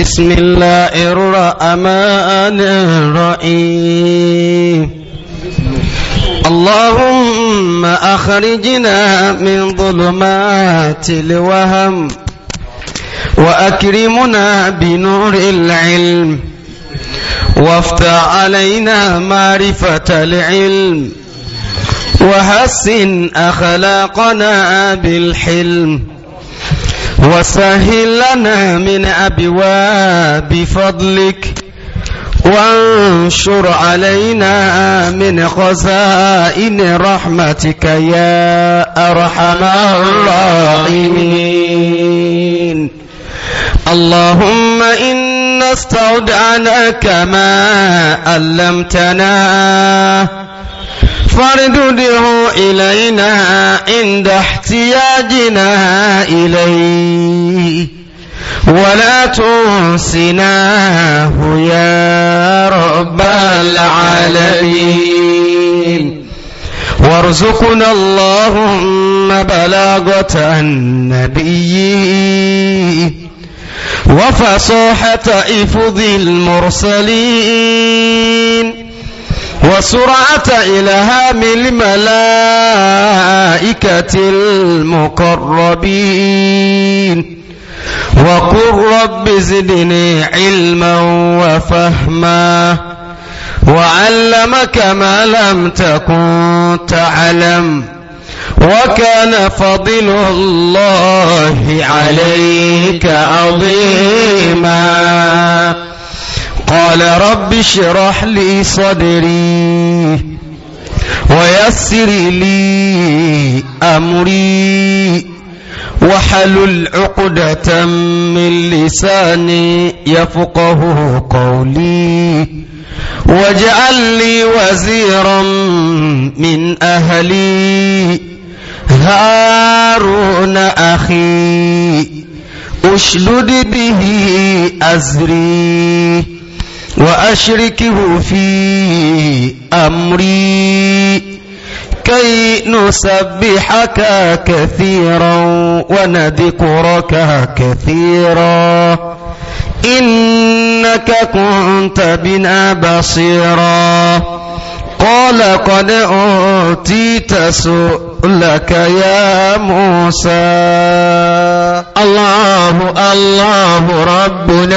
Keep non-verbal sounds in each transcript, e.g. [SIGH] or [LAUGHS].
بسم الله الرحمن الرحيم اللهم أخرجنا من ظلمات الوهم وأكرمنا بنور العلم وافتح علينا معرفة العلم وحسن أخلاقنا بالحلم وسهل لنا من أبواب فضلك وانشر علينا من خزائن رحمتك يا أرحم الراحمين اللهم إنا استودعناك ما علمتنا فاردده إلينا عند احتياجنا إليه ولا تنسناه يا رب العالمين وارزقنا اللهم بلاغة النبي وفصاحة إفض المرسلين وسرعة إلهام الملائكة المقربين وقل رب زدني علما وفهما وعلمك ما لم تكن تعلم وكان فضل الله عليك عظيما قال رب اشرح لي صدري ويسر لي أمري وحلل عقدة من لساني يفقه قولي واجعل لي وزيرا من أهلي هارون أخي أشلد به أزري وأشركه في أمري كي نسبحك كثيرا ونذكرك كثيرا إنك كنت بنا بصيرا قال قد أوتيت سؤلك يا موسى الله الله ربنا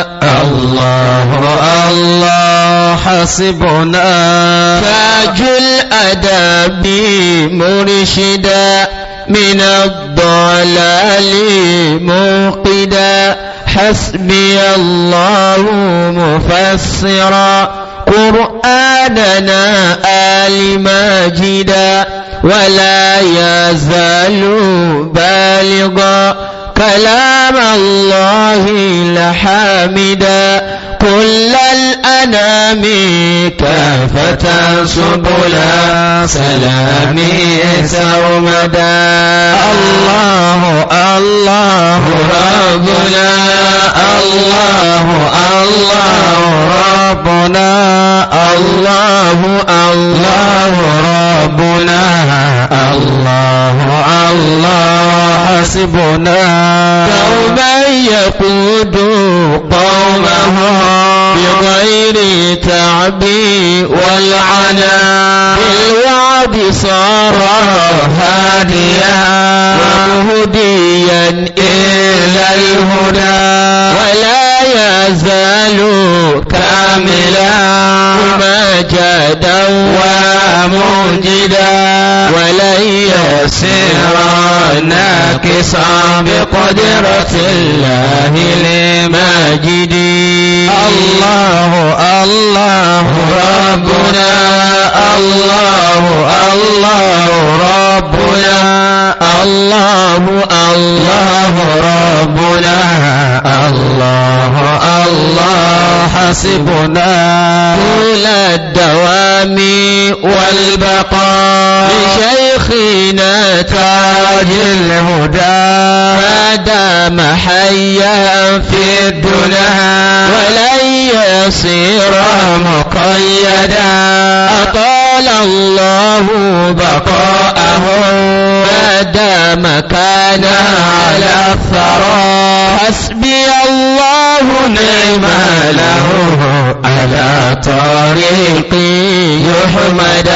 الله الله حسبنا تاج الأدب مرشدا من الضلال موقدا حسبي الله مفسرا قرآننا آل ماجدا ولا يزال بالغا كلام الله لحامدا كل الأنام كافة سبلا سلامي سرمدا الله الله ربنا الله الله ربنا الله الله ربنا الله الله حسبنا يوما يقود قومه بغير تعبي والعناء بالوعد صار هاديا ومهديا إلى الهدى ولا يزال كاملا مجدا ومجدا ولن يسر ناكسا بقدرة الله لمجد الله الله ربنا الله الله ربنا الله الله ربنا الله الله حسبنا طول الدوام والبقاء لشيخنا تاج الهدى دام حيا في الدنيا ولن يصير مقيدا أطال الله بقاءه ما دام كان على الثرى ربي الله نعم له على طريقي يحمد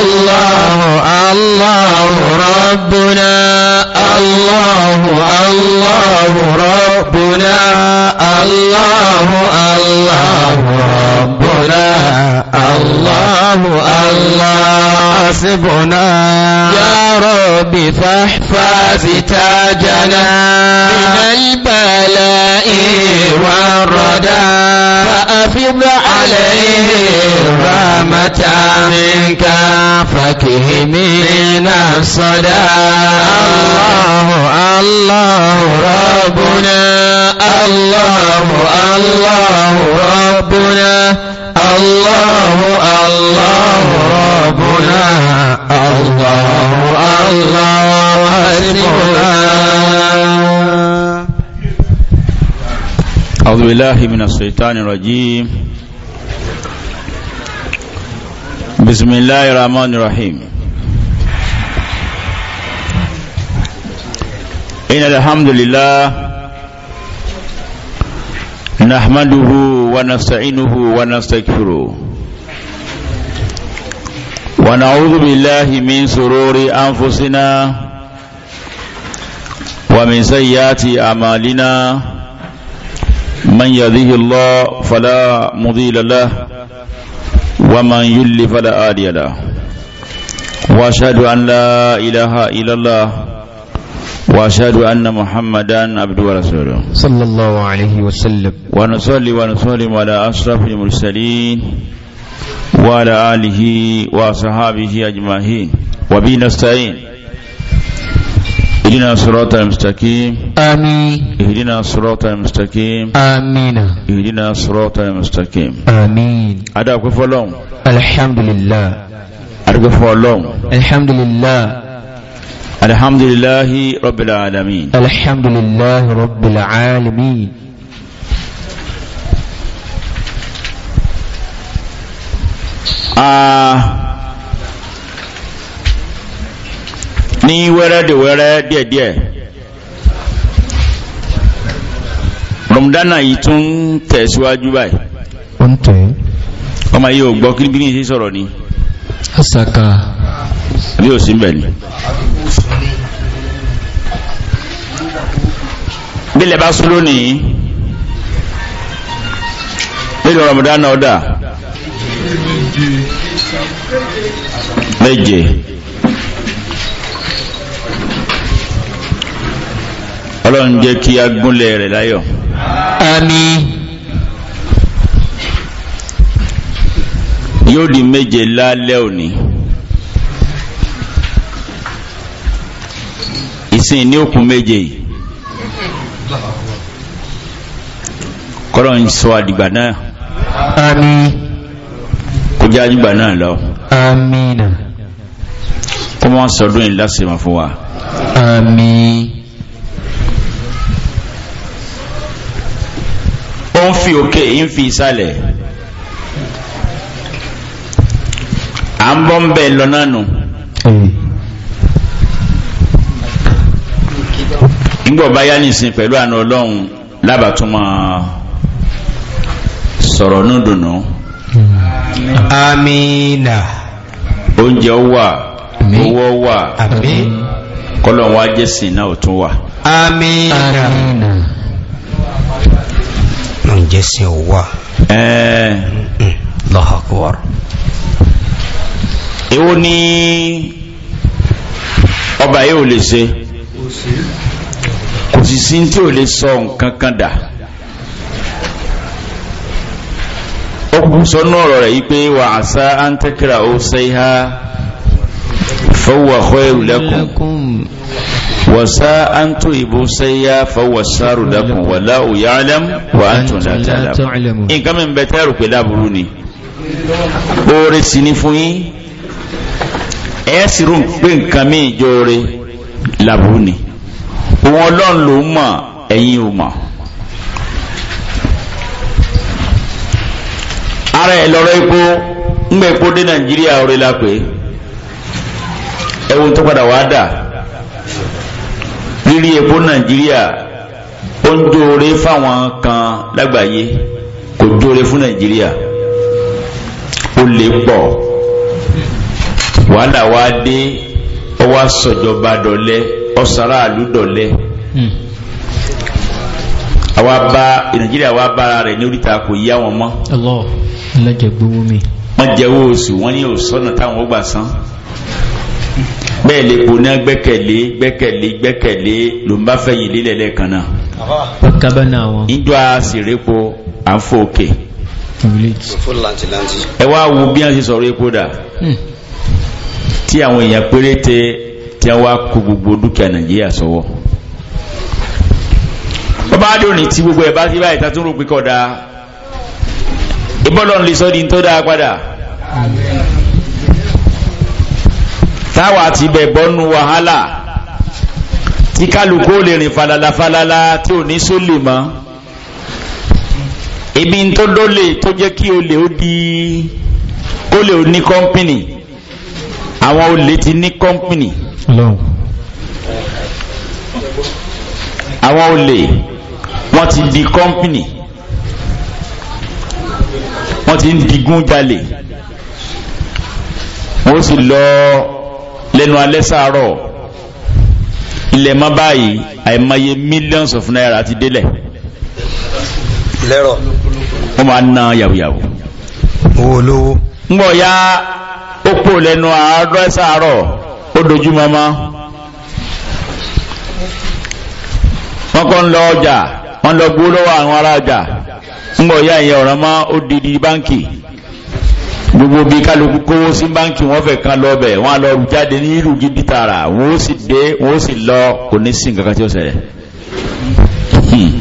الله الله ربنا الله الله ربنا الله الله ربنا الله الله حسبنا يا ربي فاحفظ تاجنا من البلد الآلاء والردى فأفض عليه رحمة منك فكه من الصدى الله الله ربنا الله الله ربنا الله الله ربنا الله الله حسبنا أعوذ بالله من الشيطان الرجيم بسم الله الرحمن الرحيم إن الحمد لله نحمده ونستعينه ونستغفره ونعوذ بالله من سرور أنفسنا ومن سيئات أعمالنا من يهده الله فلا مضل له ومن يضلل فلا هادي له واشهد ان لا اله الا الله واشهد ان محمدا عبده ورسوله صلى الله عليه وسلم ونصلي ونسلم على اشرف المرسلين وعلى اله وصحابه اجمعين وبنستعين نستعين اهدنا صراط المستقيم آمين اهدنا صراط المستقيم آمين اهدنا صراط المستقيم آمين أدا فلوم. الحمد لله أدا فلوم. الحمد لله الحمد لله رب العالمين الحمد لله رب العالمين آه ní wẹ́rẹ́dẹ̀wẹ́rẹ́ díẹ̀díẹ̀ rọmdánà yìí tún ń tẹ̀síwájú báyìí ọmọ yìí ò gbọ́ kíríbírí sí sọ̀rọ̀ ni asaka bí ò sí bẹ̀ni bílẹ̀ bá sún lónìí bílẹ̀ rọmdánà ọ̀dà méje ọlọ́run jẹ́ kí a gúnlẹ̀ rẹ̀ láyọ̀ àmín yóò di méje lálẹ́ òní ìsìn ní òkun méje kọ́lọ̀ ń sọ àdìgbà náà àmín kó jẹ́ àdìgbà náà lọ àmín kó mọ́ sọdún ìlàsìmọ̀ fún wa àmín ń fi òkè ń fi ìsàlẹ̀ à ń bọ́ ń bẹ̀ lọ náà nù nígbà ọba yá nìsín pẹ̀lú àna ọlọ́run lábàtúmọ̀ sọ̀rọ̀ ní dùnú oúnjẹ wà owó wà kọlọ̀ wá náà tún wà amina ǹjẹ́ sí ọwà lọ́hàkúwàr èwo ni ọba yóò lè ṣe kò sì sí tí ò lè sọ nǹkan kan dà ó kú sọ́nú ọ̀rọ̀ rẹ̀ yìí pé wà á sá àǹtẹ́kìrà ó ṣe fọwọ́ àkọ́ ẹ̀rù lẹ́kùn وساء أن تهبوا سيافا والسار لكم والله يعلم وأنتم لا تعلمون إن كمن بتارك لا بروني oore sì ni fún yín ẹ sì rò pé nǹkan mi ìjọ oore làbúrú ni òun ọlọ́run ló mọ̀ ẹ̀yin ò mọ̀ ara ẹ̀ lọ́rọ̀ epo ń gbé epo dé nàìjíríà oore la ẹ̀wọ̀n tó padà wàá dà rírí epo nàìjíríà ó ń dóore fáwọn kan lágbàáyé kò dóore fún nàìjíríà ó lè pọ̀ wàhálà wa dé ọwọ́ sọ̀jọba dọ̀lẹ́ ọ̀sára àlú dọ̀lẹ́ àwa bá nàìjíríà wa bára rẹ̀ ní oríta kò yá wọn mọ́. Allah lẹ́jẹ̀ gbowó mi. wọ́n jẹ́ owó oṣù wọ́n ní òṣùwọ̀n táwọn ó gbà san bẹ́ẹ̀ lè kò náà gbẹ́kẹ̀lé gbẹ́kẹ̀lé gbẹ́kẹ̀lé ló ń bá fẹ̀yìn lílẹ̀ lẹ́ẹ̀kan náà ìjọ a sì répo à ń fò òkè ẹ wá wo bí wọ́n ti sọ̀rọ̀ epo dà hmm. tí àwọn èèyàn péréte tí wọ́n wá kó gbogbo dúkìá nàìjíríà sọ́wọ́ bàbá àdóni tí gbogbo ẹ̀ bá ti báyìí tá pé kọ̀ dáa ìbọ́lọ́run lè sọ́ di ń tó dáa padà táwa ti bẹ̀ bọ́nú wàhálà tí kálukú lè rìn falala falala tí ò ní sólè mọ́ ibi tó dólè tó jẹ́ kí olè ó di olè ó ní kọ́mpìnì àwọn olè ti ní kọ́mpìnì àwọn olè wọ́n ti di kọ́mpìnì wọ́n ti ń digun jalè wọ́n sì lọ lẹ́nu alẹ́ sàárọ̀ ilẹ̀ mọ́ báyìí àìmọye millions of naira ti délẹ̀ lẹ́rọ̀ wọ́n ma ná yàwùyàwù owó olówó ń bọ̀ ya ó pò lẹ́nu àárọ̀ sàárọ̀ ó dojú mọ́mọ́ wọ́n kọ́ ń lọ ọjà wọ́n lọ gbó lọ́wọ́ àwọn ará ọjà ń bọ̀ ya ìyẹn ọ̀rọ̀ mọ́ ó di báńkì gbogbo bí kálukú kówó sí báńkì wọ́n fẹ́ kan lọ́bẹ̀ wọ́n á lọ rù jáde ní ìlú gidi tààrà wọ́n ó sì dé wọ́n ó sì lọ kò ní sí nǹkan tí ó ṣẹlẹ̀ hmm.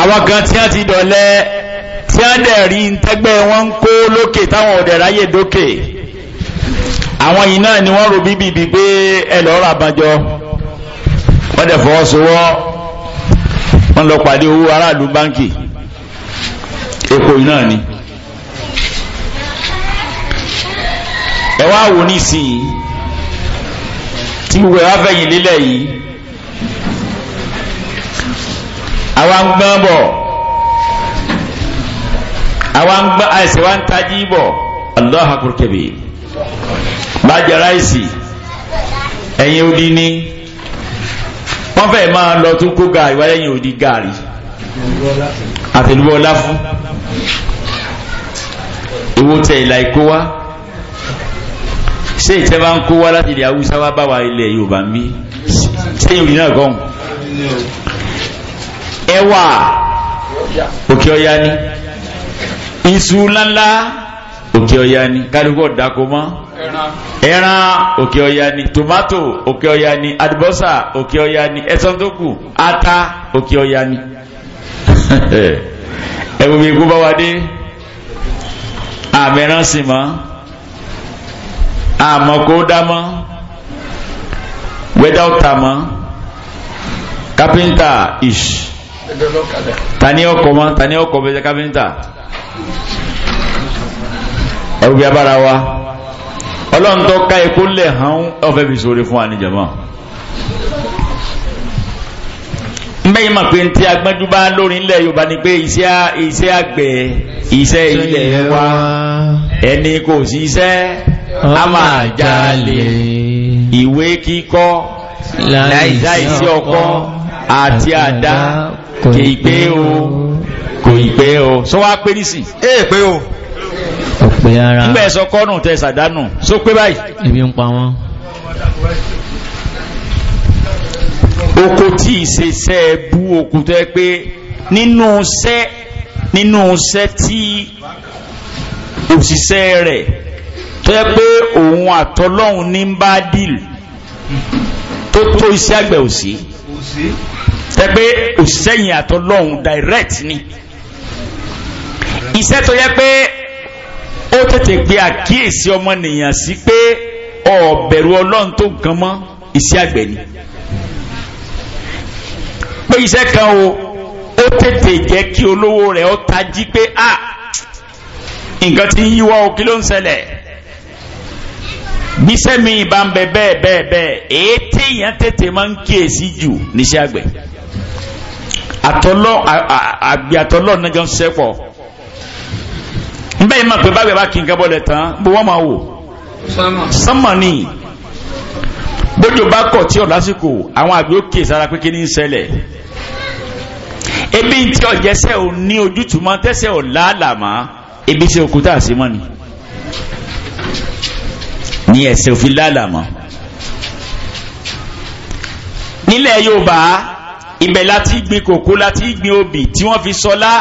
àwọn kan tí a ti dọ̀lẹ́ tí a dẹ̀ rí tẹ́gbẹ́ wọn ń kó lókè táwọn ọ̀dẹ̀ ráyè dókè àwọn yìí náà ni wọ́n rò bíbí bí pé ẹ lọ rà bàjọ́ wọ́n dẹ̀ fọwọ́sowọ́ wọ́n lọ pàdé owó aráàlú báńkì èkó yìí náà ni. ẹ wá wò ní ìsìn yìí tí gbogbo ẹ wá fẹ̀yìn lélẹ̀ yìí àwa ń gbọ́n bọ̀ àwa ń gbọ́n àìsàn wa ń tají bọ̀ Allahu akbar bá jẹ ráìsì ẹ̀yìn odi ní wọ́n fẹ́ máa lọ tún kó gàrí wáyé ẹ̀yìn odi gàrí àtẹ̀lúwọ́ fún ewu tẹ̀ ìlà ìkó wá ṣé ìtẹ́ bá ń kó wá láti ilẹ̀ haúsá wá bá wa ilẹ̀ yorùbá ń bí ṣé ìrìn náà gan ẹwà òkè ọya ni iṣu ńláńlá òkè ọya ni kálukú ọ̀dàkọ mọ́ ẹran òkè ọya ni tomato òkè ọya ni àlùbọ́sà òkè ọya ni ẹ̀sán ata òkè ọya ni ẹ̀wọ̀n mi kú bá wa dé àmì ẹran sì mọ́ àmọ́ kó dá mọ́ wẹ́dá ọ̀tá mọ́ kápẹ́ńtà ish tani ọkọ̀ mọ́ tani ọkọ̀ bẹ́ẹ̀ kápẹ́ńtà ẹ̀rù bí abára wa ọlọ́run tó ká ikú lẹ̀ hàn ọ̀fẹ́ fi sóore fún wa ní jẹ̀mọ́ pé tí agbẹ́jú bá lórí ilẹ̀ Yorùbá ni pé iṣẹ́ àgbẹ̀ iṣẹ́ ilẹ̀ wa ẹni kò sí iṣẹ́ a máa jalè ìwé kíkọ́ láìsáìsí ọkọ́ àti àdá kì í pé o kò ì pé o sọ wá pé nísì ee pé o kò pé ara ń bẹ̀ sọ kọ́nù tẹ sàdánù só pé báyìí ibi ń pa wọ́n oko tí ìṣeṣẹ́ bú okù pé nínú iṣẹ́ nínú iṣẹ́ tí òṣìṣẹ́ rẹ̀ tó yẹ pé òun àtọlọ́hun ní bá dìl tó tó iṣẹ́ àgbẹ̀ òsì tẹ pé òṣìṣẹ́ yìí àtọlọ́hun direct ni iṣẹ́ tó yẹ pé ó tètè gbé àkíyèsí ọmọnìyàn sí pé ọ̀bẹ̀rù ọlọ́run tó gan mọ́ iṣẹ́ àgbẹ̀ ni pé iṣẹ́ kan o ó tètè jẹ́ kí olówó rẹ̀ ó tají pé a ah, nǹkan ti ń yíwọ́ o kí ló ń ṣẹlẹ̀ bísẹ́ mi bá ń bẹ bẹ́ẹ̀ bẹ́ẹ̀ bẹ́ẹ̀ èyí téèyàn tètè máa ń kíyèsí jù níṣẹ́ àgbẹ̀ àtọ́lọ́ àgbẹ̀ àtọ́lọ́ nìkan ṣẹ́pọ̀ nbẹ́ yìí máa pè bá bẹ́ẹ̀ bá kí n kábọ̀ lẹ̀ tán bó wọ́n máa wò sánmọ̀nì bójú bá kọ̀ tí ọ̀ lásìkò àwọn àgbẹ̀ ó kíyèsí ara pé kí ni ń ṣẹlẹ̀ ebi ntí ọ̀jẹ̀sẹ̀ ò ní ojútùmọ̀ tẹ́sẹ̀ ò láàlàmá ebi ṣe òkúta àṣemọ́ni ní ẹ̀sẹ̀ òfin lálàmọ́ nílẹ̀ Yorùbá ibẹ̀ láti gbin kòkó láti gbin obì tí wọ́n fi sọlá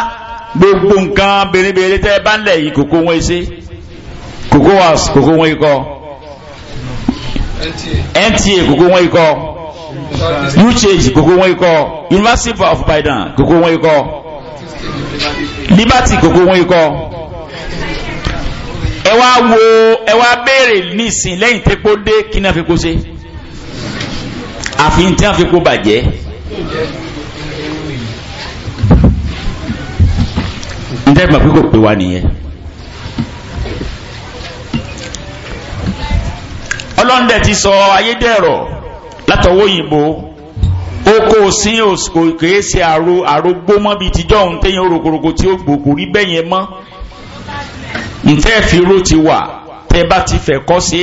gbogbo nǹkan berebere tẹ́ bá ń lẹ̀ yìí kòkó wọn ṣe kòkó wọn kòkó wọn ikọ̀ NTA kòkó wọn ikọ̀ uchage kòkó wọn ikọ̀ University of Ibadan kòkó wọn ikọ̀ Liberty kòkó wọn ikọ̀ ẹ wá wo ẹ wá béèrè nísìn lẹ́yìn tẹ́pó dé kí náà fi kó ṣe àfi tí wọ́n fi kó bàjẹ́ ǹjẹ́ ìgbà pé kò pé wa nìyẹn. ọlọ́ndẹ̀ ti sọ ayédèrò látọwọ́ òyìnbó ó kó o sí òsìkò ṣe àrògbó mọ́ bíi tìjọ́ òun téèyàn orokoroko tí ó gbòkú bẹ́yẹn mọ́ ntẹ́ fìró ti wà tẹ́ bá ti fẹ́ kọ́ sí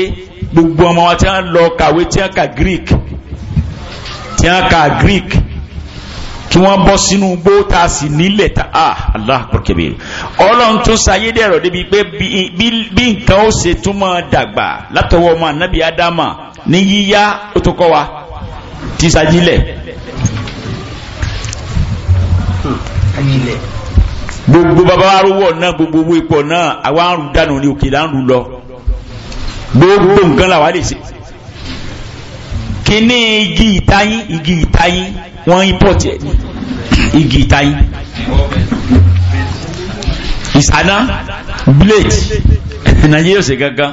gbogbo ọmọ wọn tí wọ́n lọ kàwé tí wọ́n ka Greek tí wọ́n ka Greek kí wọ́n bọ́ sínú gbóòtà sí nílẹ̀ ta ah Allah kọ̀kẹ́bẹ̀ ọlọ́run tún sayédèrò débi pé bí nǹkan ó ṣe tún máa dàgbà látọwọ́ ọmọ anabi Adama ní yíyá ó tó kọ́ wa ti sajílẹ̀. Hmm gbogbo baba arówó ọ̀nà gbogbo owó ipò náà àwa ń rú dànù ní òkè là ń rú lọ gbogbo nǹkan làwa lè ṣe kíní igi ìtayín igi ìtayín wọ́n import ẹ̀ igi ìtayín ìsáná blade nàìjíríà ṣe gangan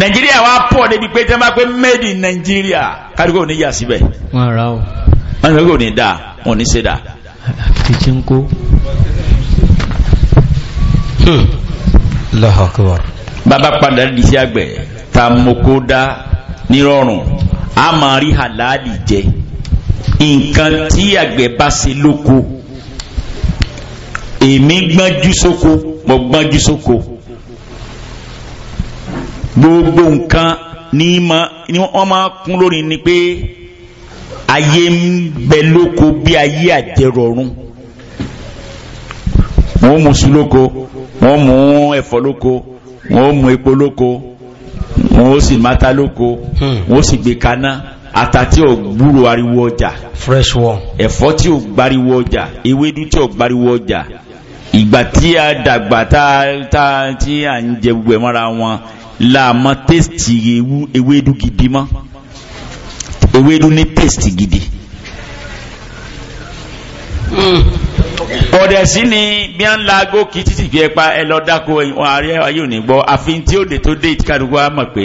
nàìjíríà wa pọ̀ débi pé tẹ́lẹ̀ pé made in nàìjíríà kárìkò ní yà síbẹ̀ wọ́n ra o wọ́n ní kò ní dáa wọ́n ní ṣe dáa. kìí ń kó. Hmm. bàbá padà di sí àgbẹ̀ ta moko dá nírọ̀rùn a máa rí halali jẹ nǹkan tí àgbẹ̀ bá ṣe lóko èmi gbájú sóko mo gbájú sóko gbogbo nǹkan ní wọ́n máa kún lórí ni pé ayé ń bẹ lóko bí ayé àjẹrọ̀rùn wọn mú su lóko mú ẹ̀fọ́ lóko mú epo lóko wọn sì mata lóko hmm. wọn sì gbé kaná ata tí ò gbúrò ariwo ọjà fresh one ẹ̀fọ́ tí ò gbariwo ọjà ewédú tí ò gbariwo ọjà ìgbà tí a dàgbà tá a tí a ń jẹ gbogbo ẹ̀ mọ́ra wọn láàmọ́ tẹ́sítì ewédú gidi mọ́ ewédú ní tẹ́sítì gidi. Hmm ọ̀dẹ̀ sí ni bí a ń la aago kí títì fi ẹ pa ẹ lọ dáko ààrẹ ayé òní gbọ́ àfin tí ó dé tó dé ìtìkàdùkú wa mọ̀ pé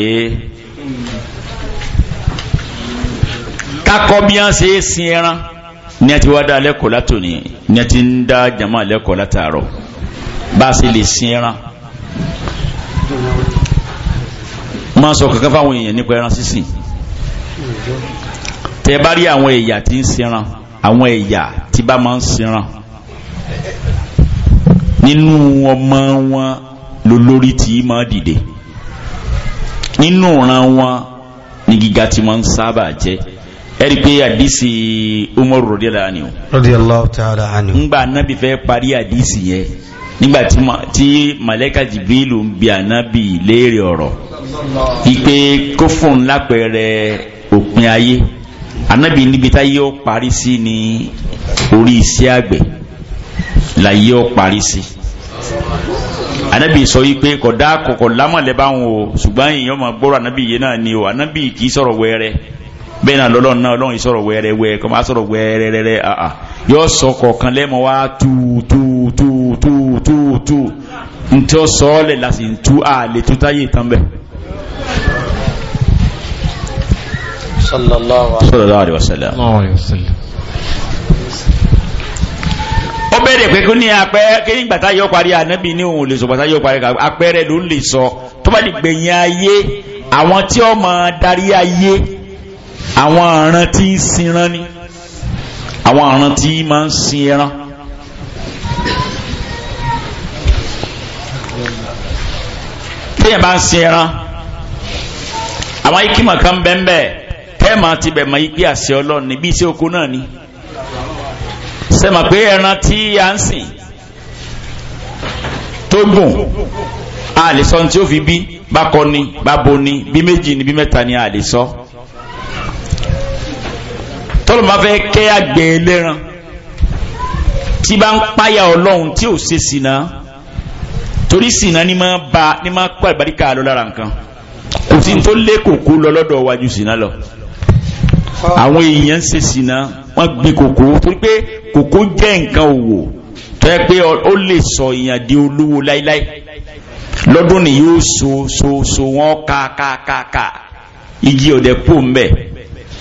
kakọ bí a ṣe é sin ẹran ní a ti wá dá lẹ́kọ̀ọ́ látòní ní a ti ń dá jama lẹ́kọ̀ọ́ látàárọ̀ bá a ṣe lè sin ẹran máa sọ kankan fáwọn èèyàn nípa ẹran sísìn tẹ bá rí àwọn ẹ̀yà tí ń sinran àwọn ẹ̀yà tí bá máa ń sinran nínú ọmọ wọn lólórí tí máa dìde nínú ọ̀ràn wọn ní gíga tí wọn ń sábà jẹ́ ẹ̀rí pé àdísì Umaru radiyallahu anhu radiyallahu ta'ala anhu ńgbà anábì fẹ́ parí àdísì yẹn nígbà tí ń bi anabi léèrè ọrọ ipe kó fún lápẹẹrẹ òpin ayé níbi táyé ó parí sí ní orí láyé ó parí sí anabi sọ yìí pé kọ̀dá kọ̀kọ̀ lámọ̀lẹ́ bá wọn o ṣùgbọ́n èèyàn máa gbọ́rọ̀ anabi yìí náà ni o anabi kì í sọ̀rọ̀ wẹ́rẹ́ bẹ́ẹ̀ náà lọ́lọ́run náà lọ́run yìí sọ̀rọ̀ wẹ́rẹ́ wẹ́ kọ́ máa sọ̀rọ̀ wẹ́rẹ́ rẹ́rẹ́ àà yóò sọ kọ̀ọ̀kan lẹ́mọ̀ wá tú tú tú tú tú tú ntí ó sọ ọ́ lẹ̀ láti tú àlè tó táyé tán bẹ́ẹ̀. sallallahu alaihi wa sallam bẹ̀rẹ̀ pé kó ní apẹ́ kí nígbà tá yọ parí ànábì ní òun lè sọ bàtà yọ parí apẹ́rẹ ló lè sọ tó bá lè gbẹ̀yìn ayé àwọn tí ó máa darí ayé àwọn ọ̀ràn tí ń sinran ni àwọn ọ̀ràn tí máa ń sin ẹran. téèyàn bá ń sin ẹran àwọn ikímọ̀ kan bẹ́ẹ̀ bẹ́ẹ̀ tẹ́ẹ̀ ti bẹ̀ mọ́ ipe àṣẹ ọlọ́run bí iṣẹ́ oko náà ni sẹ́mọ̀ pé ẹran tí a ń sìn tó gùn a lè sọ tí ó fi bí bákọ ni bábo ni bí méjì ni bí mẹ́ta ni a tọ́lọ̀ máa fẹ́ kẹ́ àgbẹ̀ ẹlẹ́ran tí bá ń páyà ọlọ́run tí ò ṣe sìnà torí sìnà ni máa ba ni máa kó àgbàríkà lọ lára nǹkan kò sí tó lé kòkó lọ lọ́dọ̀ wájú sìnà lọ àwọn èèyàn ń ṣe sìnà wọ́n gbin kòkó torí pé kòkó jẹ́ nǹkan òwò tó yẹ pé ó lè sọ èèyàn di olówó láíláí lọ́dún ni yóò so so so wọ́n ká ká ká ká igi ọ̀dẹ̀ pò ń bẹ̀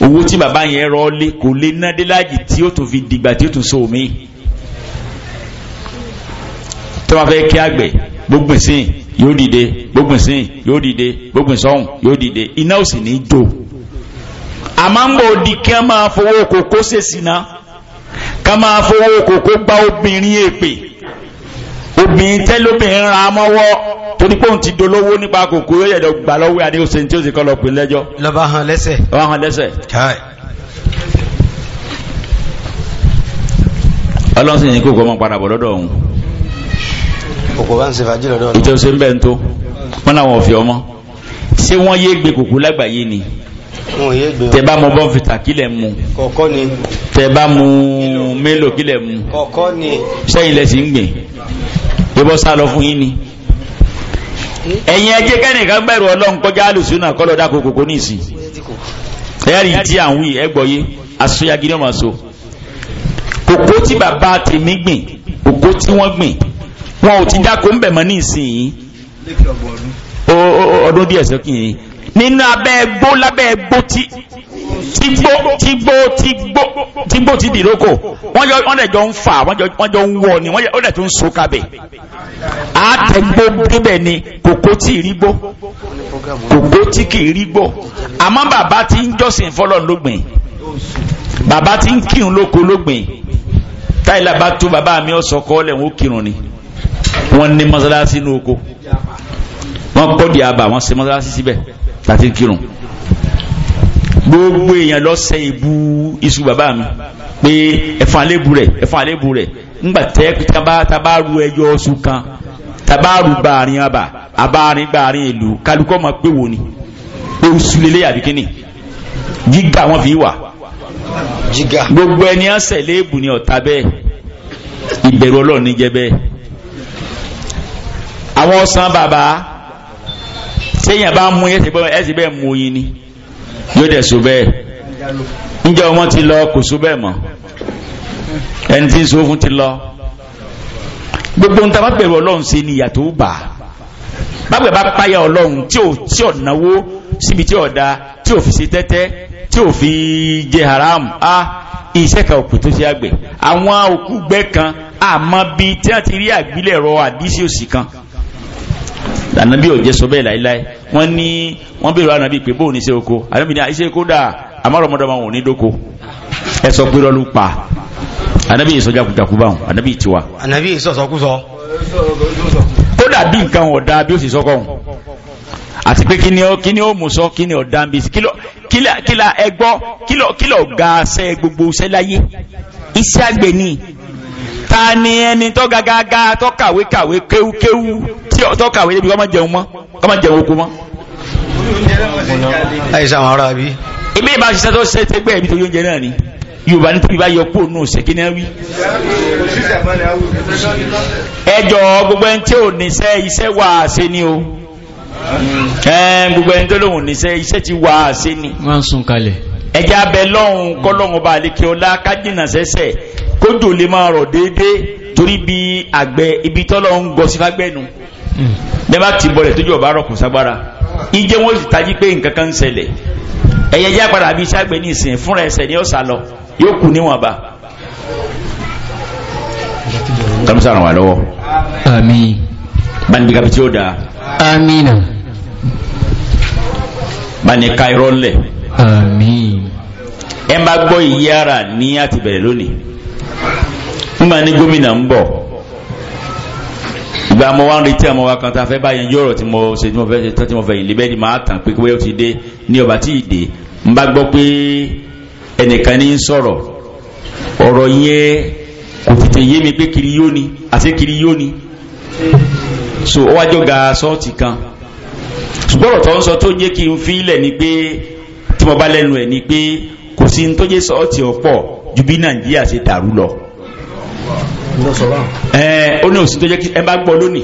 owó tí bàbá yẹn rọ lé kò lè ná dé láàjì tí ó tún fi dìgbà tí ó tún so mi tó bá fẹ́ kí àgbẹ̀ gbógun sí yóò dìde gbógun sí yóò dìde gbógun sọ́hùn yóò dìde iná ò sì ní jó àmọ́ ń bò di kí wọ́n máa fowó kókó ṣèṣìná ká máa fowó kòkó gbá obìnrin èpè obìnrin tẹ́lóbìnrin ra mọ́wọ́ torí pé òun ti dolówó nípa kòkó yóò yẹ̀dọ̀ gbà lọ́wọ́ adé oṣù tí ó sì kọ́ lọ pè lẹ́jọ́. lọ́ba hàn lẹ́sẹ̀. lọ́ba hàn lẹ́sẹ̀. ọlọ́run sì ní kókó ọmọ padà bọ̀ lọ́dọ̀ òun. kòkó bá ń ṣe fàájì lọ́dọ̀ ọ̀nà. ìjọsìn bẹ́ẹ̀ ń tó wọn làwọn ò ọmọ ṣé wọ́n yé gbé kòkó lágbàáyé ni tẹ bá mu bọ́ǹfìtà kílẹ̀ mu tẹ bá mu mélòó kílẹ̀ mu sẹ́yìn lẹ́sìn ń gbìn yíbọ́ sá lọ fún yín ni ẹ̀yin ẹjẹ́ kẹ́nìkan gbẹ̀rù ọlọ́run kọjá àlùsùnà kọ́lọ̀ dákò kòkó ní ìsìn ẹ̀yàrin tí à ń wí ẹgbọ̀yé asóyagídé ọmọ so kòkó tí bàbá tèmi gbìn kòkó tí wọ́n gbìn wọn ò ti dákò ń bẹ̀ mọ́ ní ìsìn yìí ọdún díẹ̀ sọ́kìn yìí nínú abẹ́ gbó lábẹ́ gbó tí tígbó tígbó tígbó tígbó ti dìrókò wọ́n jọ wọ́n jọ ń fà wọ́n jọ ń wọ̀ ni wọ́n jọ tún so kabẹ̀ àtẹ̀gbó débẹ̀ ni kòkó tí ì rí gbó kòkó tí kì í rí gbó àmọ́ bàbá tí ń jọ́sìn fọlọ́ lógbìn bàbá tí ń kírun lóko lógbìn táìlà bá tó bàbá mi ọ̀sọ̀ kọ́ lẹ̀ wọ́n kírun ni wọ́n ní mọ́sálásí ní oko wọ́n kọ́ di àbà wọ́n ṣe mọ́sálásí síbẹ̀ tàti kírun gbogbo èèyàn lọ́sẹ̀ ìbú iṣu bàbá mi pé ẹ̀fọn àlébù rẹ̀ ẹ̀fọn àlébù rẹ̀ ńgbà tẹ́ tabaru ẹyọ ọṣù kan tabaru gbàrin àbà àbárin gbàrin ìlú kálukọ́ máa pé wo ni pé oṣù lélẹ́ àbí kíni gíga wọn fi wà gbogbo ẹni ọ̀sẹ̀ léèbù ni ọ̀tá bẹ́ẹ̀ ìbẹ̀rù ọlọ́run ní jẹ́ bẹ́ẹ̀ àwọn ọ̀sán bàbá téèyàn bá mú yẹn ẹ sì bẹ́ẹ̀ mú yín ni yóò dẹ̀ so bẹ́ẹ̀ níjẹ́ ọmọ ti lọ kò so bẹ́ẹ̀ mọ́ ẹni tí ń so fún ti lọ gbogbo nta bá bẹ̀rù ọlọ́run ṣe ni ìyàtọ̀ bà bàbá bá páyà ọlọ́run tí ò tí ò náwó síbi tí ò da tí ò fi ṣe tẹ́tẹ́ tí ò fi jẹ haram a iṣẹ́ kan òkú tó ṣe àgbẹ̀ àwọn òkú gbẹ́ kan àmọ́ bíi tí wọ́n ti rí àgbélẹ̀rọ àdísí òsì kan ànábì ò jẹ́ sọ bẹ́ẹ̀ láíláí wọ́n ní wọ́n bèrè ànábì pé bóun ní ṣe oko ànábì ní àìṣe oko dà àmọ́rọ̀mọ́dọ́mọ́ òun ní dóko ẹ sọ pé lọ́lú pa ànábì yìí sọ jákujàku báwọn ànábì tiwa. ànábì yìí sọ̀sọ̀ kú sọ. ó dàbí nǹkan ọ̀dà bí ó sì sọ́kọ̀ ọ̀hún àti pé kíni ó kíni ó mú sọ kíni ọ̀dà ń bí kílọ̀ kílà ẹgbọ́ kílọ̀ kílọ̀ ga ṣe gbogbo ṣẹ́ láyé iṣẹ́ àgbẹ̀ ni ta ni ẹni tó gàgàgà tó kàwé kàwé kéwúkéwú tó kàwé débi ọmọ jẹun mọ́ ọmọ jẹun oko mọ́. láyé sáwọn ará bí. ibi ìbá ṣiṣẹ́ tó ṣe tẹ́ gbẹ́ ibi tó náà ni yorùbá ní tíbi bá yọ kúrò náà ṣèkí náà wí. ẹjọ́ gbogbo ẹni tí ò níṣẹ́ iṣẹ́ wà á ṣe ni o gbogbo ẹni tó lóhùn níṣẹ́ iṣẹ́ ti wà á ṣe ni. wọ́n ń sun kalẹ̀. ẹja abẹ lọ́hùn kọ́lọ́hùn bá àlekè ọlá kájínà sẹ́sẹ̀ kódò lè máa rọ̀ déédéé torí bí àgbẹ̀ ibi tọ́lọ́ ń gọ sí fágbẹ́nu. bẹ́ẹ̀ ti bọ̀lẹ̀ tójú ọba rọ̀kùn sagbára ìjẹ́ wọn sì tají pé nǹkan kan ń ṣẹlẹ̀ ẹ̀yẹ jẹ́ àpàdà àbí iṣẹ́ àgbẹ̀ ní ìsìn ẹsẹ̀ ni ó lọ yóò kù níwọ̀nba. kàmísà bani ka ẹ má gbọ́ ìyára ní àtìbẹ̀rẹ̀ lónìí. ní gómìnà ń ìgbà mo wá ń retí àwọn wa kan tá a fẹ́ báyẹn yóò rọ̀ tí mo ṣe tí mo fẹ́ ṣe tán tí mo fẹ́ ìlébẹ́ ni màá tàn pé kí wọ́n ti dé ní ọba tí ì dé n bá gbọ́ pé ẹnìkan ní ń sọ̀rọ̀ ọ̀rọ̀ yẹn kò tètè yé mi pé kiri yóò ni àti kiri yóò ni so ó wájọ́ ga sọ́ọ̀tì kan ṣùgbọ́n ọ̀rọ̀ tó ń sọ tó jẹ́ kí n fi ilẹ̀ ni pé tí mo bá lẹ́nu ẹ̀ ni pé kò sí ní tó jẹ́ sọ́ọ̀tì ọ̀pọ̀ ju bí Nàìjíríà ṣe dàrú lọ ó ní òsì tó jẹ́ kí ẹ bá gbọ́ lónìí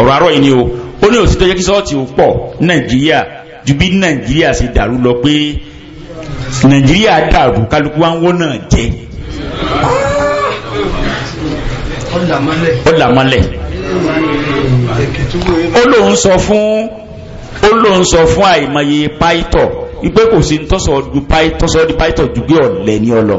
ọ̀rọ̀ àárọ̀ yìí ni o ó ní òsì tó jẹ́ kí sọ́ọ̀tì ó pọ̀ nàìjíríà ju bí nàìjíríà ṣe dàrú lọ pé nàìjíríà dàrú kálukú wa ń wọ́n náà jẹ́ ó làmọ́lẹ̀ ó lóun sọ fún ó lóun sọ fún àìmọye pító ìgbé kò sí tọ́sọ̀ di pító ju pé ọ̀lẹ ni ọ lọ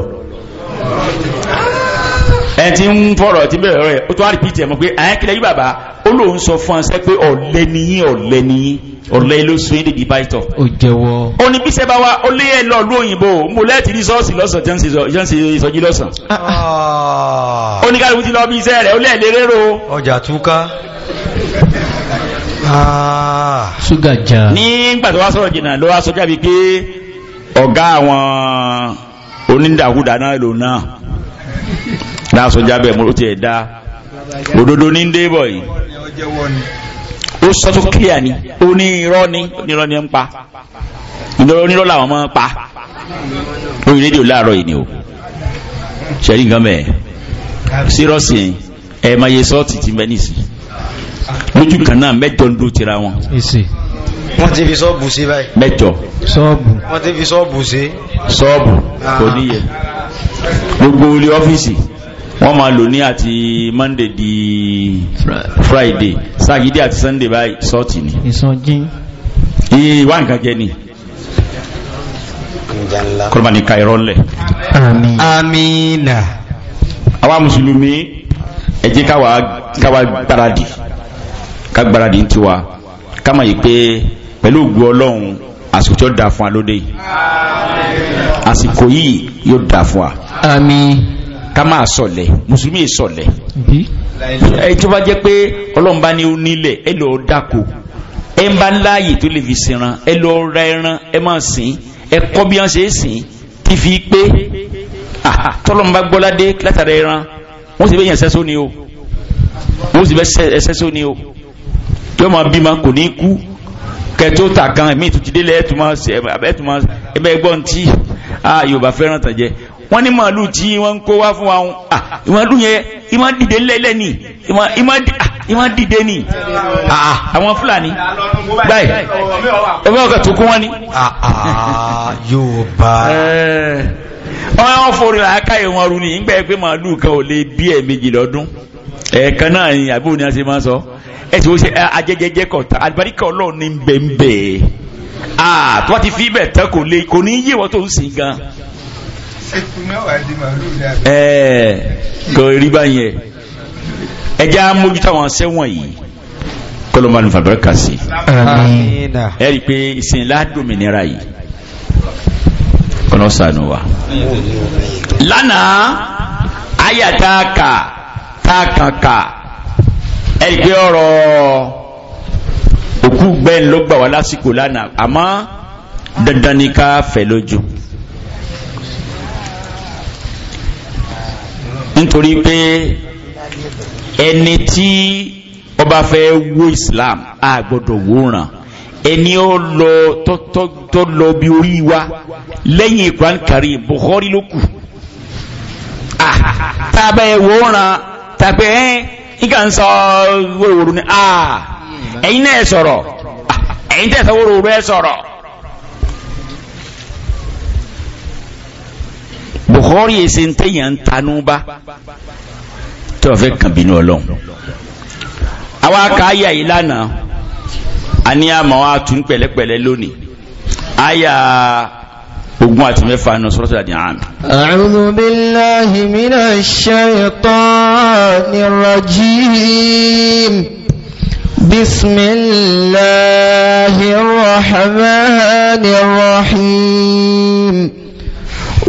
ẹ ti ń fọ̀rọ̀ ti bẹ̀rẹ̀ rẹ̀ ó tó wá rìpítì ẹ̀ mọ́ pé àyàn kílẹ̀ yìí bàbá ó lóun sọ fún ọsẹ pé ọ̀lẹ nìyí ọ̀lẹ nìyí ọ̀lẹ ló sún èdè bíbá ìtọ̀. ó jẹ́wọ́. ó ní bíṣẹ́ bá wa ó lé ẹ lọ lú òyìnbó mo lẹ́ẹ̀tì rí sọ́ọ̀sì lọ́sàn jẹ́ ń ṣe ìsọjí lọ́sàn. ó ah. ní kálukú ti lọ bí iṣẹ́ rẹ̀ ó lẹ́ẹ̀ lé rérò. ọjà túká ah. ṣúgà jà nígbà tó wá sọ̀rọ̀ jìnà ló wá sọ jábí pé ọ̀gá àwọn onídàkúdà náà lò náà náà sọ jábẹ́ mo ti ẹ̀ dá òdodo ní débọ̀ yìí ó sọ tó ni ó ní irọ́ ni onírọ́ ni ń pa onírọ́ làwọn máa ń pa lórí rédíò láàárọ̀ yìí ni o ṣẹ́rí nǹkan mẹ́ẹ̀ sírọ́ọ̀sì ẹ̀ máa yẹ sọ́ọ̀tì ti mẹ́ nísì lójú kan náà mẹ́jọ ń dó tira wọn. wọ́n ti fi sọ́ọ̀bù sí báyìí. mẹ́jọ. sọ́ọ̀bù. wọ́n ti fi sọ́ọ̀bù sí. sọ́ọ̀bù ah. kò níyẹ gbogbo ilé ọ́fíìsì wọ́n máa lò ní àti monday di friday sagidi àti sunday báyìí sọ́ọ̀tì ni ìsọjí iye wá nǹkan jẹ ni kọlọ́mà ní kairọ́ lẹ̀ amina àwa mùsùlùmí ẹ jẹ́ káwa káwa gbáradì ká gbáradì ń tiwa ká mọ̀ yìí pé pẹ̀lú ògùn ọlọ́run àsìkò tí fún wa àsìkò yìí yóò dà fún wa. àmín ká máa sọ̀lẹ̀ mùsùlùmí sọ̀lẹ̀ ẹ tó bá jẹ́ pé ọlọ́run bá ní ó nílẹ̀ ẹ lọ dáko ẹ ń bá láàyè tó lè fi sinran ẹ lọ ra ẹran ẹ máa sìn ẹ kọ́ bí wọ́n ṣe é sìn tí fi pé tọ́lọ́run gbọ́ládé látara ẹran wọ́n sì bẹ́ yẹn sẹ́só ni o wọ́n sì bẹ́ sẹ́só ni o tí wọ́n máa bímọ kò ní kú kẹtó ta kan ẹ̀mí ìtútù délé ẹ̀ tó máa ẹ̀ bẹ́ẹ̀ gbọ́n tí ah, yorùbá fẹ́ràn tàn jẹ́ wọ́n ní màálù tí wọ́n ń kó wá fún wa ń à ìmọ̀lú yẹn ìmọ̀ dìde lẹ́lẹ́ ni ìmọ̀ ah, dìde ni ah, ah, àwọn fúlàní báyìí ẹgbẹ́ ọ̀gá tó kún wọ́n ni. yóò bá eh. wọ́n wọ́n forí àáká ìwọ̀n ọ̀run ni ìgbà ẹgbẹ́ màálù kan ò lè bí ẹ̀ méjì lọ́dún ẹ̀ẹ̀kan náà ni àbúrò ni a máa sọ ẹ̀ sì wọ́n ṣe eh, ajẹ́jẹ́jẹ́ kọ̀ọ̀ta àdìbáríkà ọlọ́run ní tó bá ti fi bẹ̀ tán kò ní yé tó ń sìn gan ẹ̀ẹ́ kò rí báyẹn ẹjẹ́ amójútó àwọn sẹ́wọ̀n yìí kọlọmọlù fàbẹ́rẹ́kà sí ẹ rí i pé ìsìnlá dòmìnira yìí kọ́nà sànù wa lánàá àyà táàkà táàkàkà ẹ rí i pé ọ̀rọ̀ òkú gbẹ́ni ló gbà wá lásìkò lánàá àmọ́ dandan ni ká fẹ́ lójú. nítorí pé ẹni tí ọba fẹ́ wo Islam a gbọ́dọ̀ wòran ẹni ó lọ tó lọ bí orí wa lẹ́yìn Quran Karim Bukhari ló kù tábẹ́ wòran tàbí ẹ́ nígbà ń sọ wòròwòrò ni ẹ̀yin náà sọ̀rọ̀ ẹ̀yin tẹ̀sán wòròwòrò ẹ sọ̀rọ̀. Bukhari èsì ń tẹ̀yàn ń tanúbá tí wọ́n fẹ́ kàn bínú ọlọ́run àwa ká àyà yìí lánàá a ní àmọ́ wa tún pẹ̀lẹ́pẹ̀lẹ́ lónìí àyà ogun àti mẹ́fà nù suratul An'am. A'udhu billahi minash shaytanir rajim. بسم الله الرحمن الرحيم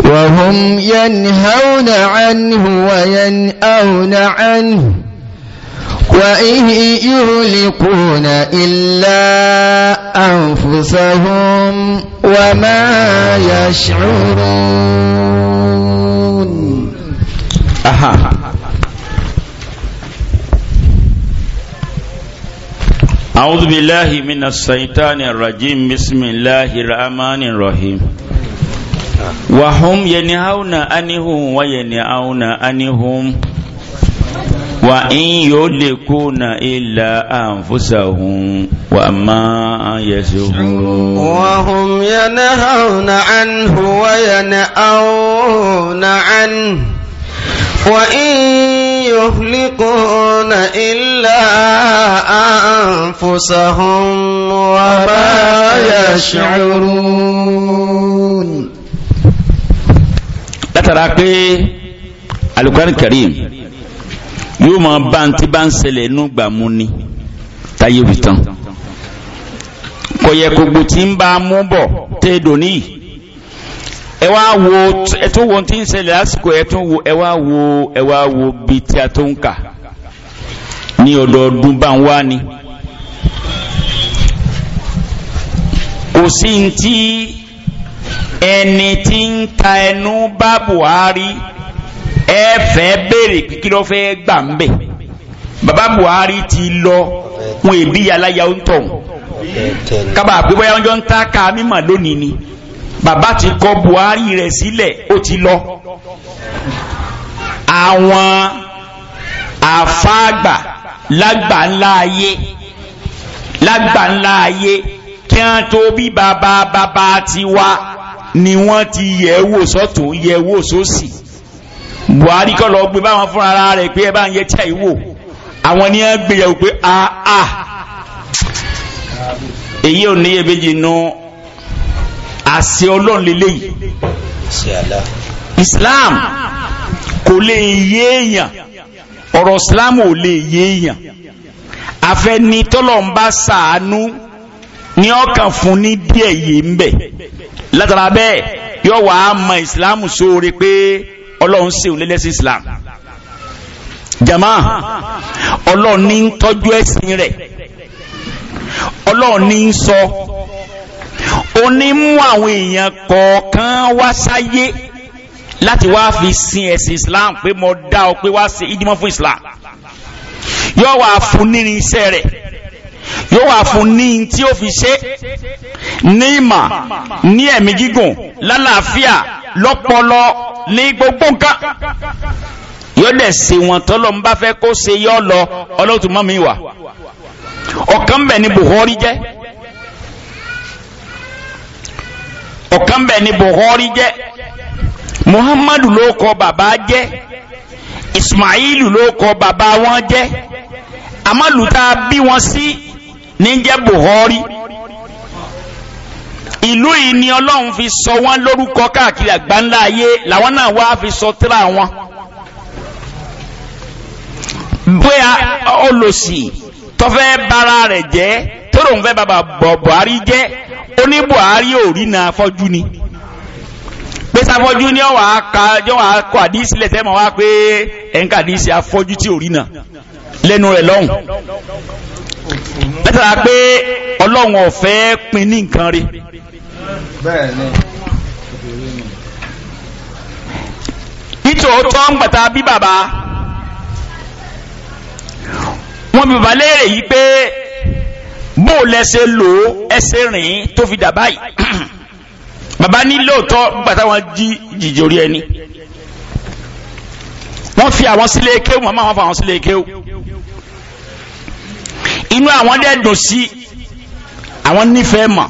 وهم ينهون عنه وينأون عنه وإن يهلكون إلا أنفسهم وما يشعرون أها أعوذ بالله من الشيطان الرجيم بسم الله الرحمن الرحيم وهم ينهون عنه وينهون عنهم وإن يلكون إلا أنفسهم وما يشعرون وهم ينهون عنه وينأون عنه وإن يهلكون إلا أنفسهم وما يشعرون látara pé alukwani karim yóò máa bá ń tí bá ń ṣẹlẹ̀ inú gbà mú ni táyé fi tán kọ̀yẹ̀ kògbò tí ń bá mú bọ̀ tẹ́ dòní ẹ wá wo ẹ tún wo tí ń ṣẹlẹ̀ lásìkò ẹ tún wo ẹ wá wo ẹ wá wo bíi tí a tó ń kà ní ọdọọdún bá ń wá ni kò sí ní tí ẹni tí ń ta ẹnu bá Buhari ẹ fẹ́ béèrè pé kí ló fẹ́ gbà ń bẹ̀ bàbá Buhari ti lọ wọn èbí aláya ó ń tọ̀ kábà pé bóyá wọn jọ ń ta ká mímọ̀ lónìí ni bàbá ti kọ Buhari rẹ̀ sílẹ̀ ó ti lọ àwọn àfáàgbà lágbà ayé lágbà ayé kí wọ́n tó bí bàbá bàbá ti wá ni wọ́n ti yẹ̀ wò sọ́tún yẹ̀ wò sósì Buhari kọ́ lọ gbé báwọn fúnra ara rẹ̀ pé ẹ bá ń yẹ tí àì àwọn ni wọ́n gbé yẹ̀wò pé àà èyí ò ní ebèjì nu àṣẹ ọlọ́run lélẹ́yìí Islam kò lè yé èèyàn ọ̀rọ̀ Islam ò lè yé èèyàn afẹ́ ni ń bá sàánú ni ọkàn fún ní díẹ̀ yìí ń bẹ̀ látara bẹ́ẹ̀ yọ wà á mọ ìsìláàmù sóore pé ọlọ́run ṣeun lẹ́lẹ́sìn islam jama ọlọ́run ní ń tọ́jú ẹ̀sìn rẹ̀ ọlọ́run ní ń sọ ó ní mú àwọn èèyàn kọ̀ọ̀kan wá sáyé láti wá fi sin ẹ̀sìn islam pé mo dá ọ pé wá ṣe ìdímọ́ fún islam yọ wà á fún nínú iṣẹ́ rẹ̀ yóò wà fún ní tí ó fi ṣe ní ìmà ní ẹ̀mí gígùn lálàáfíà lọ́pọlọ ní gbogbo nǹkan yóò dẹ̀ ṣe wọn tọ́lọ ń bá fẹ́ kó ṣe yọ́ lọ ọlọ́tún mi wà ọ̀kan bẹ̀ ni Buhari jẹ́ ọ̀kan bẹ̀ ni Buhari jẹ́ Muhammadu ló kọ bàbá jẹ́ Ismailu ló kọ bàbá wọn jẹ́ amalu tá bí wọn sí níjẹ́ Buhari ìlú yìí ni ọlọ́run fi sọ wọ́n lórúkọ káàkiri àgbáńlá ayé làwọn náà wá fi sọ tíra wọn bóyá olòṣì tọ́fẹ́ bara rẹ̀ jẹ́ tóró ń fẹ́ bàbá Buhari jẹ́ oní Buhari ò rí na afọ́jú ni pèsè afọ́jú ni ọ̀wà ká jọ́wọ́ akọ àdísí lẹ́sẹ̀ mọ́ wá pé ẹ̀ńkà àdísí afọ́jú tí ò rí na lẹ́nu rẹ̀ lọ́hùn látara pé ọlọ́run ọ̀fẹ́ pin ní nǹkan rí nítòótọ́ ń gbàtà bí bàbá wọ́n bí bàbá léèrè yìí pé bó lẹ́sẹ̀ lò ẹsẹ̀ rìn tó fi dà báyìí [CLEARS THROAT] bàbá ní lóòótọ́ gbàtà wọn jí jìjòrí ẹni wọ́n fi àwọn sílé kéwù màmá wọn fa àwọn sílé kéwù inú àwọn dẹ̀ dùn sí àwọn nífẹ̀ẹ́ mọ̀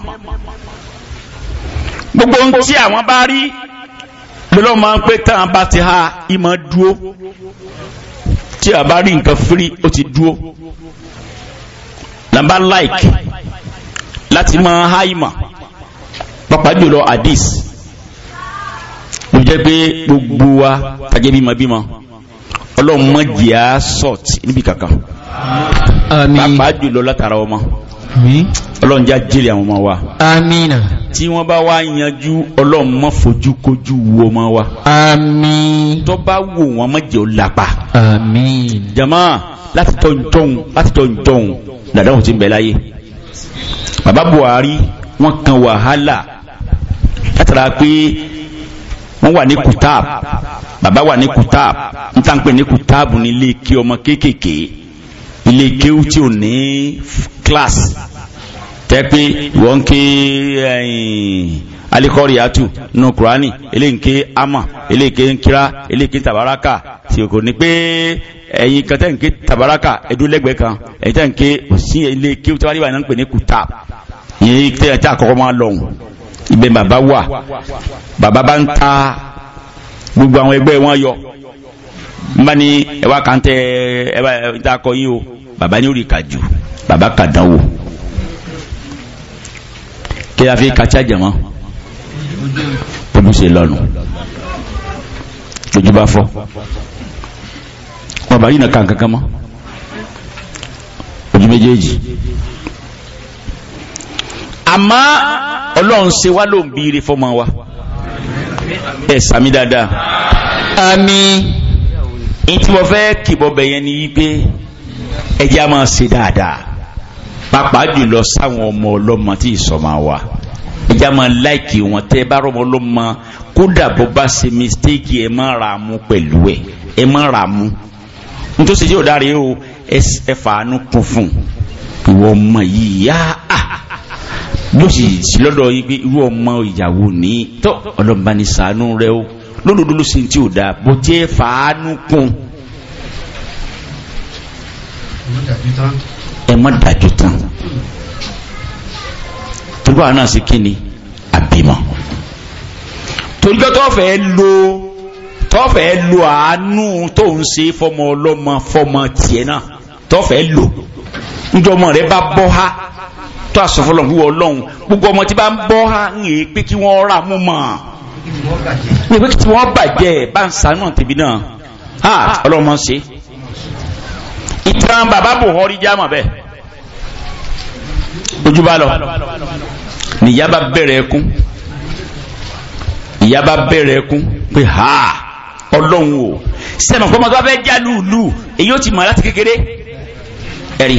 gbogbo ohun tí àwọn bá rí lọ́lọ́ máa ń pé tán bá ti ha ìmọ̀ dúó tí a bá rí nǹkan fírí ó ti dúó nàbá like láti máa ha ìmọ̀ pàpà jùlọ hadis ló jẹ́ pé gbogbo wa tàjẹ́ bímọ bímọ ọlọ́run mọ̀ jìyà sọ̀tì níbi kankan pàápàá jùlọ látara ọmọ ọlọ́run já jèrè àwọn ọmọ wa amina tí wọ́n bá wá yanjú ọlọ́run mọ́ fojú kojú wo ọmọ wa àmín tó bá wò wọ́n mọ́ jẹ́ ó lápá jama láti tọ́ ntọ́hun láti tọ́ ntọ́hun dàdáhùn ti ń bẹ láyé bàbá Buhari wọ́n kan wàhálà látara pé wọ́n wà ní kutab bàbá wà ní kutab n tàn pé ní kutab nílé kí ọmọ kéékèèké ilé kéwú tí ò ní class tẹ́ pé wọ́n ń ké alikọ́rì àtù nù kùránì eléǹké ama eléǹké nkira eléǹké tabaraka tí kò ní pé ẹ̀yin kan tẹ́ tabaraka ẹdúlẹ́gbẹ̀ẹ́ kan ẹ̀yin tẹ́ ń ké òsì ilé kéwú tí wọ́n bá ń pè ní kùtà ìyẹn tẹ́ ẹ̀ tí àkọ́kọ́ máa lọ́hùn ibẹ̀ bàbá wà bàbá bá ń ta gbogbo àwọn ẹgbẹ́ wọn yọ mani bá kante ẹ wá kàn tẹ ẹ bá ẹ ta kọ yín o bàbá ní orí ka jù bàbá ka dán wò kí a fi kàtsá jẹmọ pẹ̀lú ṣe lọnù lójú bá fọ bàbá yìí nà kàn kankan mọ ojú méjèèjì àmọ́ ọlọ́run ṣe wá ló ń bí ire fọmọ wa ẹ sàmì dáadáa. àmín ní tí mo fẹ́ kìbọ̀ bẹ̀ yẹn ni wípé ẹjẹ́ a máa ṣe dáadáa pàápàá jùlọ sáwọn ọmọ ọlọ́mọ tí ìsọmọ wa ẹjẹ́ a máa láìkì wọn tẹ́ bá rọmọ ọlọ́mọ kódà bó bá ṣe mistake ẹ má ra mú pẹ̀lú ẹ ẹ má ra mú nítòsí yóò dáre o ẹ fàánú kún fún ìwọ ọmọ yìí yá a yóò sì sí lọ́dọ̀ yìí pé irú ọmọ ìyàwó ní tó ọlọ́mọbanisàánú rẹ o lódodo ló ṣe tí ò dáa bó jẹ́ fàánú kún. ẹ mọ dájú tán torí báwa náà ṣe kí àbímọ torí pé tọ́fẹ̀ẹ́ lo tọ́fẹ̀ẹ́ lo àánú tó ń ṣe fọmọ ọlọ́mọ fọmọ tiẹ̀ náà tọ́fẹ̀ẹ́ lò njọmọ rẹ bá bọ́ ha tó àsọfọlọ́hún wọ ọlọ́hún gbogbo ọmọ tí bá ń bọ́ ha ń yè é pé kí wọ́n rà mú mọ́ ìwé tí wọ́n bàjẹ́ bá ń sànú tèmi náà ha ọlọ́mọ ṣe ìtàn bàbá Buhari jámọ̀ bẹ́ẹ̀ ojú bá lọ nìyá bá bẹ̀rẹ̀ ẹkún ìyá bá bẹ̀rẹ̀ ẹkún pé ha ọlọ́run o sẹ́mi ọ̀pọ̀ ọmọdé wa fẹ́ jálù lù èyí ó ti mọ̀ láti kékeré ẹ̀rí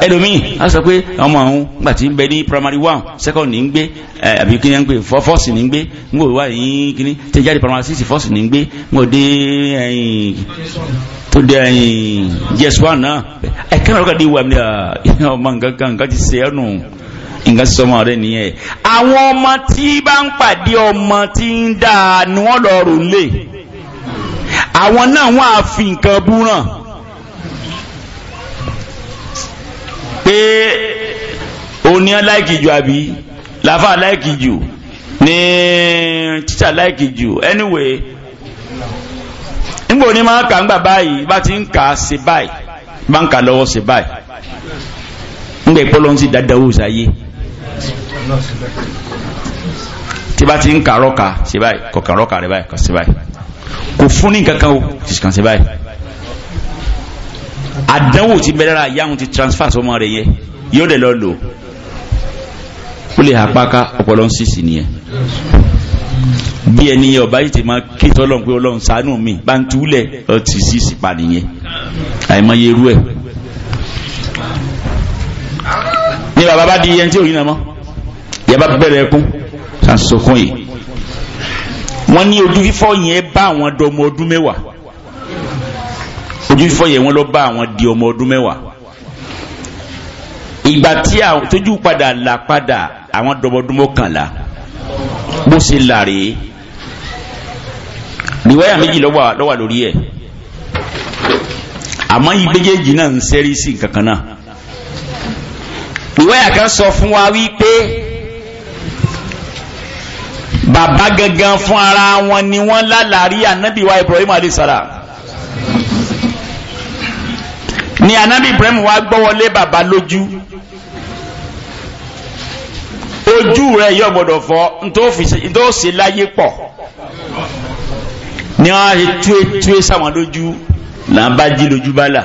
ẹlòmíì a sọ pé ọmọ ọ̀hún gbà tí ń bẹ ní primary one second ní ń gbé àbí kí ni ń gbé first ní ń gbé ń gbò wá yín kí ni tí ń jáde primary six first ní ń gbé ń gbò dé ẹ̀yìn tó dé ẹ̀yìn jess one náà ẹ̀ka náà lọ́kàdé wà mí ọmọ nǹkan kan nǹkan ti ṣe ẹnu nǹkan ti sọ ọmọ rẹ nìyẹn. àwọn ọmọ tí bá ń pàdé ọmọ tí ń dáa ni wọ́n lọ rò lè àwọn náà wọ́n pé òní láìkì jù àbí làáfà láìkì jù ní títà láìkì jù anyway nígbà òní máa ń kà ń gbà báyìí bá ti ń kà á ṣe báyìí bá ń kà lọ́wọ́ ṣe báyìí nígbà ìpọ́lọ́ ń sì dáadáa wò sáyé tí bá ti ń kà rọ́ka ṣe báyìí kọ̀ọ̀kan rọ́ka rẹ̀ báyìí kọ̀ ṣe báyìí kò fún ní kankan o kìsìkan ṣe báyìí àdánwò ti bẹ̀rẹ̀ ra ti transfer sọmọ rẹ̀ yẹn yóò dẹ̀ lọ lò ó lè apáká ọpọlọ ń sísì nìyẹn bí ẹni yẹn ọba yìí ti máa ké tọ́lọ́n pé ọlọ́run ṣàánú mi bá ń túlẹ̀ ọ ti sísì pa nìyẹn àìmọye irú ẹ̀ ní bàbá bá di ẹni tí òyìn náà mọ́ yàbá bẹ̀rẹ̀ ẹkún ṣàǹsọ̀kún yìí wọ́n ní ojú fífọ́ yẹn bá àwọn ọdọ ọmọ ọdún mẹ́wàá ojú fífọ́ yẹn wọ́n lọ bá àwọn di ọmọ ọdún mẹ́wàá ìgbà tí àwọn tójú padà là padà àwọn dọmọdún mọ́kànlá bó ṣe là rèé níwáyà méjì lọ́wà lórí ẹ̀ àmọ́ yìí méjèèjì náà ń sẹ́rí sí kankan náà níwáyà kan sọ fún wa wípé bàbá gangan fún ara wọn ni wọ́n lálàrí ànábìwá Ibrahim alayhi ni anabi Ibrahim wa gbọ́wọ́lé bàbá lójú ojú rẹ̀ yọ gbọ́dọ̀ fọ́ ntòsí láyé pọ̀ ni wọ́n á túé túé e sáwọn lójú là ń bá jí lójú bá là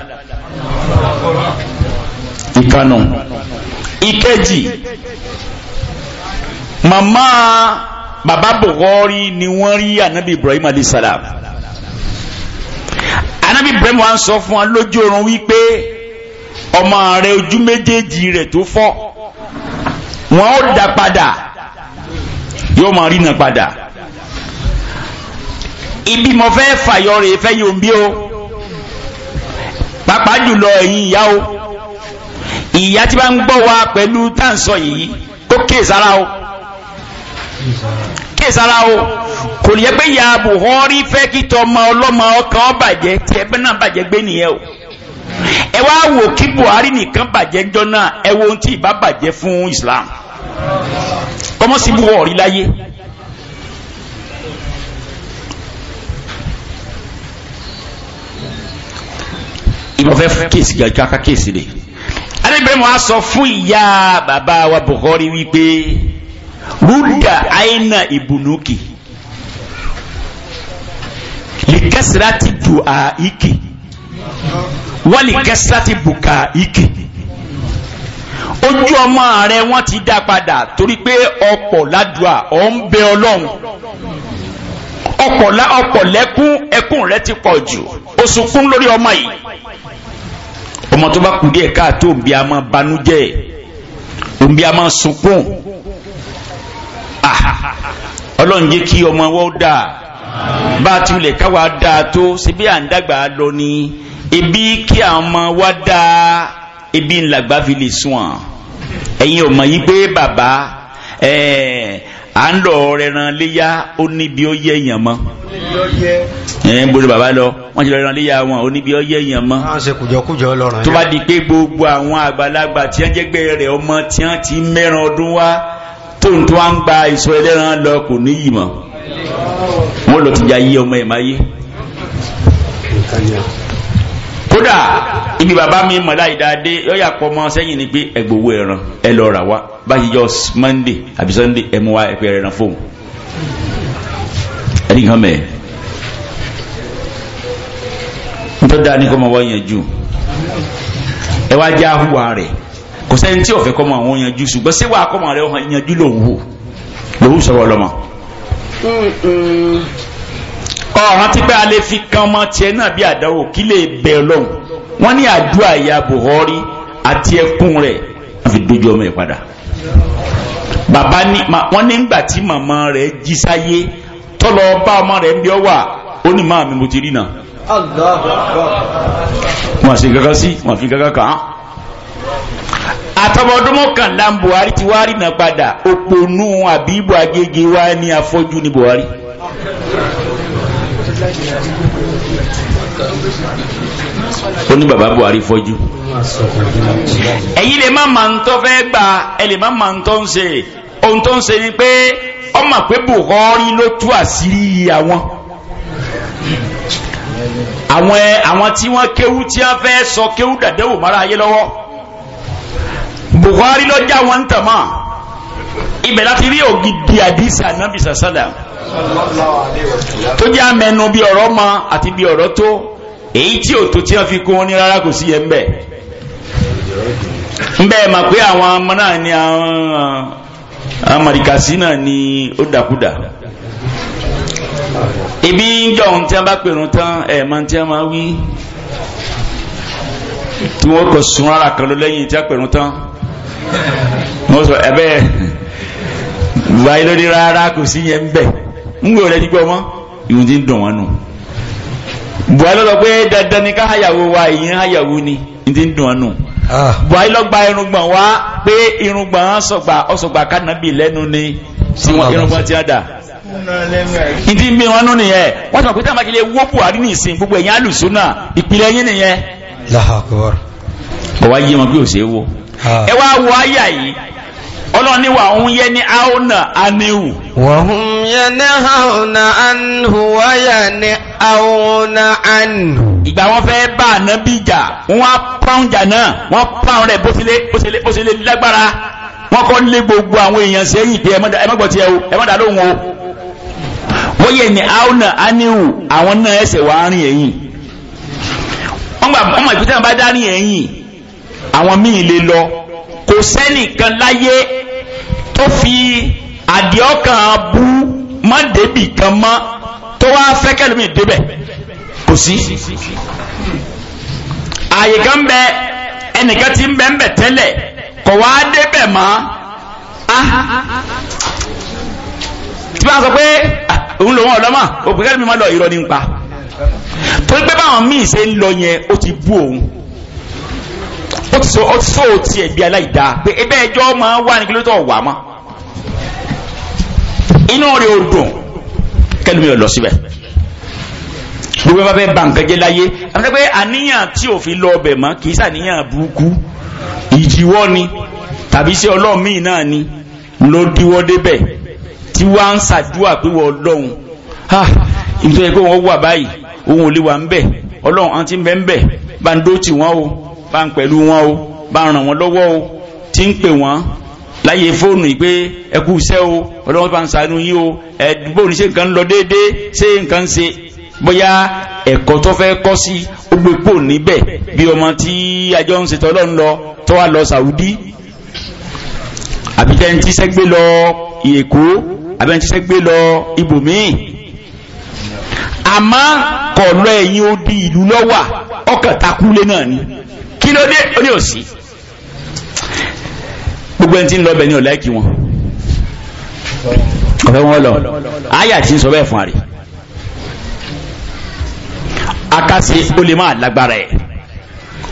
ìkànnù ìkejì màmá bàbá Bukhari ni wọ́n rí anabi Ibrahim alayhi salam anabi ibrahim wa ń sọ fún wa lójú oorun wípé ọmọ rẹ ojú méjèèjì rẹ tó fọ́ wọn ó dá padà yóò máa rí náà padà ibi mo fẹ́ fàyọ rè fẹ́ yóò bí o pàápàá jùlọ ẹ̀yin ìyá o ìyá tí bá ń gbọ́ wa pẹ̀lú táǹsọ̀ yìí kó kéè o kíyèsára o kò ní yẹ pé ya Buhari fẹ́ kí tọmọ ọlọ́mọ ọkàn bàjẹ́ tí ẹgbẹ́ náà bàjẹ́ gbé nìyẹn o ẹ wá wò kí Buhari nìkan bàjẹ́ jọ náà ẹ wo ohun tí ìbá bàjẹ́ fún Islam kọ́mọ́ sí Buhari láyé. ìmọ̀ fẹ́ kéèsì gàjọ́ aká kéèsì lè. adébẹ̀rẹ̀ mọ́ a sọ fún ìyá bàbá wa Buhari wípé rúdà aina ibunuki, likasirati dùà ìkì wali kasirati bùkà ìkì ojú ọmọ rẹ wọ́n ti dá padà torí pé ọ̀pọ̀ ládùá ọ̀ ń bẹ ọlọ́run ọ̀pọ̀lá ọ̀pọ̀ lẹ́kún ẹkún rẹ ti pọ̀ jù ó sunkún lórí ọmọ yìí ọmọ tó bá kù díẹ̀ káàtó òbí a máa banújẹ́ òbí a máa sunkún [LAUGHS] ọlọ́run jẹ́ kí ọmọ wọ́n dà bá a ti lè káwa dà tó síbí à ń dàgbà lọ ni ibi kí àwọn ọmọ wa dà ibi ńlágbá fi lè sùn à ẹ̀yin ọmọ yìí pé bàbá à ń lọ rẹran léyà ó níbi ó yẹ èèyàn mọ́ ẹ̀ẹ́n bolo bàbá lọ wọ́n ti lọ rẹran léyà wọn ó níbi ó yẹ èèyàn mọ́ tó bá di pé gbogbo àwọn àgbàlagbà tí wọ́n jẹ́gbẹ́ rẹ̀ ọmọ tí wọ́n ti mẹ́ran ọdún wá tóun tó wá ń gba ìsọ ẹlẹ́ran lọ kò níyì mọ́ wọ́n lọ ti ya yí ọmọ ẹ̀ máa yé kódà ibi bàbá mi mọ̀ láì dáadé yọ̀yà pọ̀ mọ́ sẹ́yìn ni pé ẹgbowó ẹran ẹ lọ rà wá báyìí yọ Monday àbí Sunday ẹ mú wa ẹ pẹ́ ẹran fóun ẹni kan mẹ́ẹ̀ nítorí dáa ní kọ́ mọ́ wọ́n yẹn jù ẹ wá já hùwà rẹ̀ kò sẹ́ni tí ọ̀fẹ́ kọ́ mọ àwọn yanjú ṣùgbọ́n ṣé wàá kọ́ mọ rẹ yanjú lòun wò lòun sọ̀rọ̀ lọ́mọ. ọ̀ràn ti pé a lè fi kan ọmọ tiẹ̀ náà bí àdáwò kí lè bẹ ọlọ́run wọ́n ní àdúrà ìyá Buhari àti ẹkún rẹ̀ wọ́n fi dojú ọmọ ẹ̀ padà. bàbá ní wọ́n ní ìgbà tí màmá rẹ̀ jí sáyé tọ́lọ bá ọmọ rẹ̀ ń bí ọ wà ó ní máa mi mo ti rí náà. wọ́n àṣe kankan sí wọ́n àfi kankan kàn án àtọmọdún mọ́kànlá ń Buhari ti wá rí náà padà òpònú àbíbò agége wá ní afọ́jú ní Buhari. ó ní bàbá Buhari fọ́jú. ẹ̀yin lè má màá tọ́ fẹ́ gbà ẹ lè má màá tọ́ ń ṣe ohun tó ń ṣe ni pé ọmọ pé Buhari ló tú àṣírí àwọn àwọn àwọn tí wọ́n kéwú tí wọ́n fẹ́ sọ kéwú dàdéwò mọ́ra ayé lọ́wọ́. Bukhari lọ́jà wọn tàn mọ́ ibẹ̀ láti rí ògidì àdìsí ànábì sàṣàdà tó jẹ́ amẹnu bí ọ̀rọ̀ mọ àti bí ọ̀rọ̀ tó èyí tí ò tí wọ́n fi kún wọn ní rárá kò sí yẹn bẹ́ẹ̀ ń bẹ́ẹ̀ pé àwọn ọmọ náà ni àwọn amàdìkàsí náà ni ó dàkúdà ibi ń jọ ohun tí a bá pèrún tán ẹ̀ máa ń tí a máa wí tí wọ́n kọ̀ sùn ara kan lọ lẹ́yìn tí a pèrún tán. wọ́n sọ ẹ̀bẹ́ báyìí lórí rárá kò sí yẹn ń ń gbé òlẹ́ni gbọ́ mọ́ ìhun ti ń dùn wọn nù buhari lọ pé dandan ni ká àyàwó wa ìyẹn àyàwó ni wọn nù buhari lọ gba irùngbọ̀n wa pé ni tí wọ́n ti ti ń bí wọn nù nìyẹn sọ pé táwọn wó buhari ní ìsìn gbogbo ẹ̀yìn ìpìlẹ̀ yín nìyẹn. ọwọ́ wọn Ah. ẹ wá wo àyà yìí ọlọ́ni wà ń yẹ ní àwọnà aníhù wọ̀hún yẹ ní àwọnà aníhù wáyà ní àwọnà aníhù ìgbà wọn fẹ́ bá ànábì jà wọ́n á pàun jà náà wọ́n pàun rẹ̀ bó ṣe lè lágbára wọ́n kọ́ lé gbogbo àwọn èèyàn sẹ́yìn pé ẹmọ́gbọ̀ tí ẹ o ẹmọ́dà lóhun o wọ́n yẹ ní àwọnà aníhù àwọn náà ẹsẹ̀ wà á rìn ẹ̀yìn wọ́n mọ̀ ìpínlẹ̀ àwọn míì lè lọ kò sẹ́nìkan láyé tó fi àdìọ́kàn abú má débì kan mọ́ tó wá fẹ́ kẹlòmíì débẹ̀ kò sí ààyè kan bẹ ẹnìkan ti ń bẹ ń bẹ tẹ́lẹ̀ kò wá débẹ̀ mọ́ ah. tí wọ́n sọ pé ah, òun lòun ọ̀lọ́mà òpin kẹlòmíì lọ ìrọ̀ ní pa torí pé báwọn míì ṣe ń lọ yẹn ó ti bú òun ó ti sọ ó ti ẹ̀gbí aláìdá pé ẹbẹ́ ẹjọ́ máa wà ní kílótọ̀ wà mọ́ inú rẹ̀ ò dùn kẹlùmí ò lọ síbẹ̀ gbogbo bá fẹ́ ba nǹkan jẹ́ láyé àti pé àníyàn tí ò fi lọ ọbẹ̀ mọ́ kì í sàníyàn burúkú ìjìwọ́ ni tàbí sí ọlọ́mìn náà ni ló díwọ́ débẹ̀ tí wọ́n ń ṣàdúrà pé wọ́n lọ́hùn ibi tó yẹ wọ́n wà báyìí òun ò lè wà ń bẹ̀ ọlọ́run àti ń bẹ́ ń bẹ̀ bá ń dó tì wọ́n o bá ń pẹ̀lú wọn o bá ń ràn wọ́n lọ́wọ́ o tí ń pè wọ́n láyé fóònù ìpè ẹkú iṣẹ́ o ọlọ́wọ́n bá ń sànú yín o ẹ̀dúgbò ní ṣe nǹkan lọ déédéé ṣe nǹkan ṣe bóyá ẹ̀kọ́ tó fẹ́ kọ́ sí ó gbé pò níbẹ̀ bí ọmọ tí ajọ́ ń ṣètò ọlọ́run lọ tó wà lọ Sàwùdí àbí tẹ́ni tí sẹ́gbé lọ Èkó àbí tẹ́ni tí sẹ́gbé lọ ibòmíì àmọ́ kọ̀ lọ ẹ̀yìn odi ìlú lọ́wà ọkàn takulé náà ni kí ló dé ó ní òsì gbogbo ẹni tí ń lọ bẹ̀ ni ò láìkí wọn ọ̀fẹ́ wọn lọ àyà tí ń sọ bẹ́ẹ̀ fún àrè akásí ó lè máa lágbára ẹ̀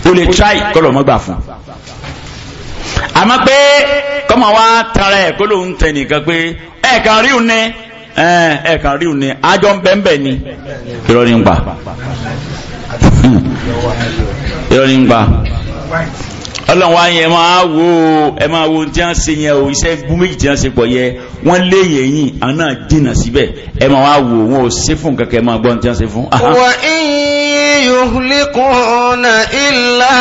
ó lè try kọ́lọ̀ mọ́gbà fún àmọ́ pé kọ́mọ wa tara ẹ̀ kó lóun tẹ nìkan pé ẹ̀ẹ̀kan rí òun ní ẹ̀ẹ̀kan rí òun ní àjọ ń bẹ́ẹ̀ bẹ́ẹ̀ ni ní ń pa irọ́ ní ń pa ọlọ́run wa yẹn máa wo ẹ máa wo tí wọ́n ṣe yẹn o iṣẹ́ bú méjì tí wọ́n ṣe pọ̀ yẹ wọ́n lé yẹn yìn àwọn síbẹ̀ ẹ máa wọn ò ṣe fún kankan ẹ máa gbọ́n tí wọ́n ṣe fún. wà á يهلكون إلا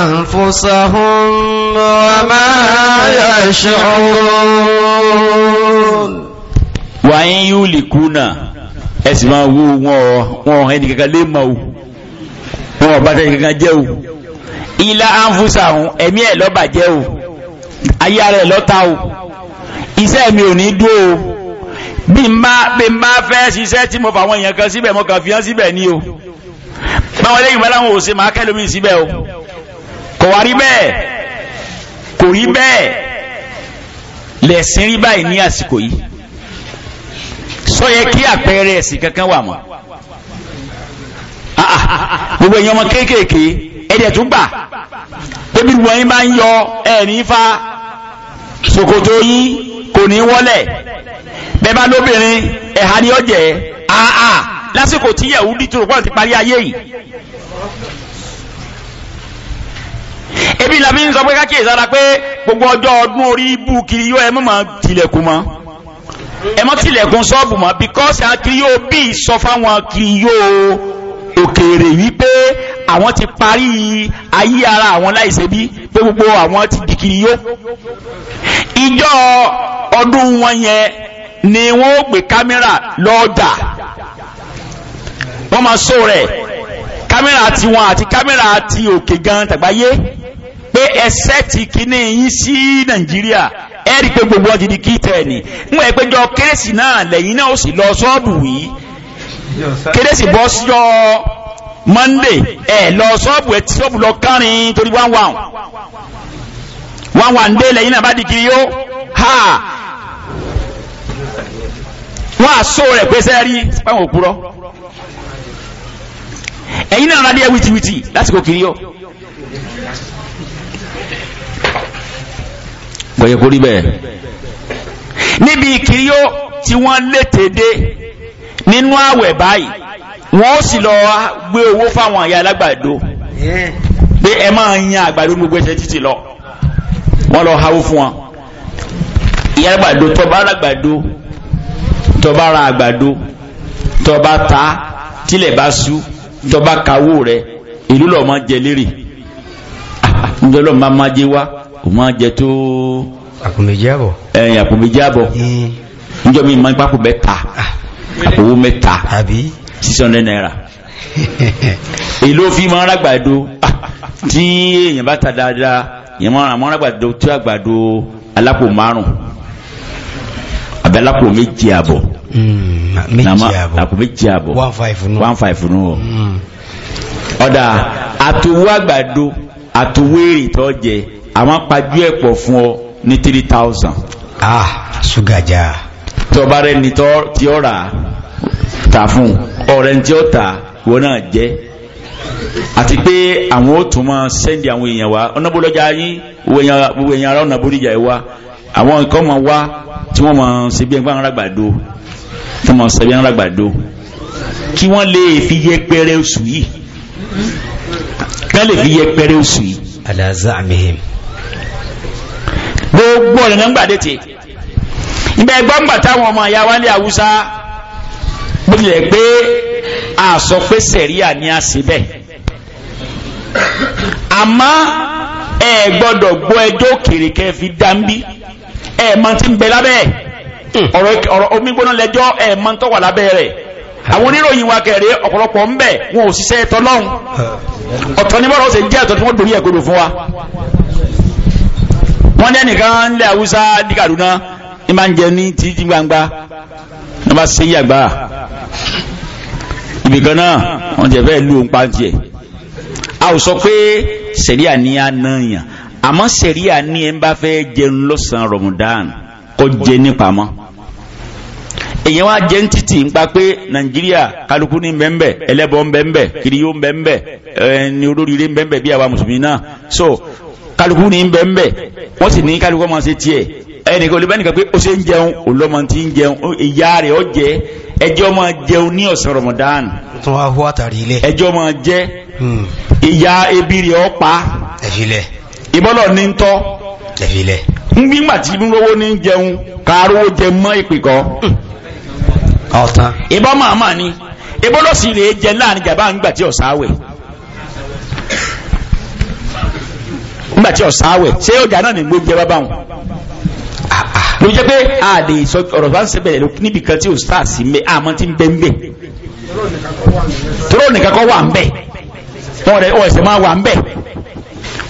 أنفسهم وما يشعرون وإن يهلكون ẹ̀sì máa wú wọn ẹni kankan lè mọ̀ wọn ọba tẹ́ kankan jẹ́ o ilá ánfúsà ọ̀hún ẹ̀mí ẹ̀ lọ́bà jẹ́ o ayé ara ẹ̀ lọ́ta o iṣẹ́ mi ò ní dúró o bí n bá fẹ́ ṣiṣẹ́ tí mo fà èèyàn kan síbẹ̀ mo kàn fi hàn síbẹ̀ ni o báwọn lẹ́yìn bá láwọn òsè máa kẹ́lómi síbẹ̀ o kò wá rí bẹ́ẹ̀ kò rí bẹ́ẹ̀ lẹ̀sìn rí báyìí ní àsìkò yìí tó yẹ kí àpẹẹrẹ ẹ̀sìn kankan wà mọ́ gbogbo èèyàn ọmọ kéékèèké ẹ̀dẹ̀ tún gbà débi wọ́n yín bá ń yọ ẹ̀ fa ṣòkòtò yín kò ní wọ́lẹ̀ bẹ́ẹ̀ bá lóbìnrin ẹ̀há ni ó jẹ́ àà lásìkò tí yẹ̀wù dìtò pọ̀ ti parí ayé yìí ebi làbí ń sọ pé káàkiri sára pé gbogbo ọjọ́ ọdún orí ibú yóò ẹ mọ̀ tilẹ̀kùn mọ́ ẹ mọ́ tilẹ̀kùn ṣọ́ọ̀bù mọ́ because akiri yóò bí sọ fáwọn akiri yóò òkèèrè wípé àwọn ti parí ayé ara àwọn láìsẹ bí pé gbogbo àwọn ti dìkiri yó ìjọ ọdún wọn yẹn ni wọn ó gbé kámẹ́rà lọ́ọ̀dà wọ́n máa sọ rẹ̀ kámẹ́rà ti wọn àti kámẹ́rà ti òkè gan tàgbáyé pé ẹsẹ́ ti kíní yín sí Nàìjíríà ẹ̀rí pé gbogbo ọdí di kíìtẹ̀ ni mú ẹ péjọ kérésì náà lẹ́yìn náà ó sì lọ sọ́ọ̀bù wí kérésì bọ́ síjọ́ monday ẹ lọ sọ́ọ̀bù ẹ ti sọ́ọ̀bù lọ kárin torí one one one one day lẹ́yìn náà bá di kiri yó ha wọ́n àṣọ rẹ̀ pé sẹ́ẹ̀rí pàwọn òkúrọ́ ẹ̀yin náà rádìẹ́ wìtìwìtì lásìkò kiri yó gbọ́yẹ kó rí bẹ́ẹ̀ níbi ìkìríyó tí wọ́n lè tèdè nínú àwẹ̀ báyìí wọ́n ó sì lọ gbé owó fáwọn àyà alágbàdo pé ẹ máa yan àgbàdo gbogbo ẹsẹ̀ títì lọ wọ́n lọ hawó fún wọn ìyá alágbàdo tọba alágbàdo tọba ara àgbàdo tọba ta tilẹ̀ bá sú tọba kawó rẹ ìlú lọ́ọ́ máa jẹ lérè ǹjẹ́ ah, ah, lọ́ọ́ máa máa jẹ wá kò máa jẹ tó àpòmẹjábọ ẹyìn àpòmẹjábọ hmm. níjọ mi máa ń pápò mẹ́ta ah. àpòwó mẹ́ta six hundred naira èlò fi máa ń rágbàdo ah. tí èèyàn bá ta dáadáa èèyàn máa ń rágbàdo tí àgbàdo alápò márùn àbẹ alápò méjì hmm. àbọ̀ àpò méjì àbọ̀ one five nù ọ hmm. ọ̀dà àtòwó àgbàdo àtòwó èrè tó jẹ àwọn pajú ẹ̀ pọ̀ fún ọ ní three thousand. ah sugaja. tọba rẹ ni tí ó rà tà fún ọ̀rẹ́ tí ó tà wọn náà jẹ àti pé àwọn ó tún máa sẹ́ndì àwọn èèyàn wa ọ̀nàbọ̀lọ́jà yín gbogbo èèyàn ara ọ̀nà bóríjà ẹ̀ wá àwọn nǹkan máa wá tí wọ́n máa ṣe bí ẹgbẹ́ ara gbàdo tí wọ́n máa ṣe bí ara gbàdo kí wọ́n lè fi yẹpẹrẹ oṣù yìí kí lè fi yẹpẹrẹ oṣù yìí. alaza amihim gbogbo ọ̀rẹ́ náà ń gbàdé tè ìgbà ẹgbọ́n gbà táwọn ọmọ ìyá wálé haúsá bó pé àsọ pé sẹ̀ríà ni a sì bẹ́ẹ̀ àmọ́ ẹ gbọ́dọ̀ gbọ́ ẹjọ́ òkèrè kẹ́ fi dáńbí ẹ mọ tí ń bẹ lábẹ́ hmm. ọ̀rọ̀ omi gbóná lẹ́jọ́ ẹ mọ tó wà lábẹ́ rẹ̀ àwọn oníròyìn wa kẹ̀rẹ́ ọ̀pọ̀lọpọ̀ ń bẹ wọn ò ṣiṣẹ́ ẹ̀tọ́ lọ́hùn ọ̀tọ̀ ní bọ́lá ó sì jẹ́ ẹ̀tọ́ tí wọ́n dorí ẹ̀gbọ́dọ̀ fún wa wọ́n ní ẹnìkan ńlẹ̀ haúsá ní Kaduna ní máa ń jẹ ní títí gbangba ní wọ́n bá ṣe yàgbá ibì kan náà wọ́n jẹ fẹ́ẹ́ lu òun pa tiẹ̀ a ò sọ pé sẹ̀ríà ní anáyàn àmọ́ sẹ̀ríà ní ẹ̀ ń bá fẹ́ jẹun lọ́sàn-án Ramadan kó jẹ nípamọ́ èyàn wá jẹ́ ń títì ń pa pé nàìjíríà kálukú ní bẹ́ẹ̀nbẹ́ ẹlẹ́bọ̀ ń bẹ́ẹ̀nbẹ́ kiri yóò ń ẹni olóríire ń bẹ́ẹ̀nbẹ́ bí àwa mùsùlùmí náà so kálukú ní ń bẹ ń bẹ wọ́n sì ní kálukú ọmọ ṣe tiẹ̀ ẹnìkan olùbẹ́ nìkan pé ó ṣe ń jẹun olọ́mọ ti ń jẹun ìyá rẹ̀ ọ jẹ ẹjọ́ ọmọ jẹun ní ọ̀sán Ramadan ẹjọ́ ọmọ jẹ hmm. ìyá ebi rẹ̀ ọ pa ìbọ́lọ̀ ní ń tọ́ nígbà tí lówó ní jẹun kàárówó jẹ mọ́ ìpìkọ́ hmm. ìbọ́ màmá ni ìbọ́lọ̀ sì rẹ̀ jẹ láàrin jàbá ń ọ̀sáwẹ̀ nígbà tí ọ̀sán àwẹ̀ ṣé ọjà náà ní gbó jẹ́ bábà wọn. Ah, ah. ló jẹ́ pé àdè ọ̀rọ̀ bá ń ṣe bẹ̀rẹ̀ níbi kan tí ò sáà sí mẹ́ àmọ́ tí ń bẹ́ ń bẹ̀. tóró nìkan kọ́ wà ń bẹ̀ wọn rẹ̀ ọ̀sẹ̀ máa wà ń bẹ̀.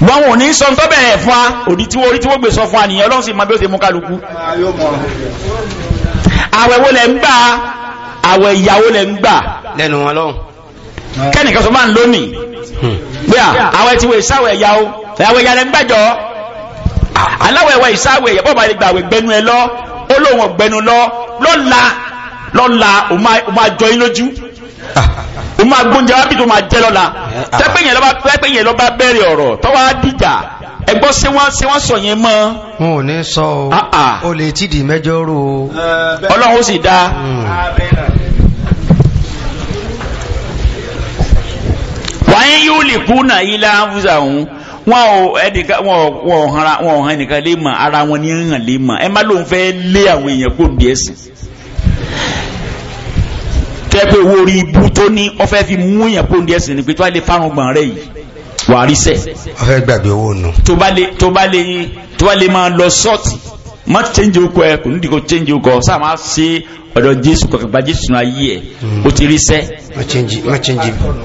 wọn ò ní sọ nǹkan bẹ̀rẹ̀ fún wa òdi tí wọ́n orí tí wọ́n gbé sọ fún wa nìyẹn ọlọ́run sì máa bí ó ṣe mú kálukú. àwẹ̀ wo lẹ̀ ń gbà àwẹ̀ ìyàwó lẹ̀ ń gbà. lẹ́nu wọn lọ́hùn. kẹ́nìkan sọ máa ń lónìí. Hmm pé àwọn ẹtí wọ ìsáwọ̀ ẹ̀yà o ẹ̀yàwó ẹ̀yà rẹ̀ ń gbẹ́jọ́ aláwọ̀ ẹ̀wọ̀ ìsáwọ̀ ẹ̀yà bọ́ọ̀bà ìgbà àwẹ̀ gbẹnu ẹ lọ olóhùn ọ̀gbẹnu lọ lọ́la lọ́la o máa jọ yín lójú o máa gbóúnjẹ wá bí tó máa jẹ́ lọ́la ah. tẹ́pẹ̀yìn lọ́ba bẹ̀rẹ̀ ọ̀rọ̀ tọ́wọ́ á dìjà ẹgbọ́ sí wọ́n sí wọ́n sọ yẹn mọ́ wọn ò ní sọ o ah, ah. lè tídì mẹ́jọ́ o ọlọ́run ó sì dáa hmm. wàyẹn yóò lè kú náà yìí láǹfùsà òun wọn ò ẹnìkan wọn ò wọn ò hàn wọn ò hàn ẹnìkan lè mọ ara wọn ní hàn lè mọ ẹ má lóun fẹ́ lé àwọn èèyàn kó bí ẹsìn tẹ́ pé owó orí ibú tó ní ọfẹ́ fi mú èèyàn kó bí ẹsìn ní pé tó wà lè fárùn gbọ̀n rẹ̀ yìí wà rí sẹ́. ọfẹ́ gbàgbé owó nù. tó bá lè tó bá lè máa lọ sọ́ọ̀tì Ma change okọ ẹ kò ní ko change okọ sáà má se ọ̀dọ̀ jésù kọ̀kọ̀ bá jésù náà yí ẹ̀ o ti rí sẹ́.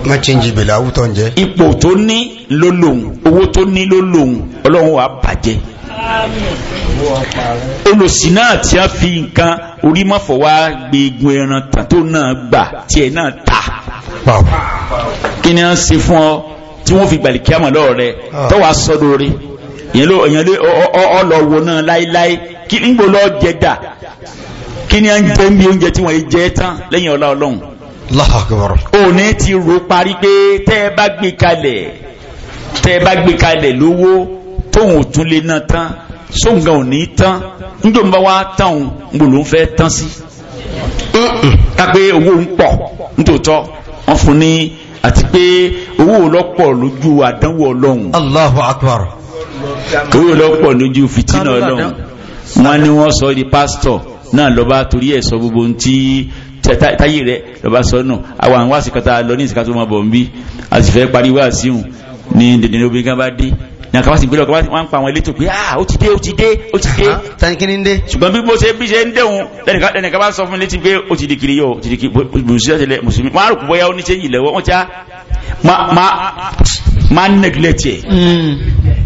má change bèlè awútọ̀ ń jẹ́. ipò tó ní ló lòun owó tó ní ló lòun ọlọ́run wàá bàjẹ́. olùsí náà tí a fi nǹkan orí mọ́fọ̀ wá gbẹ̀gùn ẹran tàn tó náà gbà tiẹ̀ náà ta. kí ni a ń ṣe fún ọ tí wọ́n fi gbàlìkí àmọ́ lọ́ọ̀rẹ́ tọ́wọ́ ah. sọ́dọ̀ rẹ̀ ìyẹn ló ìyẹn ló ọlọ wo náà láéláé kí nígbò lọ jẹ dà kí ni à ń jẹ mi oúnjẹ tí wọn yìí jẹ tán lẹ́yìn ọlá Ọlọ́run. Allahu Akbar. òní ti rò parí pé tẹ́ ẹ bá gbé kalẹ̀ tẹ́ ẹ bá gbé kalẹ̀ lówó tóun ò tún lè ná tán sóǹgà ò ní tán níjọ́ bá wá tán òun gbò ló ń fẹ́ tán sí. kápé owó ń pọ̀ nítòótọ́ wọ́n fún ní àti pé owó lọ́pọ̀ lójú àdánwò Ọlọ́run. Allahu Akbar owó lọ́pọ̀ lójú fìtínà ọlọ́run wọ́n ní wọ́n sọ di pásítọ̀ náà lọ́ba torí ẹ̀ sọ gbogbo ohun tí táyé rẹ̀ lọ́ba sọ nù àwọn àwọn àsìkàtà lọ ní ìsìkàtà ọmọ bọ̀ ń bí a sì fẹ́ parí wá síhùn ní dèdè obìnrin kan bá dé ní àkàwá sì gbélé ọkọ̀ wọ́n ń pa àwọn elétò pé ah ó ti dé ó ti dé ó ti dé. tani kí ni ń dé. ṣùgbọ́n bí mo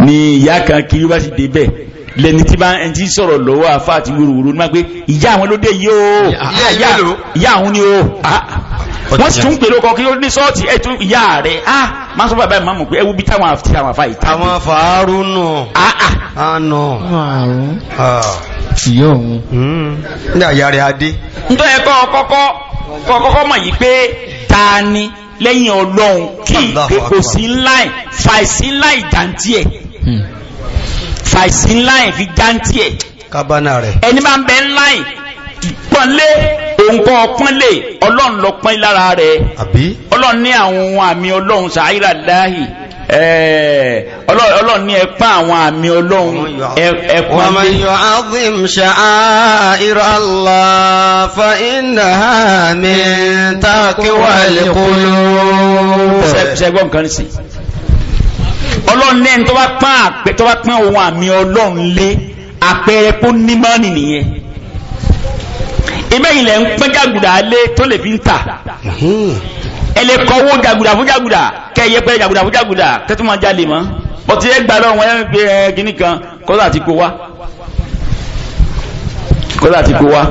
ni ìyá kan kiri bá sì débẹ̀ lẹni tí bá ẹni tí sọ̀rọ̀ lọ́wọ́ àfa àti wúruwúru ní ma pé ìyá àwọn ló dé yìí o ìyá ah, àwọn ni o ah. Ah. wọ́n sì tún pè lóko kí ó ní sọ́ọ̀tì ẹ̀ tún hmm. ìyá rẹ̀ á máa sọ bàbá ìmáàmù pé ẹwú bí táwọn àfi àwọn àfa ìta. àwọn afaaru nù. àánú. lẹ́yìn ọlọ́run kí kò sí ńlá ẹ̀ ńlá ìjàntí ẹ̀. Hmm. fàìsí ńláì fi jántí ẹ̀ kábánà rẹ̀ ẹni máa ń bẹ ńláì pọ́nlé òǹkọ́ pọ́nlé ọlọ́run lọ pọ́n lára rẹ̀ ọlọ́run ní àwọn ohun àmì ọlọ́run sàáyíra láàyè ọlọ́run ní ẹ̀pá àwọn àmì ọlọ́run ẹ̀pọ̀n wa man yu'azzim sha'a'ira Allah fa innaha min taqwal qulub sẹ́gbọ́n kan sí ọlọ́run lẹ́ni tó bá pán àpẹ tó bá pán ohun àmì ọlọ́run lé àpẹẹrẹ kó ní mọ́ọ̀nì nìyẹn ibẹ̀ ilẹ̀ ń pẹ́ jàgùdà lé tó lè fi ń tà ẹ lè kọ́wó jàgùdà fún jàgùdà kẹ́ ẹ yẹ pẹ́ jàgùdà fún jàgùdà kẹ́ tó máa jalè mọ́ ọtí ẹ gbà lọ́rùn wọn ẹ gbé ẹ kan kọ́lá àti kó wá kọ́lá àti kó wá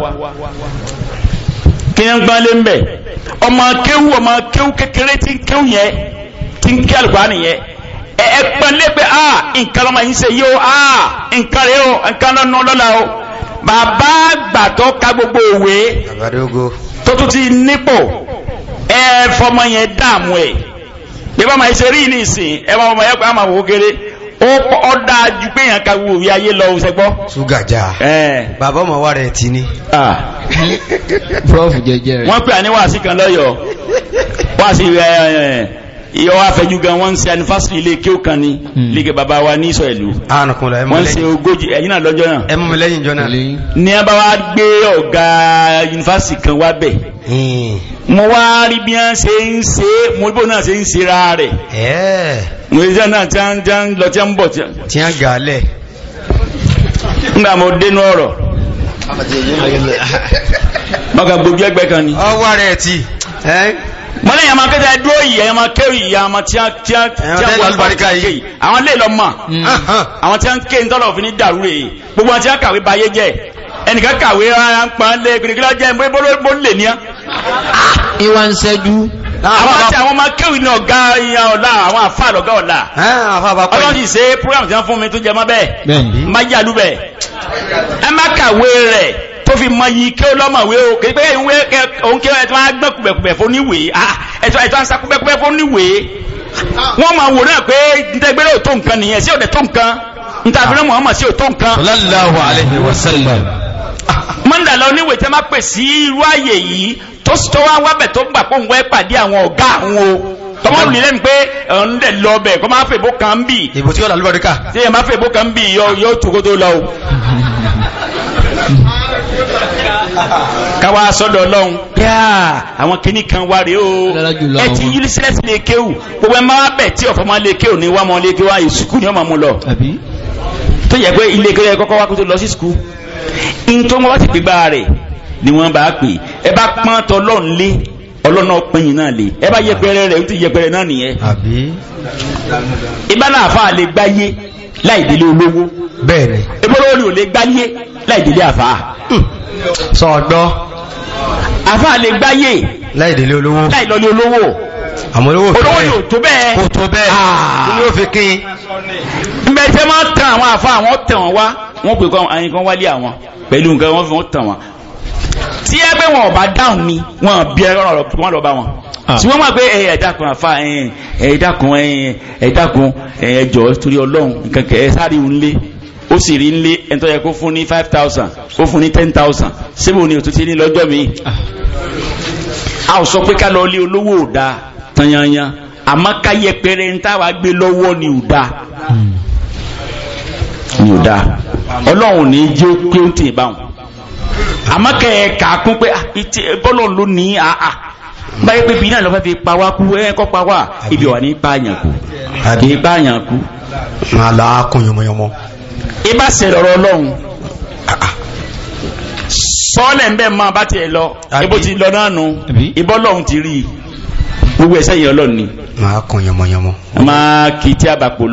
kí ń gbọ́n lé ń bẹ̀ ọmọ kéwú ọmọ kéwú kékeré tí ń yẹn tí ń kí àlùkò ẹ pẹ́lẹ́ pé a ah, nǹkan lọ́mọ yìí ṣe yíò a ah, nǹkan rẹ̀ o nǹkan lọ́nà lọ́la o bàbá gbàtọ́ ka gbogbo òwe tó tún ti nípò ẹ fọmọ yẹn dààmú ẹ bí bá ma ṣe rí ní ìsìn ẹ bá ma yẹ pé a máa wò kéré ó dájú pé yàn kàwé òwe ayé lọ òṣègbọ́. ṣúgàjá bàbá ọmọ wa rẹ̀ ti ní. prof jẹjẹrẹ. wọ́n pè àníwàásí kan lọ́yọ̀ọ́ wàásí rẹ̀ ẹ̀ ìyọ́ hmm. wa fẹ́jú gan wọ́n ń ṣe anifásitì ilé kí ó kan bàbá wa ní ilu. ìlú wọ́n ń ṣe ogójì ẹ̀yìn náà lọ́jọ́ náà ní a bá wa gbé ọ̀gá yunifásitì kan wá bẹ̀ mo wá rí bí wọ́n se ń ṣe mo bó náà se ń se ra rẹ̀ mo ṣe náà tí lọ tí bọ̀ tí wọ́n nígbà mo dénú ọ̀rọ̀ wọ́n [LAUGHS] kà gbogbo ẹgbẹ́ kan ni ọwọ́ rẹ̀ ti mọ́lẹ́ yẹn máa kẹ́tẹ́ dúró yìí ẹ̀yẹ́ máa kéwì yìí àwọn tí wọ́n tí wọ́n tí wọ́n wà lùbáríkà yìí àwọn lè lọ mọ̀ mm. àwọn tí wọ́n ké ń tọ́lọ̀ òfin dàrú rè gbogbo àti wọ́n kàwé bayé jẹ́ ẹnìkan kàwé ara ń pa lé gbèrègbèrè jẹ́ ìwé bó lè ní. ìwà ń ṣẹ́jú. àwọn àti àwọn máa kéwì ní ọ̀gá ọ̀la àwọn àfa lọ́gá ọ̀la. ọlọ́run sì ṣe program tí wọ́n fún mi tó jẹ mọ́ bẹ́ẹ̀ tó fi mọ yìí kí ó lọ́mọ̀wé o kì pé ìwé òun kí ẹ ti kùbẹ̀kùbẹ̀ fún níwèé ah, ẹ ti máa sa kùbẹ̀kùbẹ̀ fún níwèé wọ́n máa wò náà pé ntẹ́gbẹ́rẹ́ ò tó nǹkan nìyẹn sí òde tó nǹkan ntàbílẹ̀ Muhammad sí ò tó nǹkan. sallallahu alayhi wa sallam. mọ́ndà lọ níwèé tẹ́ máa pè sí irú àyè yìí tó tó wá wábẹ̀ tó gbà pé òun wẹ́ pàdé àwọn ọ̀gá àwọn o tọmọ lè lẹ́nu pé ọ̀n dẹ̀ lọ bẹ̀ kọ́ máa fèbó kan bì. ìbò tí yóò lálùbọ̀dé ká. tí yẹn máa fèbó kan bì yóò tó kó lọ o. [LAUGHS] káwa sọ́dọ̀ ọlọ́run yáà àwọn kìíní kan wá rèé o ẹ ti yí sílẹ̀ sí lè kéwù gbogbo ẹ máa bẹ̀ tí ọ̀fọ̀ máa lè kéwù ní wàmọ̀ lè kéwù àyè sukù ni wọ́n lọ tó yẹ pé ilé kéwù kọ́kọ́ wá kó tó lọ sí sukù ntọ́ wọn bá ti gbégbá rẹ̀ ni wọ́n bá pè ẹ bá pọ́n tọ́ ọlọ́run lé ọlọ́run náà pẹ́yìn náà lè ẹ bá yẹpẹrẹ rẹ̀ ó ti yẹpẹrẹ náà nìyẹn ìbá lè gbáyé láìdílé olówó bẹ́ẹ̀ni ebólówó ni ò lè gbáyé láìdílé àfáà hmm. sọ̀gbọ́ àfáà lè gbáyé láìdílé olówó láìlọlé olówó àmọ́ olówó tó bẹ́ẹ̀ kò tó bẹ́ẹ̀ ní ah. ó fi kín mẹ́tẹ́ máa tàn àwọn àfáà wọ́n tàn wọ́n wá wọ́n pè kọ́ àyíkan wálé àwọn pẹ̀lú nǹkan wọ́n fi wọ́n tàn wọ́n tí ẹ pé wọn ò bá dáhùn mi wọn bí ẹ rọrọ wọn lọ bá wọn tí wọn mọ pé ẹ ẹdákun àfa ẹ ẹdákun ẹ ẹdákun ẹ jọ torí Ọlọ́run nǹkan kẹ ẹ sáré òun ó sì rí nlé ẹni tó yẹ kó fún ní five thousand kó fún ní ten thousand síbò ni òtún ti ní lọ́jọ́ mi. Ah. a ò sọ pé ká lọ lé olówó ò dáa tanyanyan àmọ́ ká yẹpẹrẹ ń táwa gbé lọ́wọ́ ni ò dáa hmm. ni ò dáa ọlọ́run ní í pé ó tì í báwọn. àmọ́ kẹ́ ẹ pé ah, bọ́lọ̀ ló ní àà ah, ah. báyé pé bí náà lọ́fẹ́ fi pa wá ibi wà ní pààyàn kì í pààyàn kú. yọmọyọmọ. ibà sẹ̀rọ̀ ọlọ́run sọ́ọ̀lẹ̀ ń bẹ́ẹ̀ ibo ti lọ náà nù ibọ́ ti rí i gbogbo ni. máa kún yànmọ́yànmọ́. máa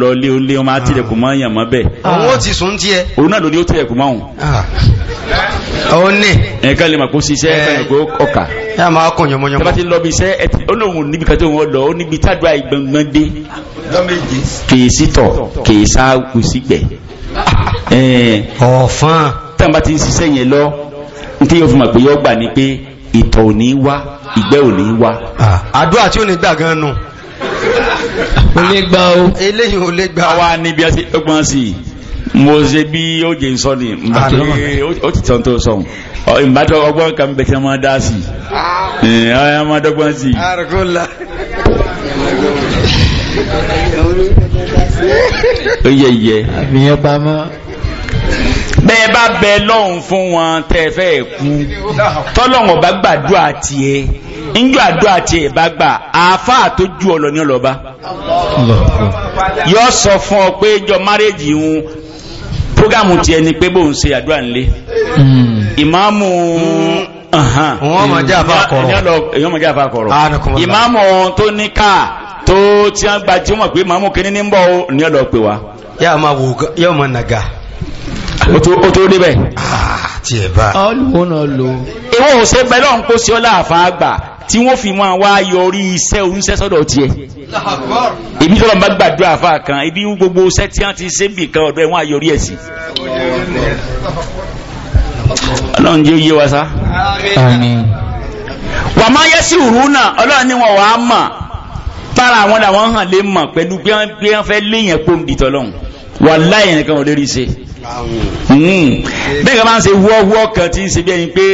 lọ lé olé wọn máa tilẹ̀kùn mọ́ bẹ́ẹ̀. ti sùn òun náà ló ó ní ẹ̀kan lè màkó síṣẹ́ ẹ̀kọ́ ọkà ẹ̀ máa kùn yọmọyọmọ lọ bí iṣẹ́ ẹ̀tì níbi kan tó lọ ó níbi tádùá ìgbọ̀ngbọ̀n dé kìí sítọ̀ kìí sáàkù sígbẹ̀ ọ̀fán tẹ́bá ti ń ṣiṣẹ́ yẹn lọ tí yóò fi mọ̀ pé yọ́ gbà ní pé ìtọ̀ ò ní wá ìgbẹ́ ò ní wá àdúrà tí ò ní gbà gan nù ó lè gbà ó eléyìí ò lè gbà níbi ọgbọ́n mo ṣe bí ó jẹ sọ ni ah, ó ti tàn tó sọ ìbátan ọgbọ́n kan bẹ tí wọ́n dá sí ọ̀yà ah. eh, máa dọ́gbọ́n sí. ó yẹ yẹ. àbíyàn pamọ́. bẹ́ẹ̀ bá bẹ lọ́hùn fún wọn tẹ́ ẹ fẹ́ kú tọ́lọ́hùn ọba gbàdúrà tiẹ̀ njọ́ àdúrà tiẹ̀ bá gbà àáfàá tó ju ọ̀lọ́ ní ọlọ́ba yọ sọ fún ọ pé jọ márẹ́jì ń prógámù tiẹ̀ ni pé bóun ṣe àdúrà ńlé ìmáàmù wọ́n mọ̀ jẹ́ àfà kọ̀rọ̀ ah, ìmáàmù tó ní káà tó tí a gba tí ó mọ̀ pé ìmáàmù kìíní ní ń bọ̀ ní ọ̀dọ̀ pé wa. yóò máa wò yóò máa nàga. o tó débẹ̀. Ah, ọlùwọ́n náà lò. ìwọ ò ṣe kó sí ọ láàfáà gbà tí wọ́n fi máa wá yọrí iṣẹ́ oníṣẹ́ sọ́dọ̀ tiẹ̀ ibi tọ́lọ̀ bá gbàdúrà fà kan ibi gbogbo iṣẹ́ tí wọ́n ti ṣe bì kan ọ̀dọ̀ ẹ̀ wọ́n àyọrí ẹ̀ sí. ọlọ́run jẹ́ oyé wa sá. wà máa yẹ sí òru náà ọlọ́run ni wọn wà á mọ̀ tára àwọn làwọn hàn lè mọ̀ pẹ̀lú pé wọ́n fẹ́ léèyàn pòǹdì tọ́lọ́run wà láyìn nìkan ò lérí ṣe. Hmm. bẹ́ẹ̀ ká máa ń se wọ́wọ́ kan tí ń se bí ẹni pé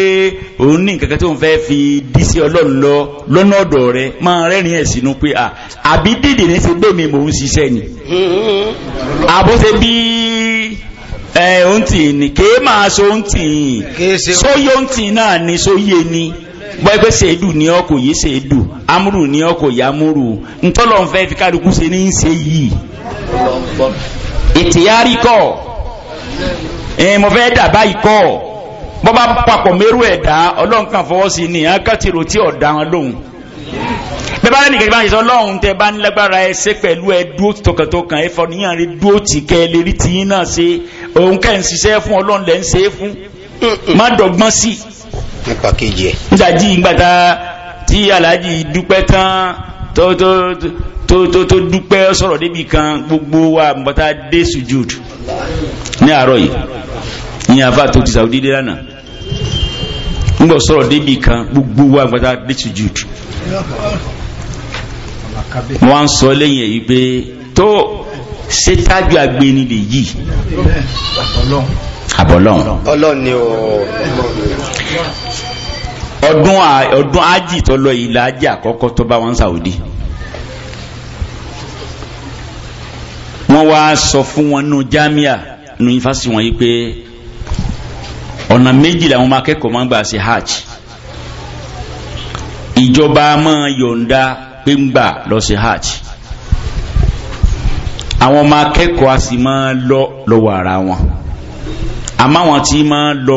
òun ní nǹkan kan tí òun fẹ́ fi dí sí ọlọ́run lọ lọ́nà ọ̀dọ̀ rẹ máa rẹ́rìn ẹ̀ sínú pé àbí dìde ní ṣe bẹ́ẹ̀ mi mò ń ṣiṣẹ́ ni àbó ṣe bí ohun tì ní kéé máa so ohun tì ní sóyè ohun tì náà ni sóyè ni bọ́ẹ̀gbẹ́ sèédù ní ọkọ̀ yìí sèédù amúrù ní ọkọ̀ yìí amúrù ntọ́lọ́nfẹ́ fi kálukú ṣe ní ṣe yìí ìtìyárí kọ́ ẹ̀yìn eh, mo fẹ́ dà báyìí kọ́ bọ́ bá papọ̀ mẹ́rù ẹ̀dá ọlọ́run fọwọ́ sí ni àá kàtí ro tí ọ̀dà wọn lóhùn bẹ́ẹ̀ bá nìkan bá ń sọ ọlọ́run tẹ bá ní lágbára ẹsẹ̀ pẹ̀lú ẹ dúró tọkàntọkàn ẹ fọníyàn rí dúró tì kẹ́ ẹ lè rí tìyín náà ṣe òun kẹ́ ń ṣiṣẹ́ fún ọlọ́run lẹ́ ń ṣe é fún má dọ̀gbọ́n sí. nípa kejì ẹ. nígbà tí ìgbà dúpẹ́ tán tó tó tó tó tó dúpẹ́ sọ̀rọ̀ débi kan gbogbo wa bọ́tá dé sujud ní àárọ̀ yìí ní àfa tó ti Saudi dé lánàá ńgbọ sọ̀rọ̀ débi kan gbogbo wa bọ́tá dé sujud wọ́n ń sọ lẹ́yìn èyí pé tó ṣe tájú agbeni lè yí àbọ̀lọ́n ọdún àjì tó lọ yìí àkọ́kọ́ tó bá wọn Saudi. wọ́n wá sọ fún wọn nù jámíà nù yunifásitì wọn yìí pé ọ̀nà méjì làwọn máa kẹ́kọ̀ọ́ máa ń gbà ṣe hajj ìjọba máa yọ̀ǹda pé ń gbà lọ ṣe hajj àwọn ọmọ akẹ́kọ̀ọ́ a sì máa lọ lọ́wọ́ ara wọn àmọ́ àwọn tí máa lọ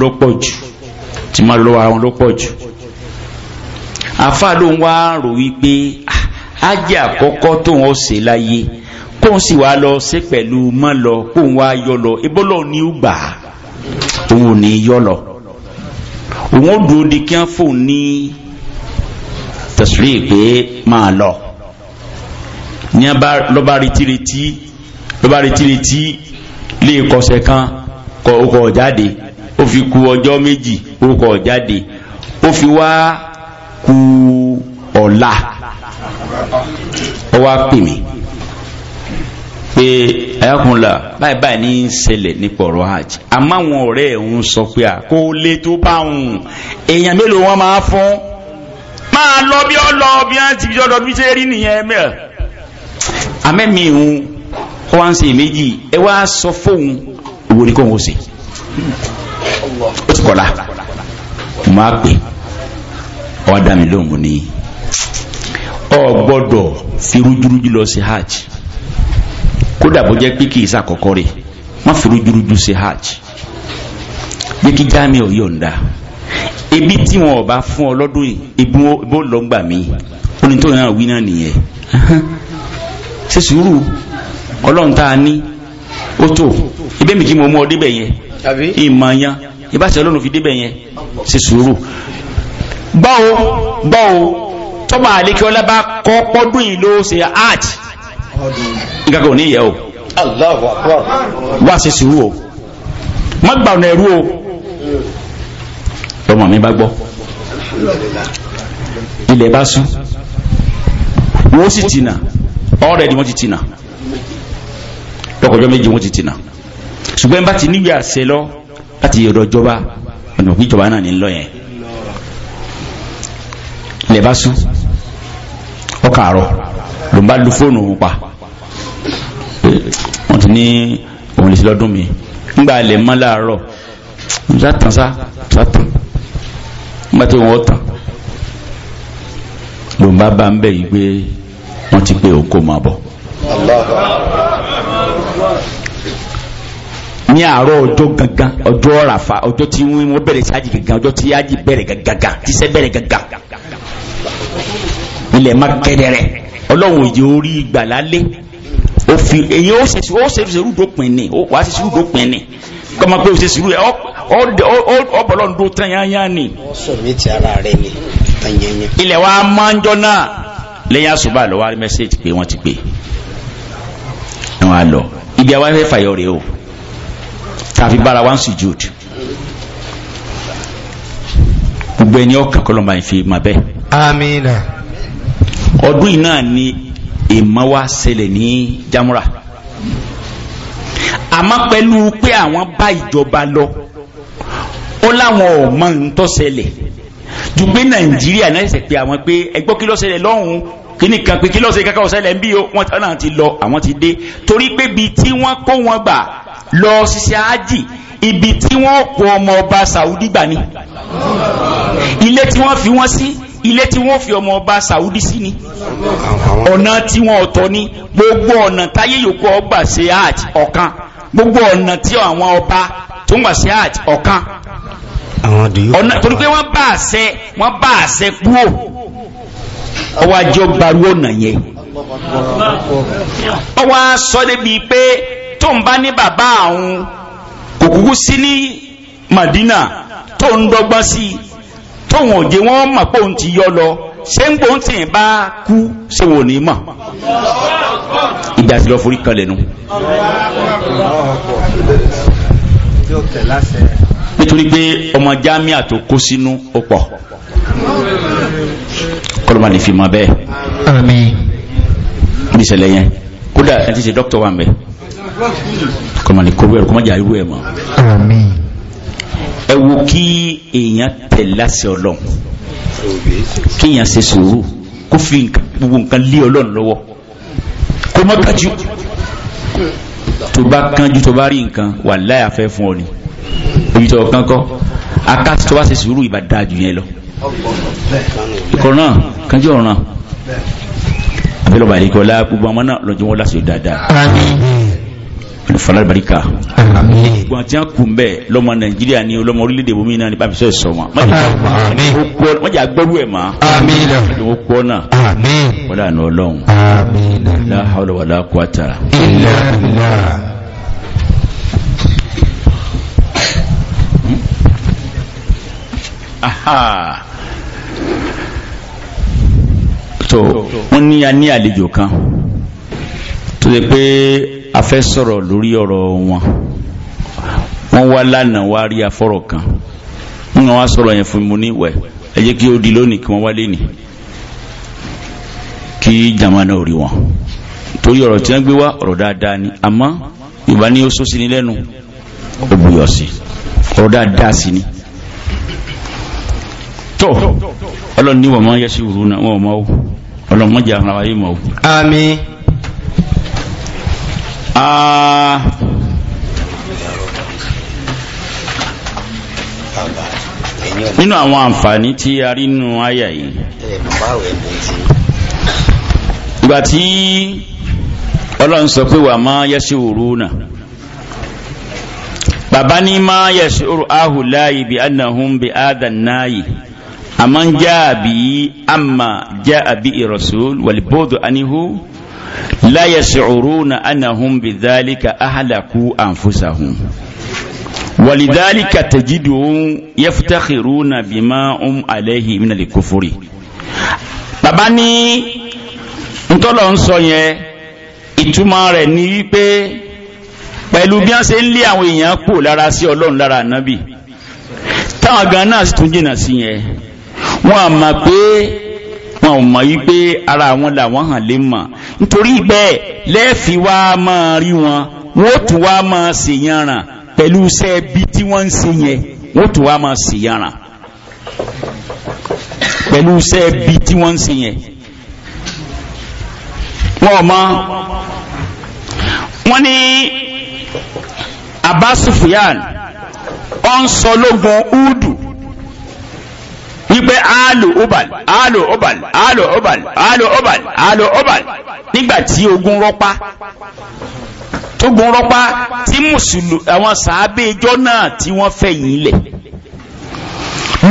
lọ́pọ̀ jù tí máa lọ́wọ́ ara wọn lọ́pọ̀ jù àfáà ló ń wá rò wípé ájẹ́ ah, àkọ́kọ́ tóun ó ṣe láyé kóun sì wá lọ sí pẹ̀lú mọ́ lọ kóun wá yọ lọ ibólọ́ ni ó gbà òun ò ní yọ lọ òun ó dúró di kí wọ́n fóun ní tẹ̀sírí pé máa lọ ní lọ́ba retiretí lọ́ba retiretí lè kọsẹ̀ kan kọ ọkọ̀ jáde ó fi ku ọjọ́ méjì orúkọ jáde ó fi wá ku ọ̀la ó wá pé ayákùnlá báyìí báyìí ní í ṣẹlẹ̀ nípa ọ̀rọ̀ hajj àmọ́ àwọn ọ̀rẹ́ òun sọ pé àkó lè tó bá òun èèyàn mélòó wọn máa fún máa lọ bí ọ lọ bí wọn ti fi ọdọ bí ṣe rí nìyẹn mẹ. amẹ́mi òun kọ́ wá ń ṣe méjì ẹ wá sọ fóun òwò ni kò ń ṣe ó ti kọ́lá máa pè ọ́ mi lóhùn ní ọ gbọ́dọ̀ fi lọ sí hajj kódà bó jẹ́ pé kì í sàkọ́kọ́ rẹ̀ má fi rújúrújú ṣe hajj bí kí jáàmì ò yọ̀ǹda ebi tí wọn ò bá fún ọ lọ́dún yìí ebi bó lọ gbà mí onítòyìn náà wí náà nìyẹn ṣe sùúrù ọlọ́run tá a ní ó tó ibé mi kí mo mú ọ débẹ̀ yẹn ìmọ̀ ìbáṣẹ ọlọ́run fi débẹ̀ yẹn ṣe sùúrù báwo báwo tọ́ba àlékè ọlá bá kọ́ pọ́dún yìí ló ṣe art nǹkan kò ní yẹ o Allahu Akbar wá sí sùúrù o má gbà ọ̀nà ẹ̀rú o ọmọ mi bá gbọ́ ilẹ̀ bá sún wọ́n sì tìnà ọ̀rẹ́ ni wọ́n ti tìnà lọ́kọ̀ọ́jọ́ méjì wọ́n ti tìnà ṣùgbọ́n bá ti níwì àṣẹ lọ láti ọ̀dọ̀ ìjọba ọ̀nà òkú ìjọba náà ní lọ yẹn ilẹ̀ bá sún ọkàárọ̀ ń bá lu fóònù pa wọ́n ti ní òun lè ṣe lọ́dún mi nígbà ilẹ̀ mọ́ láàárọ̀ sátán sátán nígbà tí wọ́n tàn ló ń bá bá ń bẹ̀ yí pé wọ́n ti pé òun kò máa bọ̀. ní àárọ̀ ọjọ́ gangan ọjọ́ ràfà ọjọ́ tí wọ́n bẹ̀rẹ̀ sí gangan ọjọ́ tí ájì bẹ̀rẹ̀ gangan tíṣẹ́ bẹ̀rẹ̀ gangan ilẹ̀ má kẹ́dẹ̀rẹ̀ ọlọ́run òjò orí ìgbà lálẹ́ òfin èyí ó ṣe ó ṣe sùúrù dópin ni ó wàá ṣe sùúrù dópin ni kọ́mọ pé ó ṣe sùúrù ẹ̀ ọ̀bọ̀lọ́ ń dó tán yányá ni. ilẹ̀ wa máa ń jọ náà lẹ́yìn àṣùbà lọ́wọ́ rí mẹ́sẹ̀jì pé wọ́n ti pè é wọ́n á lọ ibi àwọn afẹ́fẹ́ fàyọ̀ rèé o tàbí bára wa ń sùjúdù gbogbo ẹni ọkàn kọlọmọ àìfi mà bẹ́ẹ̀. amina ọdún yìí náà ni ìmọ̀ wa ṣẹlẹ̀ ní Jamura àmọ́ pẹ̀lú pé àwọn bá ìjọba lọ ó láwọn ò mọ nǹtọ́ ṣẹlẹ̀ ju pé Nàìjíríà náà ṣẹ̀ pé àwọn pé ẹgbọ́ kí ló ṣẹlẹ̀ lọ́hùn kíní kan pé kí ló ṣẹlẹ̀ kankan ṣẹlẹ̀ ń bí wọn tán náà ti lọ àwọn ti dé torí pé ibi tí wọ́n kó wọn gbà lọ ṣiṣẹ́ ájì ibi tí wọ́n kó ọmọ ọba Saudi gbà ni ilé tí wọ́n fi wọ́n sí. Si ilé tí wọ́n fi ọmọ ọba Saudi sí ni ọ̀nà tí wọ́n ọ̀tọ̀ ni gbogbo ọ̀nà táyé yòókù ọgbà ṣe hajj ọ̀kan gbogbo ọ̀nà tí àwọn ọba tó ń gbà ṣe hajj ọ̀kan ọ̀nà torí pé wọ́n bá àṣẹ wọ́n bá àṣẹ kúrò ọwọ́ ajọ́ gbarú ọ̀nà yẹn ọwọ́ sọ débi pé tó ń bá ní bàbá àwọn kò sí ní Madina tó ń dọ́gbọ́n sí i tóun òjé wọ́n mọ̀ pé òun ti yọ lọ ṣé ń gbóhùn tí ì bá kú ṣé wò ní mọ̀ ìgbà tí lọ forí kan lẹ́nu. nítorí pé ọmọ jamiu àti okó sínú ó pọ̀ kọlọmọ ní fi mọ bẹ́ẹ̀. àmín. bí ìṣẹ̀lẹ̀ yẹn kódà ẹ ti ṣe dókítà wa mẹ kọlọmọ ní kó wẹrù kọmọjà irú ẹ mọ. àmín ẹ wo kí èèyàn tẹ̀ láṣẹ ọlọ́run kí èèyàn ṣe sùúrù kó fi gbogbo nǹkan lé ọlọ́run lọ́wọ́ kó má kájú tó bá kánjú tó bá rí nǹkan wàláhì fẹ́ fún ọ ni ibi tó kán kọ́ akásí tó bá ṣe sùúrù ìbá dáa yẹn lọ ìkọ̀nà kánjú ọ̀ràn àbẹ́lọ́bàdìkọ́lá gbogbo ọmọ náà lọ́jọ́ wọn láṣẹ dáadáa fana barika gbọ́n tí a kun bẹ́ẹ̀ lọ́mọ nàìjíríà ni lọ́mọ orílẹ̀-èdè bomi náà ni bá fi sọ ìsọ wọn wọ́n jà gbọ́rú ẹ̀ máa lọ́wọ́ kọ́ náà wọ́n dà nà ọlọ́run la hawla wala quwwata hmm? tó wọ́n ní a ní àlejò kan tó yẹ pé a fẹ́ sọ̀rọ̀ lórí ọ̀rọ̀ wọn wọ́n wá lánàá wá rí afọ́rọ̀ kan wọ́n wá sọ̀rọ̀ yẹn fún mi ní ìwẹ̀ ẹ jẹ́ kí ó di lónìí kí wọ́n wá lé ní kí jama náà rí wọn torí ọ̀rọ̀ tí wọ́n gbé wá ọ̀rọ̀ dáadáa ni àmọ́ ìbá ní ó sọ́sí ní lẹ́nu ó buyọ̀ sí ọ̀rọ̀ dáadáa sí ni tó ọlọ́run ní wọ́n máa yẹ sí ìrù náà wọ́n máa ó ọlọ́run mọ́jà ara mọ́ ó. àmín nínú àwọn àǹfààní tí a rí nínú àyà yìí ìgbà tí ọlọ́run sọ pé wà máa yẹ́sẹ̀ òru náà bàbá ní máa yẹ́sẹ̀ òru ahùláyì bí annahum bí adànáyì àmọ́ ń já àbí àmà já àbí ìrọ̀sùl wàlìbọ́dù aníhù la yash'uruna annahum bidhalika ahlaku anfusahum walidhalika tajiduhum yaftakhiruna bima um alayhi min al-kufri bàbá ní ntọ́lọ̀ ń sọ yẹn ìtumọ̀ rẹ̀ ní wípé pẹ̀lú bí wọ́n ṣe ń lé àwọn èèyàn kù lára sí ọlọ́run lára ànábì táwọn gan náà sì tún jìnnà sí yẹn wọ́n á pé wọn ò mọ̀ yí pé ara àwọn làwọn hàn lè mọ̀ nítorí bẹ́ẹ̀ lẹ́ẹ̀fì wá máa rí wọn wọ́n tún wá máa ṣèyànràn pẹ̀lú iṣẹ́ bí tí wọ́n ń ṣe yẹn wọ́n tún wá máa ṣèyànràn pẹ̀lú iṣẹ́ bí tí wọ́n ń ṣe yẹn wọn mọ̀ wọ́n ní Abbas Sufyan ọ̀n wípé aalo obal aalo obal aalo obal aalo obal aalo obal nígbàtí ogun rọpa tó gun rọpa tí mùsùlù àwọn sàábé ijọ́ náà tí wọ́n fẹ̀yìn lẹ̀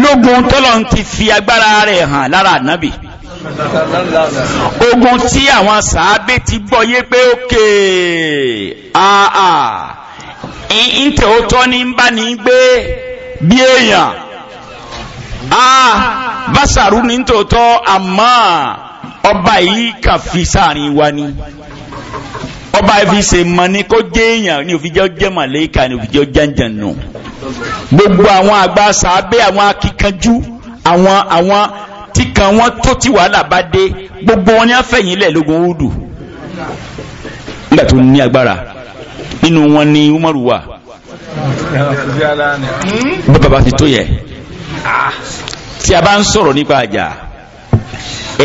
lógun tọ́lọ̀ ti fi agbára rẹ̀ hàn lára ànábì ogun tí àwọn sàábé ti gbọ́ yé pé ókè àà ìntẹ̀ ó tọ́ ní bá ní gbé bí èèyàn ah básàrú ní tòótọ́ àmọ́ ọba yìí kà fi sáàrin wa ni ọba yìí fi ṣe mọ ni kó jẹ́ èèyàn ní òfin jẹ́ jẹ́ màlẹ́kà ní òfin jẹ́ jẹ́ǹjẹ̀ǹ nù gbogbo àwọn àgbà sàábẹ́ àwọn akíkanjú àwọn àwọn tí kan tó ti wàhálà bá dé gbogbo wọn ni a fẹ̀yìn lẹ̀ lógun wúdù nígbà tó ní agbára nínú wọn ni Umaru wà hmm? bàbá ti tó yẹ. Ah. tí a bá ń sọ̀rọ̀ nípa àjà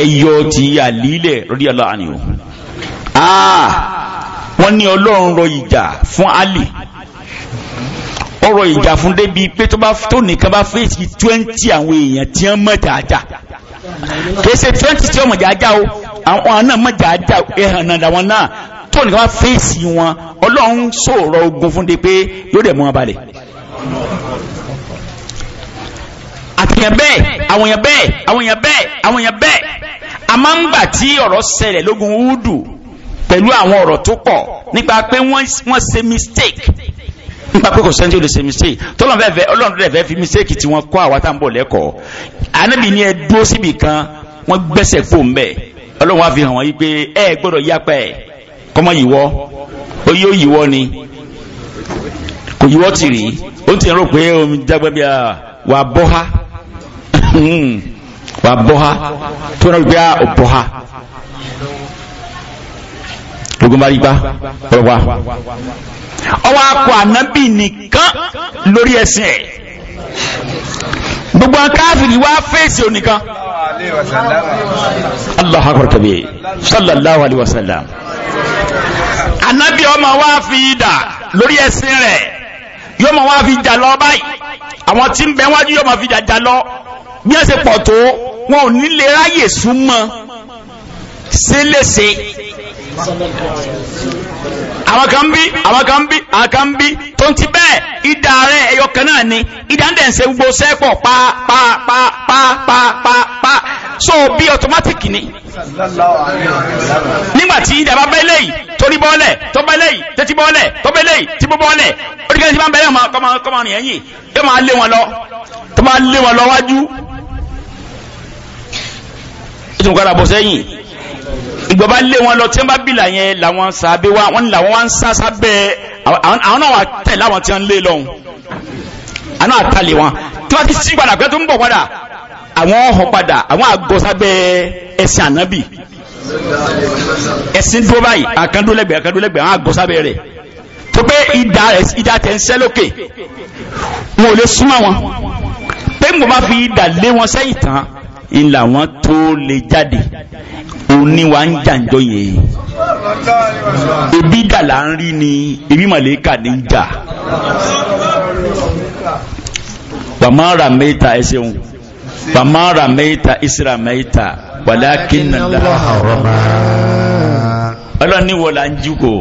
ẹ̀yọ ti àlílẹ̀ radiyallahu anhu ah. wọ́n ní ọlọ́run rọ ìjà fún Ali ọ̀rọ̀ ìjà fún débi pé tó bá tó nìkan bá fèsì twenty àwọn èèyàn tí wọ́n mọ̀jà àjà kèsè twenty tí wọ́n mọ̀jà àjà o àwọn àna mọ̀jà àjà ẹ̀hàn nàdà wọn náà tó nìkan bá fèsì wọn ọlọ́run sọ̀rọ̀ ogun fún de pé yóò dẹ̀ mú balẹ̀ àtìyàn bẹ́ẹ̀ àwọn èèyàn bẹ́ẹ̀ àwọn èèyàn bẹ́ẹ̀ àwọn èèyàn bẹ́ẹ̀ a máa ń gbà tí ọ̀rọ̀ ṣẹlẹ̀ lógun údù pẹ̀lú àwọn ọ̀rọ̀ tó pọ̀ nípa pé wọ́n ṣe mistake nípa pé kò sẹ́ni tí ó lè ṣe mistake tọ́lọ́n fẹ́ fẹ́ ọlọ́run rẹ̀ fẹ́ fi mistake tí wọ́n kọ́ àwa tá ń bọ̀ lẹ́kọ̀ọ́ anábì ní ẹ dúró síbì kan wọ́n gbẹ́sẹ̀ fò ń bẹ̀ ọlọ́run wá fi hàn wọ́n yí pé ẹ gbọ́dọ̀ yapa ẹ̀ kọ́mọ yìíwọ́ ó yóò yíwọ́ ni kò yíwọ́ tì rí ó ti rò pé omi jágbẹ́ bí wà bọ́ ha Hmm. wa bọ́ ha tó náà gbé o bọ́ ha lógún bá rí gbá ọ̀rọ̀ wa ọwọ́ akọ ànábì nìkan lórí ẹ̀sìn ẹ̀ gbogbo akáfìrí wá fèsì onìkan allah akbar kabi sallallahu alaihi wasallam anabi ọmọ wa fi dà lórí ẹsìn rẹ̀ yóò mọ wá fi jà lọ báyìí àwọn tí ń bẹ wájú yóò mọ fi jà jà lọ bí wọ́n ṣe pọ̀ tó wọn ò ní lè ráyè súnmọ́ sí léṣe àwọn kan bí àwọn kan bí àwọn kan bí tó ń ti bẹ́ẹ̀ ìdá rẹ̀ ẹyọ kan náà ni ìdá ń dẹ̀ ń ṣe gbogbo sẹ́pọ̀ pa pa pa pa pa pa pa so bí automatic ni nígbàtí ìdá bá bẹ́ lẹ́yìn torí bọ́ọ̀lẹ̀ tó bẹ́ lẹ́yìn tẹ́tí bọ́ọ̀lẹ̀ tó bẹ́ lẹ́yìn tí bó bọ́ọ̀lẹ̀ oríkẹ́ni tí bá ń bẹ́ lẹ́yìn ọmọ kọ́mọ rìn ẹ̀yìn yóò máa lé wọn lọ tó máa lé wọn lọ wájú ètò ìgbàlà bọ̀ sẹ́yìn ìgbọ̀ba lé wọn lọ tí wọ́n bá bìlà yẹn làwọn sàbẹ̀ wa wọ́n làwọn wá ń sá sábẹ́ àwọn náà wà tẹ̀ láwọn tí wọ́n lé lọ́hùn àwọn náà tà lé wọn tí wọ́n ti sí padà pé tó ń bọ̀ padà àwọn ọ̀họ̀ padà àwọn àgọ́sábẹ́ ẹ̀sìn ànábì ẹ̀sìn dúró báyìí àkàndólẹ́gbẹ̀ẹ́ àkàndólẹ́gbẹ̀ẹ́ àwọn àgọ́sábẹ́ rẹ̀ tó pé ìdá tẹ̀ ń sẹ́ wọn ò lè súnmọ́ wọn pé ń gbọ́n bá fi ìdà lé wọn sẹ́yìn tán ìlà wọn tó lè jáde òní wa ń jàǹjọ yẹn ebi dà là ń rí ni ebi màlẹ́kà ní ń jà wàmárà mẹ́ta ẹsẹ̀ òun wàmárà mẹ́ta ìsirà mẹ́ta wàlákìnnà láàárọ̀ ọlọ́ni wọ́n la ń jùkò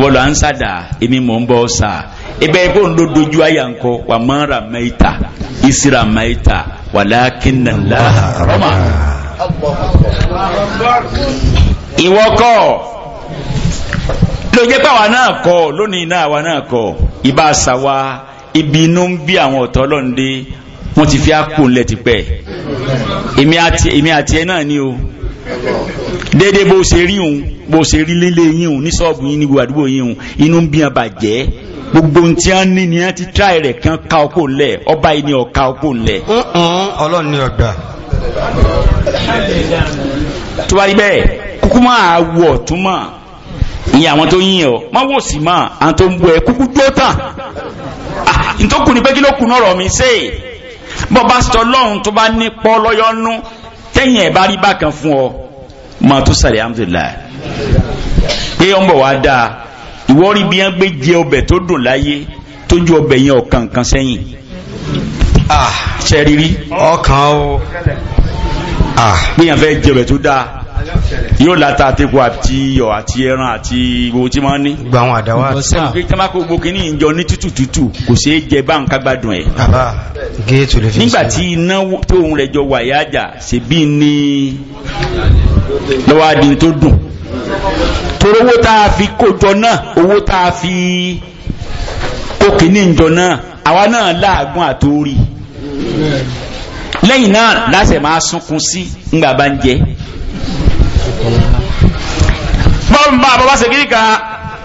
wọ́n la ń sàdà èmi mọ̀ ń bọ́ sà ibẹ̀ kó ń do dojú àyà ńkọ wà má ra mẹ́ta ìsira mẹ́ta wà lákínà láhàrọ́mà. ìwọ kọ́ ló jẹ́ pé àwa náà kọ́ lónìí náà àwa náà kọ́ ibà sàwa ibi inú ń bí àwọn ọ̀tọ́ ọlọ́run dé wọ́n ti fi àpò ńlẹ̀ tipẹ́ èmi àti ẹ̀ náà ni o. Dede bó ṣe rí òun bó ṣe rí lílé yín òun ní sọ́ọ̀bù yín ní gbogbo àdúgbò yín òun inú ń bí wọn bàjẹ́ gbogbo ohun tí wọn ní ni wọn ti tíráì rẹ̀ kan ká ọkọ lẹ̀ ọba yìí ni ọ̀ka ọkọ lẹ̀. ọlọ́run ni ọ̀gbà. tó bá rí bẹ́ẹ̀ kúkú máa wọ̀ tún mọ̀ ìyẹn àwọn tó yín ọ má wò sí mọ́ àwọn tó ń bọ̀ ẹ kúkú dó tàn ah, ntọ́kùnrin pé kí ló kùn náà rọ̀ mí sè bọ́ bá sọ lọ́run tó bá ní pọ́ lọ́yọ́nú tẹ́yìn ẹ̀ bá rí bákan fún ọ máa tó sàrẹ̀ alhamdulillah pé ọmọ wa dáa ìwọ rí bí wọ́n gbé jẹ ọbẹ̀ tó dùn láyé tó ju ọbẹ̀ yẹn ọ̀kan kan sẹ́yìn ah ṣe rírí ọkàn o ah pé yàn fẹ́ jẹ ọbẹ̀ tó dáa yóò láta àtẹ́kù àti iyọ̀ àti ẹran àti gbogbo tí wọ́n ní. gba àwọn àdáwà àti sáà. ẹnìkan tí wọ́n kó gbogbo kínní ìjọ ní tútù tútù kò ṣeé jẹ bá nǹkan gbádùn ẹ̀. bàbá géètù lè fi ṣe. nígbà tí iná tó ń rẹ̀ jọ wà yájà ní lọ́wọ́ adìyẹ tó dùn. torí owó tá a fi kó jọ náà owó tá a fi kó kínní ìjọ náà àwa náà láàgùn àtórí lẹ́yìn náà láṣẹ̀ máa sunkún sí ńgbà bá ń jẹ́ bọ́m̀bà bọ́bá ṣe kiri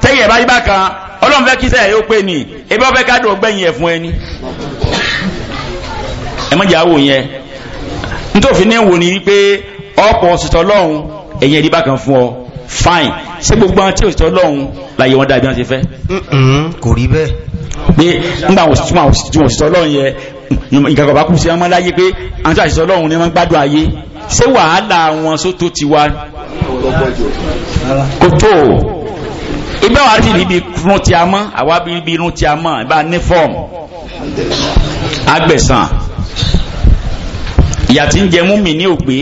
tẹ́yẹ̀ bá yíbá kan ọlọ́run fẹ́ yóò pé ni ebi wọ́n ká dùn ọgbẹ́yìn ẹ̀ fún ẹni ẹ mọ̀ jáwó yẹn nítòfin ní wò ní wípé ọ̀pọ̀ òṣìṣẹ́ ọlọ́run ẹ̀yìn ẹ̀dí bá kan fún ọ fine ṣé gbogbo àwọn tí òṣìṣẹ́ ọlọ́run láyé wọn dàbí wọn ṣe fẹ́. kò rí bẹ́ẹ̀. pé nígbà wọn òṣìṣẹ́ ọlọ́run yẹ ìgbàgbọ́ bá kù sí ọmọ pé àwọn tí òṣìṣẹ́ ọlọ́run ni wọ́n gbádùn ayé ṣé wàhálà wọn sótó ti wá kò tó ibẹ̀ wà sí ibi irun tí a mọ́ àwa ibi irun tí a mọ́ ibà ní fọ́ọ̀mù agbẹ̀sán ìyà tí ń jẹ mú mi ní ògbé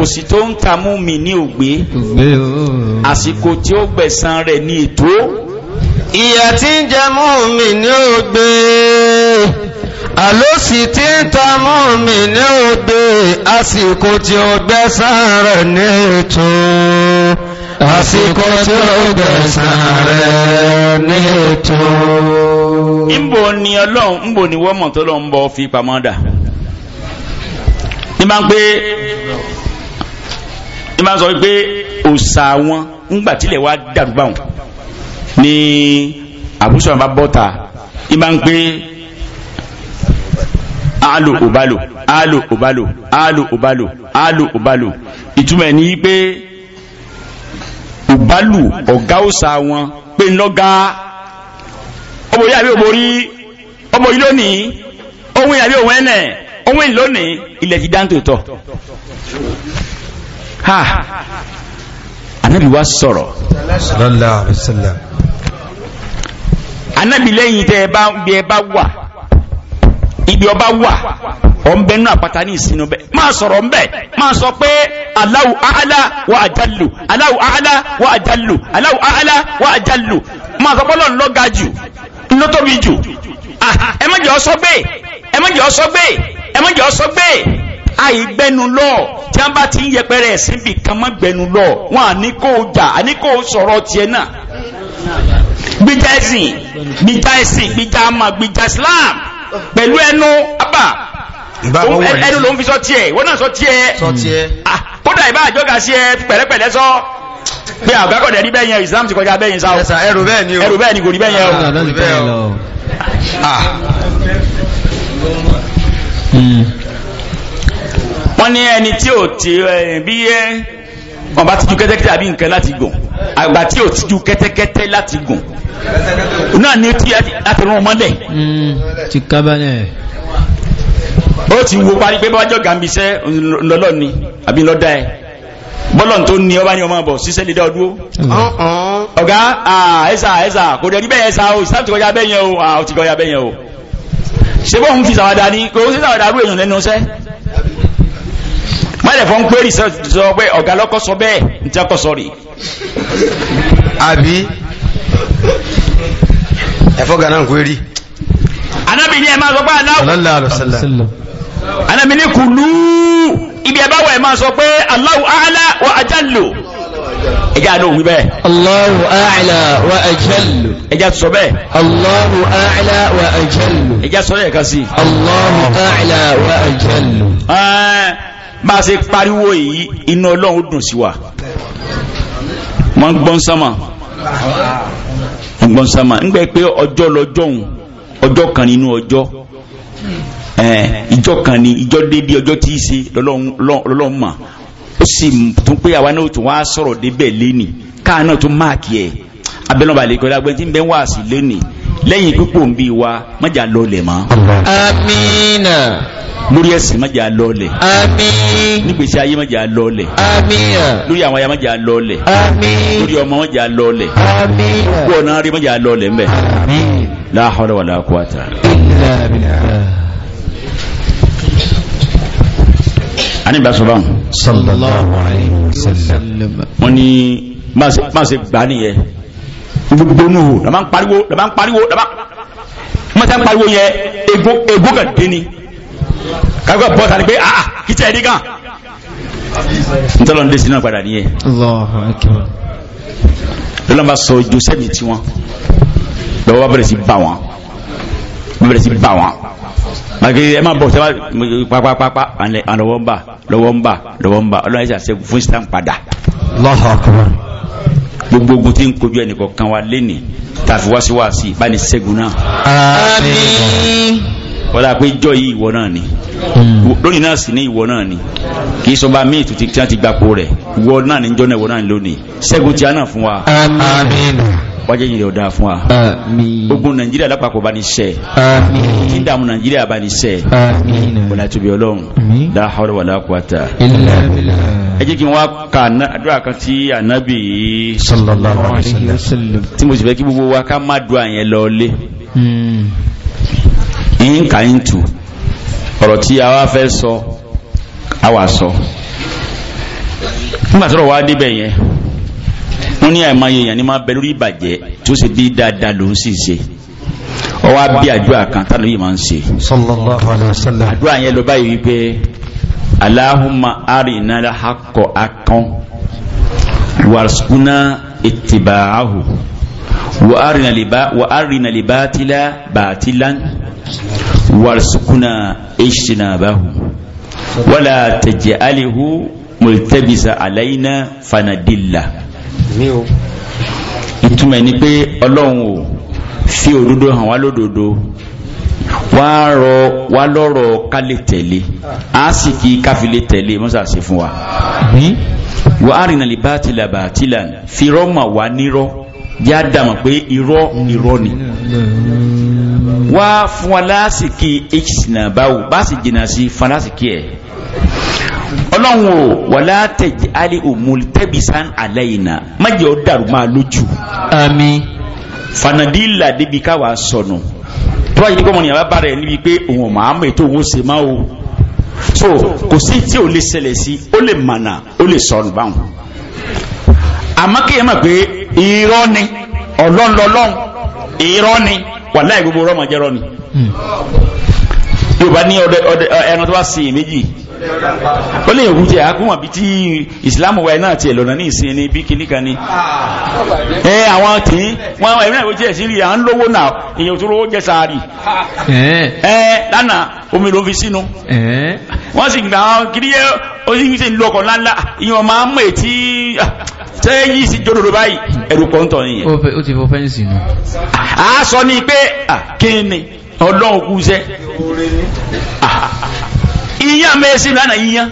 òsì tó ń ta mú mi ní ògbé àsìkò tí ó gbẹ̀sán rẹ̀ ní ètò ìyà tí ń jẹ mú mi ní ògbé àlósì tí ń ta mọ́ mi ní òde àsìkò tí ó gbẹ́sàn rẹ̀ ní ètò àsìkò tí ó gbẹ̀sàn rẹ̀ ní ètò ìbò ni ọlọ́run ìbò ni wọ́n mọ̀ tó lọ ń bọ fi pàmọ́dà ní máa ń pé ní máa ń sọ wípé òòsà wọn ńgbà tílẹ̀ wá dàrú báwọn ní àbúṣọ àbábọ́ta ní máa ń pé alu ubalu, alu ubalu, alu ubalu, alu ubalu. ìtumọ̀ ẹ̀ ní pé òbálù ọ̀gá òsà wọn pé ńlọ́gá ọmọ yìí àbí òborí ọmọ yìí lónìí ohun yìí òun ẹ̀nẹ̀ ohun yìí ilẹ̀ ti dáńtò tọ̀ ha anabi wa sọ̀rọ̀ sallallahu alaihi wasallam anabi lẹ́yìn tẹ́ ẹ bá wà ibi ọba wà ọ̀nbẹ nínú àpáta ní ìsinú bẹ́ẹ̀ máa sọ̀rọ̀ ńbẹ́ máa sọ pé Allahu a'la wa ajallu Allahu a'la wa ajallu Allahu a'la wa ajallu máa sọ pọ́lọ́ ńlọ́ga jù ńlọ́tọ́bi jù ah, ẹ má jẹ́ ọ sọ bẹ́ẹ̀ ẹ má jẹ́ ọ sọ bẹ́ẹ̀ ẹ má jẹ́ ọ sọ bẹ́ẹ̀ àìgbẹ́nu lọ tí wọ́n bá ti ń yẹpẹrẹ ẹ̀sìn bì kan má gbẹ́nu lọ wọn à ní kó o jà à ní kó o sọ̀rọ̀ tiẹ̀ náà gbíjà ẹ̀sìn gbíjà ẹ̀sìn gbíjà ama gbíjà Islam pẹ̀lú ẹnu abà ẹnu ló ń fi sọ tiẹ̀ wọ́n náà sọ tiẹ̀ kódà ìbá àjọga sí ẹ pẹ̀lẹ́pẹ̀lẹ́ sọ pé àgbákọ̀dẹ̀ ní bẹ́yẹn Islam ti kọjá bẹ́yẹn sáwọ́ ẹrù bẹ́ẹ̀ ni kò rí bẹ́yẹn o hmm. wọ́n ní ẹni tí ò ti bí ẹ́ wọn bá tijú kẹ́tẹ́kẹ́tẹ́ àbí nǹkan láti gùn àgbà tí ò tijú kẹ́tẹ́kẹ́tẹ́ láti gùn náà ní tí láti rún ọmọlẹ̀. Hmm, ti kábàlẹ̀. ó ti wo parí pé bábájọ́ gàmbíṣẹ́ lọ́lọ́ ni àbí lọ́dá ẹ̀ bọ́lọ̀ tó ní ọba ní ọmọ bọ̀ síṣẹ́ lè dá ọdún uh-uh. ọ̀gá ẹ̀sà ẹ̀sà kò dẹ̀ níbẹ̀ ẹ̀sà o ìsáàbù ti kọjá bẹ́yẹn o àwọn ti kọjá bẹ́yẹn o ṣé bóun fi sàwádà ni kò ó sì sàwádà rú èèyàn lẹ́nu iṣẹ́ mọ́lẹ̀fọ́ ń pé research sọ pé ọ̀gá lọ́kọ́ sọ bẹ́ẹ̀ ní tí a kọ́ sọ rí àbí ẹ̀fọ́ gà náà ń pé rí anábì ní ẹ máa sọ pé aláwọ̀ anábì ní kùlú ibi ẹbáwọ̀ ẹ máa sọ pé Allahu a'la wa ajallu ẹjá ló wí bẹ́ẹ̀ Allahu a'la wa ajallu ẹjá sọ bẹ́ẹ̀ Allahu a'la wa ajallu ẹjá sọ lẹ́ẹ̀kan sí Allahu a'la wa ajallu bá pariwo yìí inú ọlọ́run dùn sí wa wọ́n gbọ́n sámà gbọ́n sámà ńgbẹ́ pé ọjọ́ lọ́jọ́ ọjọ́ kan nínú ọjọ́ ìjọ kan ní ìjọ dédé ọjọ́ tí í ṣe lọ́lọ́run mà ó sì tún pé àwa náà tún wá sọ̀rọ̀ débẹ̀ káà náà tún máàkì ẹ̀ kọ́lá wá sí lẹ́yìn pípò ń bí wa májà lọlẹ̀ mọ́. amina. lórí ẹ̀sìn májà lọlẹ̀. àmín. nígbèsí ayé májà lọlẹ̀. àmín. lórí àwọn aya májà lọlẹ̀. àmín. lórí ọmọ májà lọlẹ̀. àmín. gbogbo ọ̀nà rí májà lọlẹ̀ mbẹ́. àmín. la hawla wala quwwata. illa billah. ani bila sallallahu alayhi wa sallam. wọ́n ní máa ṣe gbani yẹ gbogbo nù hù lọ́ba ń pariwo lọ́ba ń pariwo lọ́ba ń mọ̀tẹ́ ń pariwo yẹn ego ego kan deni. ni kájú ká bọ́ọ̀sì ah kí tẹ̀ ẹ́ dí kan ntọ́lọ́ ń dé sí náà padà nìyẹn. lọ́la bá sọ ojú sẹ́mi tí wọ́n lọ́wọ́ bá bẹ̀rẹ̀ sí bá wọn bẹ̀rẹ̀ sí bá wọn màkì ẹ má bọ̀ sẹ́wà pápápápá àlọ́wọ́ ń bà lọ́wọ́ ń bà lọ́wọ́ ń bà ọlọ́run ẹ̀ sàṣẹ́ fún sítáǹpadà. Allahu gbogbo ogun tí ń kojú ẹnìkan kan wa lé ní tàfi wá sí wá sí bá ní ṣẹ́gun náà. àmín. wọ́n dà pé jọ yìí ìwọ náà ni hmm. lónìí náà sì ní ìwọ náà ni kì í sọ bá míì tuntun tí wọ́n ti gbapò rẹ̀ ìwọ náà ní jọ náà ìwọ náà ni lónìí ṣẹ́gun tí a náà fún wa. àmín wájẹ́ yìí rẹ̀ ọ̀dá fún wa ogun nàìjíríà lápapọ̀ bá ní ṣẹ́ tí ń dààmú nàìjíríà bá ní ṣẹ́ wọ́n láti bí ọlọ́run la hawla wala quwwata illa billah ẹjẹ́ kí wọ́n ka àdúrà kan tí ànábì sallallahu alaihi wasallam tí mo sì fẹ́ kí gbogbo wa ká má dùn àyẹn lọ lé hmm. yín kà ń tù ọ̀rọ̀ tí a wá fẹ́ sọ a wà sọ nígbà tọ́rọ̀ wá débẹ̀ yẹn wọ́n ní àìmọye èèyàn ní máa bẹ lórí ìbàjẹ́ tó ṣe bí dáadáa ló ń sì ṣe ọwọ́ bí àdúrà kan tálóyè máa ń ṣe àdúrà yẹn lọ báyìí wípé Allahumma arina al-haqqa haqqan warskuna ittiba'ahu wa arina liba wa arina libatila batilan warskuna ijtinabahu wala taj'alhu multabisa alaina fanadilla ìtumọ̀ ni pé Ọlọ́run ò fi òdodo hàn wá lódodo wá rọ wá lọ́rọ̀ ká lè tẹ̀lé a sì kí káfí lè tẹ̀lé mọ́sá sí fún wa wà á rìnà lè bá tìlà bá tìlà fi rọ́mà wá nírọ́ yá dàmà pé irọ́ irọ́ ni wá fún wa lásìkí ìṣìnà báwò bá sì jìnà sí fanásìkí ẹ̀ ọlọ́run o wà látẹ̀jì alẹ́ òmùlẹ̀ tẹ́bìsán àlẹ́yìnà má jẹ́ ó dàrú máa lójú àmín fanadí là débi káwa tó bá yìí kọ́ mọ̀nìyàn bá bá rẹ̀ níbi pé òun máa mọ̀ ètò òun ṣe máa o so kò sí tí ò lè ṣẹlẹ̀ sí ó lè mànà ó lè sọnù báwọn àmọ́ kéèyàn mọ̀ pé irọ́ ni ọlọ́nlọ́lọ́n irọ́ ni wàláì gbogbo rọ́mọ jẹ́rọ́ ni hmm. yorùbá ní ẹran tó bá sin méjì ó lè wù jẹ́ bí tí ìsìlámù wa náà tiẹ̀ lọ́nà ní ìsìn ní bí kan ní. ẹ àwọn tí wọn ẹ̀mí náà wọ́n sí rí à ń lówó náà èyàn tó lówó jẹ́ sáárì. ẹ lánàá omi ló fi sínú. wọ́n sì gbà wọn kiri yẹ oṣìṣẹ́ ìlú ọkọ̀ ńláńlá ìyẹn máa ń mọ̀ ètí sí jòdòdò báyìí ẹ̀rù pọ̀ntọ̀ nìyẹn. ti fọ fẹ́ǹsì a sọ ni pé kí iyán mẹ́sí lánà iyán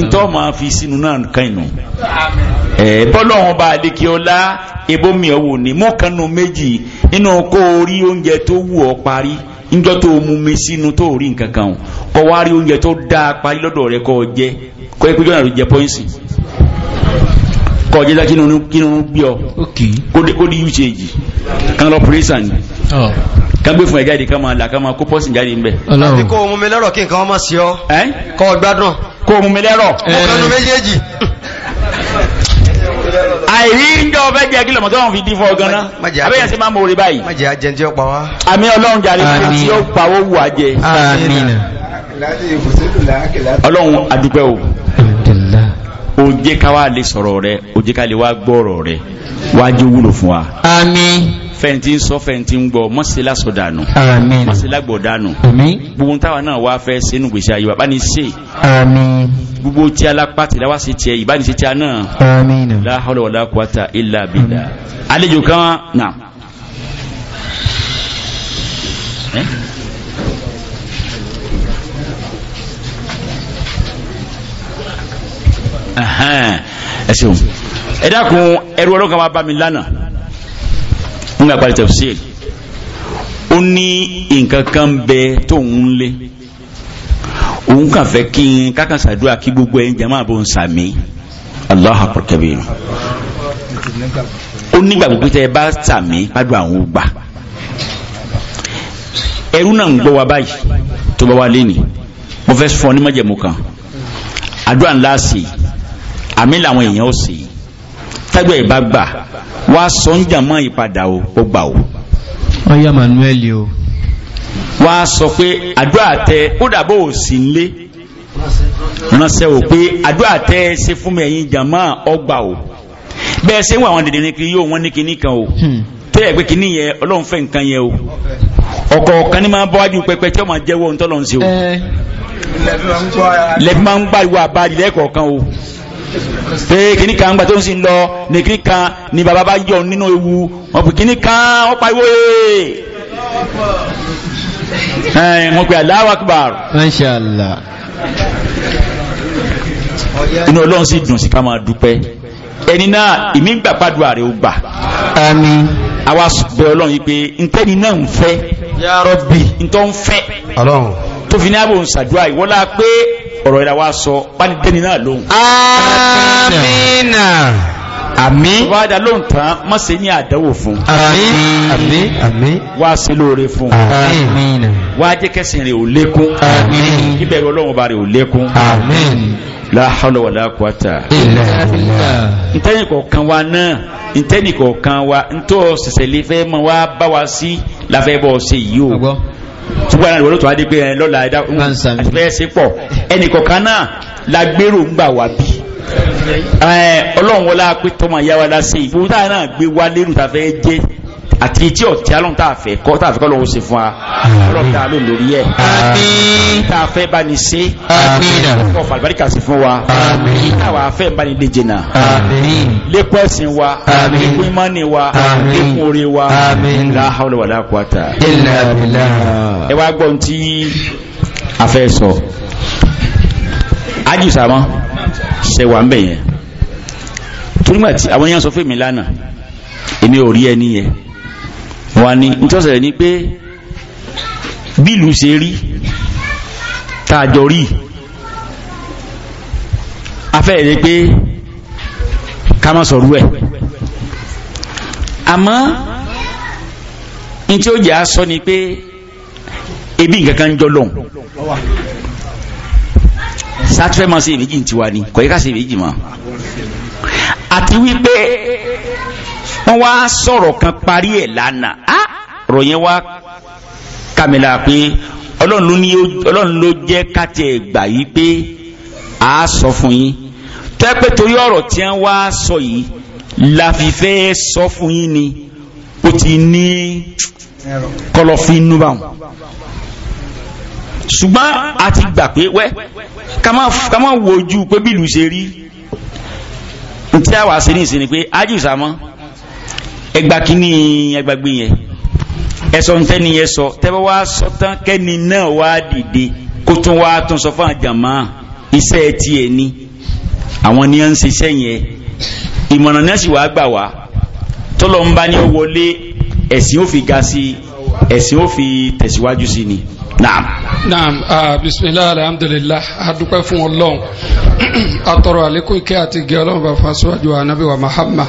ìtọ́ hmm. ma fi sínú náà kánú bọ́lọ́wọ́n bá adékí ọlá ebomi ọwọ́ ni mú kanú méjì nínú kó orí oúnjẹ tó wù ọ parí níjọ́ tó mú mi sínú tó rí nǹkan kan ọ wá rí oúnjẹ tó dáa parí lọ́dọ̀ rẹ kọ́ jẹ kọ́ jọ́nà ló jẹ kọ́ jẹ́ dá bí ọ kó di usage kan lọ pírẹ́sà ni. Oh. kágbé fún ẹ̀gá ìdíkà máa làkà máa kó pọ́sì jáde ń bẹ̀. àbí kó o mú mi lẹ́rọ̀ kí nǹkan ọmọ sí ọ kọ́ gbádùn kó o mú mi lẹ́rọ̀ ọkànnù eh. méjèèjì. àìrí ń jọ fẹ́ jẹ́ kí lọ́mọ tó wọn fi dín fún ọgán náà abẹ́yẹ sí máa mọ orí báyìí. má jẹ́ ajẹ́ tí ó pa wá. àmì ọlọ́run jàre tí ó pa owó wà jẹ. ọlọ́run àdúpẹ́ o ó jẹ́ ká wá lè sọ̀rọ̀ rẹ̀ ó jẹ́ ká lè wá gbọ́ ọ̀rọ̀ rẹ̀ wájú wúlò fún wa. àmín fẹ̀ǹtì ń sọ fẹ̀ǹtì ń gbọ́ mọ́sílá sọ dànù àmín mọ́sílá gbọ̀ dànù àmín gbogbo táwa náà wá fẹ́ sínú gbèsè ayé wa bá ní ṣe àmín gbogbo tí alápá ti dáwà sí tiẹ̀ ìbá ní sí tiẹ̀ náà àmín la hawla wala quwata illa billah àlejò kan náà. Eh? ẹ ṣeun ẹ dákun ẹrú ọlọ́kan wa bá mi lánàá nígbà parí tafsir ó ní nǹkan kan bẹ tóun ń lé òun kàn fẹ́ kí n kákan ṣàdúrà kí gbogbo ẹ̀yin jama bó ń sàmì Allahu Akbar kabir ó nígbà gbogbo tẹ ẹ bá sàmì pàdù àwọn ògbà ẹrú náà ń gbọ́ wa báyìí tó bá wa lé ní mo fẹ́ fọ ní májẹ̀mú kan àdúrà ńlá sí àmì làwọn èèyàn ó sì ìbá gbà wá sọ ń jàmọ́ ìpadà o ó gbà o. ọyá Manuel o. wá sọ pé àdúrà tẹ ó dàbò òsì ńlé ránṣẹ́ o pé àdúrà tẹ ẹ ṣe fún mi ẹ̀yin jàmọ́ ọgbà o bẹ́ẹ̀ ṣe ń wà wọn dèdè ní kiri yóò wọ́n ní kinní kan o hmm. tó yẹ pé kinní yẹ ọlọ́run fẹ́ nǹkan yẹ o ọkọ̀ kan ní máa bọ́ wájú pẹpẹ tí ó máa jẹ́wọ́ ohun tọ́lọ́ ń ṣe o eh. lẹ́bí máa ń gbà ìwà àbáyé lẹ́kọ̀ọ̀kan o pé kíní kan gbà tó ń sin lọ ní kíní kan ní bàbá bá yọ nínú ewu wọn pè kíní kan wọn pariwo ee ẹ wọn pè Allahu Akbar. Masha Allah. inú ọlọ́run sì dùn sí ká máa dúpẹ́ ẹni náà ìmí gbà gbàdúrà rẹ̀ ó gbà. àmín. àwa bẹ ọlọ́run yìí pé ntẹ́ni náà ń fẹ́. Ya Rabbi ntọ́ ń fẹ́. ọlọ́run. tó fi ní àbò ń ṣàdúrà ìwọ́lá pé ọ̀rọ̀ ìràwà wa sọ bá ní dẹ́ni náà lóhùn. amina. àmín. wà dá lóhùn tán mọ́ sí ní àdánwò fún. àmín àmín àmín. wà lóore fún. àmín. wà á jẹ́ kẹ́sìn rẹ̀ ò lékún. àmín. ìbẹ̀rù ọlọ́run ba rẹ̀ ò lékún. àmín. la hawla wa náà ntẹ́ni kọ̀ọ̀kan wa ntọ́ sẹ̀sẹ̀ lè fẹ́ mọ wa bá wa sí láfẹ́ bọ́ ọ ṣùgbọ́n àwọn ìwọlọ́tọ̀ adé pé lọ́la ẹ̀dá àti bẹ́ẹ̀ sí pọ̀ ẹnìkọ̀ọ̀kan náà la gbèrò ń gbà wá bí ọlọ́run wọlá pé tọ́mọ ìyá ìfowópamọ́ náà gbé wa lérò tá a fẹ́ jẹ́ àti tí ọ̀tí alọ́ntà àfẹ́ kọ́ tààfẹ́ kọ́ lọ́wọ́ ṣe fún wa ọlọ́ta ló lórí ẹ̀ tààfẹ́ bá ní ṣe ọkọ̀ fàlùbáríkà sí fún wa àwọn afẹ́ bá ní lè jìnà lékún ẹ̀sìn wa lékún ìmánì wa lékún orí wa láhàlọ́ wàlá kwata ẹ wá gbọ́n tí afẹ́ sọ ájùsàmọ́ ṣẹwà ń bẹ̀yẹn túnmọ̀ tí àwọn èèyàn sọ fún mi lánàá èmi ò rí ẹni yẹn wọ́n ní nítọ́sẹ̀rẹ̀ ni pé bílù ṣe rí tààjọ rí afẹ́ẹ̀rẹ́ pé ká má sọ̀rú ẹ̀ àmọ́ ní tí ó jẹ́ sọ ni pé ebi nǹkan jọ lọ́hùn sáfẹ́ máa ṣe èméjì tiwa ni kọ̀yẹ́ká ṣe èméjì mọ́ àti wípé wọ́n wá sọ̀rọ̀ kan parí ẹ̀ lánàá á ròyìn wá kàmìlà pé ọlọ́run ló jẹ́ káti ẹ̀ gbà pé a sọ fún yín tẹ́pẹ́ torí ọ̀rọ̀ tí wọ́n wá sọ yìí la fi fẹ́ sọ fún yín ni ó ti ní kọlọ́fín núbà wọn ṣùgbọ́n a ti gbà pé wẹ́ ká má wojú pé bílù ṣe rí ní tí a wà sí ní ìsinmi pé ájì sàmọ́ ẹgbà kínní ẹgbàgbé yẹn ẹsọ ntẹni yẹn sọ tẹbẹ wá sọ tán kẹni náà wá dìde kó tún wá tún sọ fún àjàmá iṣẹ́ tiẹ̀ ni àwọn ni wọ́n ń ṣiṣẹ́ yẹn ìmọ̀ràn náà sì wàá gbà wá tọ́lọ́ ń bá ní wọlé ẹ̀sìn ó fi ga sí ẹ̀sìn ó fi tẹ̀síwájú sí ni naam. naam uh, bisimilahi alhamdulilah adúpẹ́ fún ọlọ́run atọrọ àlékún ìkẹ́ ati ìgẹ́ ọlọ́run bá fún anabi wa Muhammad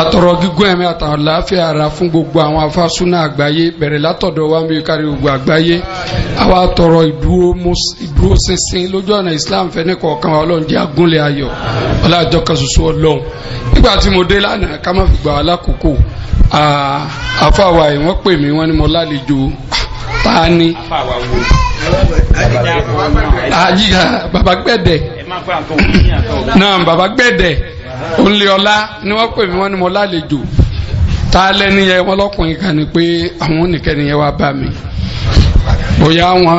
atọrọ gígùn ẹ̀mí àtàwọn láàfíà ara fún gbogbo àwọn afásúná àgbáyé bẹ̀rẹ̀ látọ̀dọ̀ wa mi kárí gbogbo àgbáyé àwa atọrọ ìdúró ṣinṣin lójú ọ̀nà Islam fẹ́ni kọ̀ọ̀kan kama ọlọ́run jẹ́ agúnlẹ̀ ayọ̀ ọlọ́àjọ kan ṣoṣo ọlọ́run nígbà tí mo dé lánàá ká má fi gbà wá lákòókò àfàwà ẹ̀ wọ́n pè mí wọ́n ní mo lálejò tani àyíká bàbá gbẹ̀dẹ̀ náà bàbá gbẹ̀dẹ̀ ònlẹ̀ọ́lá ni wọ́n pè mí wọ́n ní mo lálejò tá a lẹ́ni yẹn wọ́n kan ni pé àwọn oníkẹ́ni yẹn wá bá mi bóyá wọn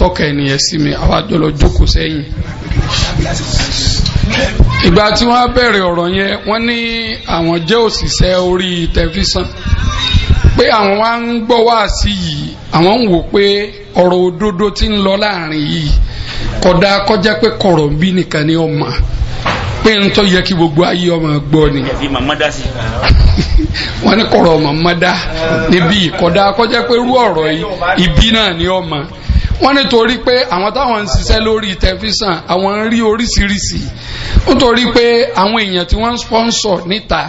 tọkẹ nìyẹn sí mi àwa jọlọ jókòó sẹ́yìn ìgbà tí wọ́n bẹ̀rẹ̀ ọ̀rọ̀ yẹn wọ́n ní àwọn jẹ́ òṣìṣẹ́ orí tẹlifíṣàn pé àwọn wá ń gbọ́ wá sí yìí àwọn ń wò pé ọ̀rọ̀ òdodo ti ń lọ láàrin yìí kódà kọjá pé kọ̀rọ̀ bí nìkan ni ọmọ pé ń tọ́ yẹ kí gbogbo ayé ọmọ gbọ́ ni. [LAUGHS] wọ́n ní kọ̀rọ̀ ọmọ mọ́dá níbí kódà kọjá pé irú ọ̀rọ̀ yìí ibi náà ni ọmọ wọ́n nítorí pé àwọn táwọn ń ṣiṣẹ́ lórí tẹlifíṣàn àwọn ń rí oríṣiríṣi nítorí pé àwọn èèyàn tí wọ́n ń sponsor níta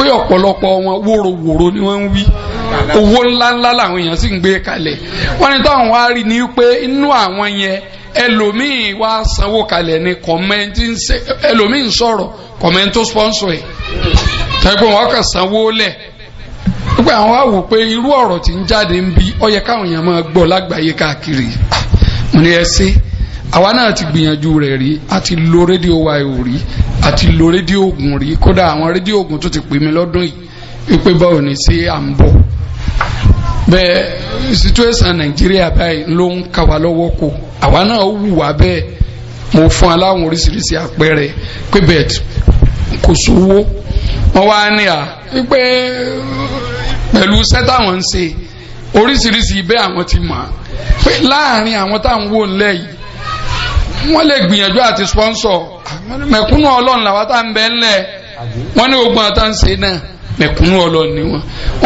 pé ọ̀pọ̀lọpọ̀ wọn wóróworó ni wọ́n ń wí owó ńláńlá làwọn èèyàn sì ń gbé kalẹ̀ wọ́n ní táwọn wá rí ni pé inú àwọn yẹn ẹlòmíì wá sanwó kalẹ̀ ni kọ̀mẹ́ntì ẹlòmíì ń sọ̀rọ̀ kọ̀mẹ́ntì sponsor ẹ̀ tẹ́gbọ́n wọn kàn sanwó lẹ̀ pé àwọn wá wò pé irú ọ̀rọ̀ tí ń jáde ń bí yẹ àwa náà ti gbìyànjú rẹ̀ rí àti lo rédíò wa ò rí àti lo rédíò Ògùn rí kódà àwọn rédíò Ògùn tó ti pè mí lọ́dún yìí wípé báwo ni ṣé à ń bọ̀ bẹ́ẹ̀ situation Nàìjíríà báyìí ló ń kà wá lọ́wọ́ kó àwa náà wù wá bẹ́ẹ̀ mo fún aláwọn oríṣiríṣi àpẹẹrẹ pé bẹ́ẹ̀ kò sówó wọ́n wá ní à wípé pẹ̀lú iṣẹ́ táwọn ń ṣe oríṣiríṣi ibẹ̀ àwọn ti mọ̀ pé láàrin àwọn táwọn wò ń lẹ́yìn wọ́n lè gbìyànjú àti sponsor mẹ̀kúnnù ọlọ́run làwọn tá ń bẹ́ ńlẹ̀ wọ́n ní ogun àtàǹsẹ̀ náà mẹ̀kúnnù ọlọ́run ni wọ́n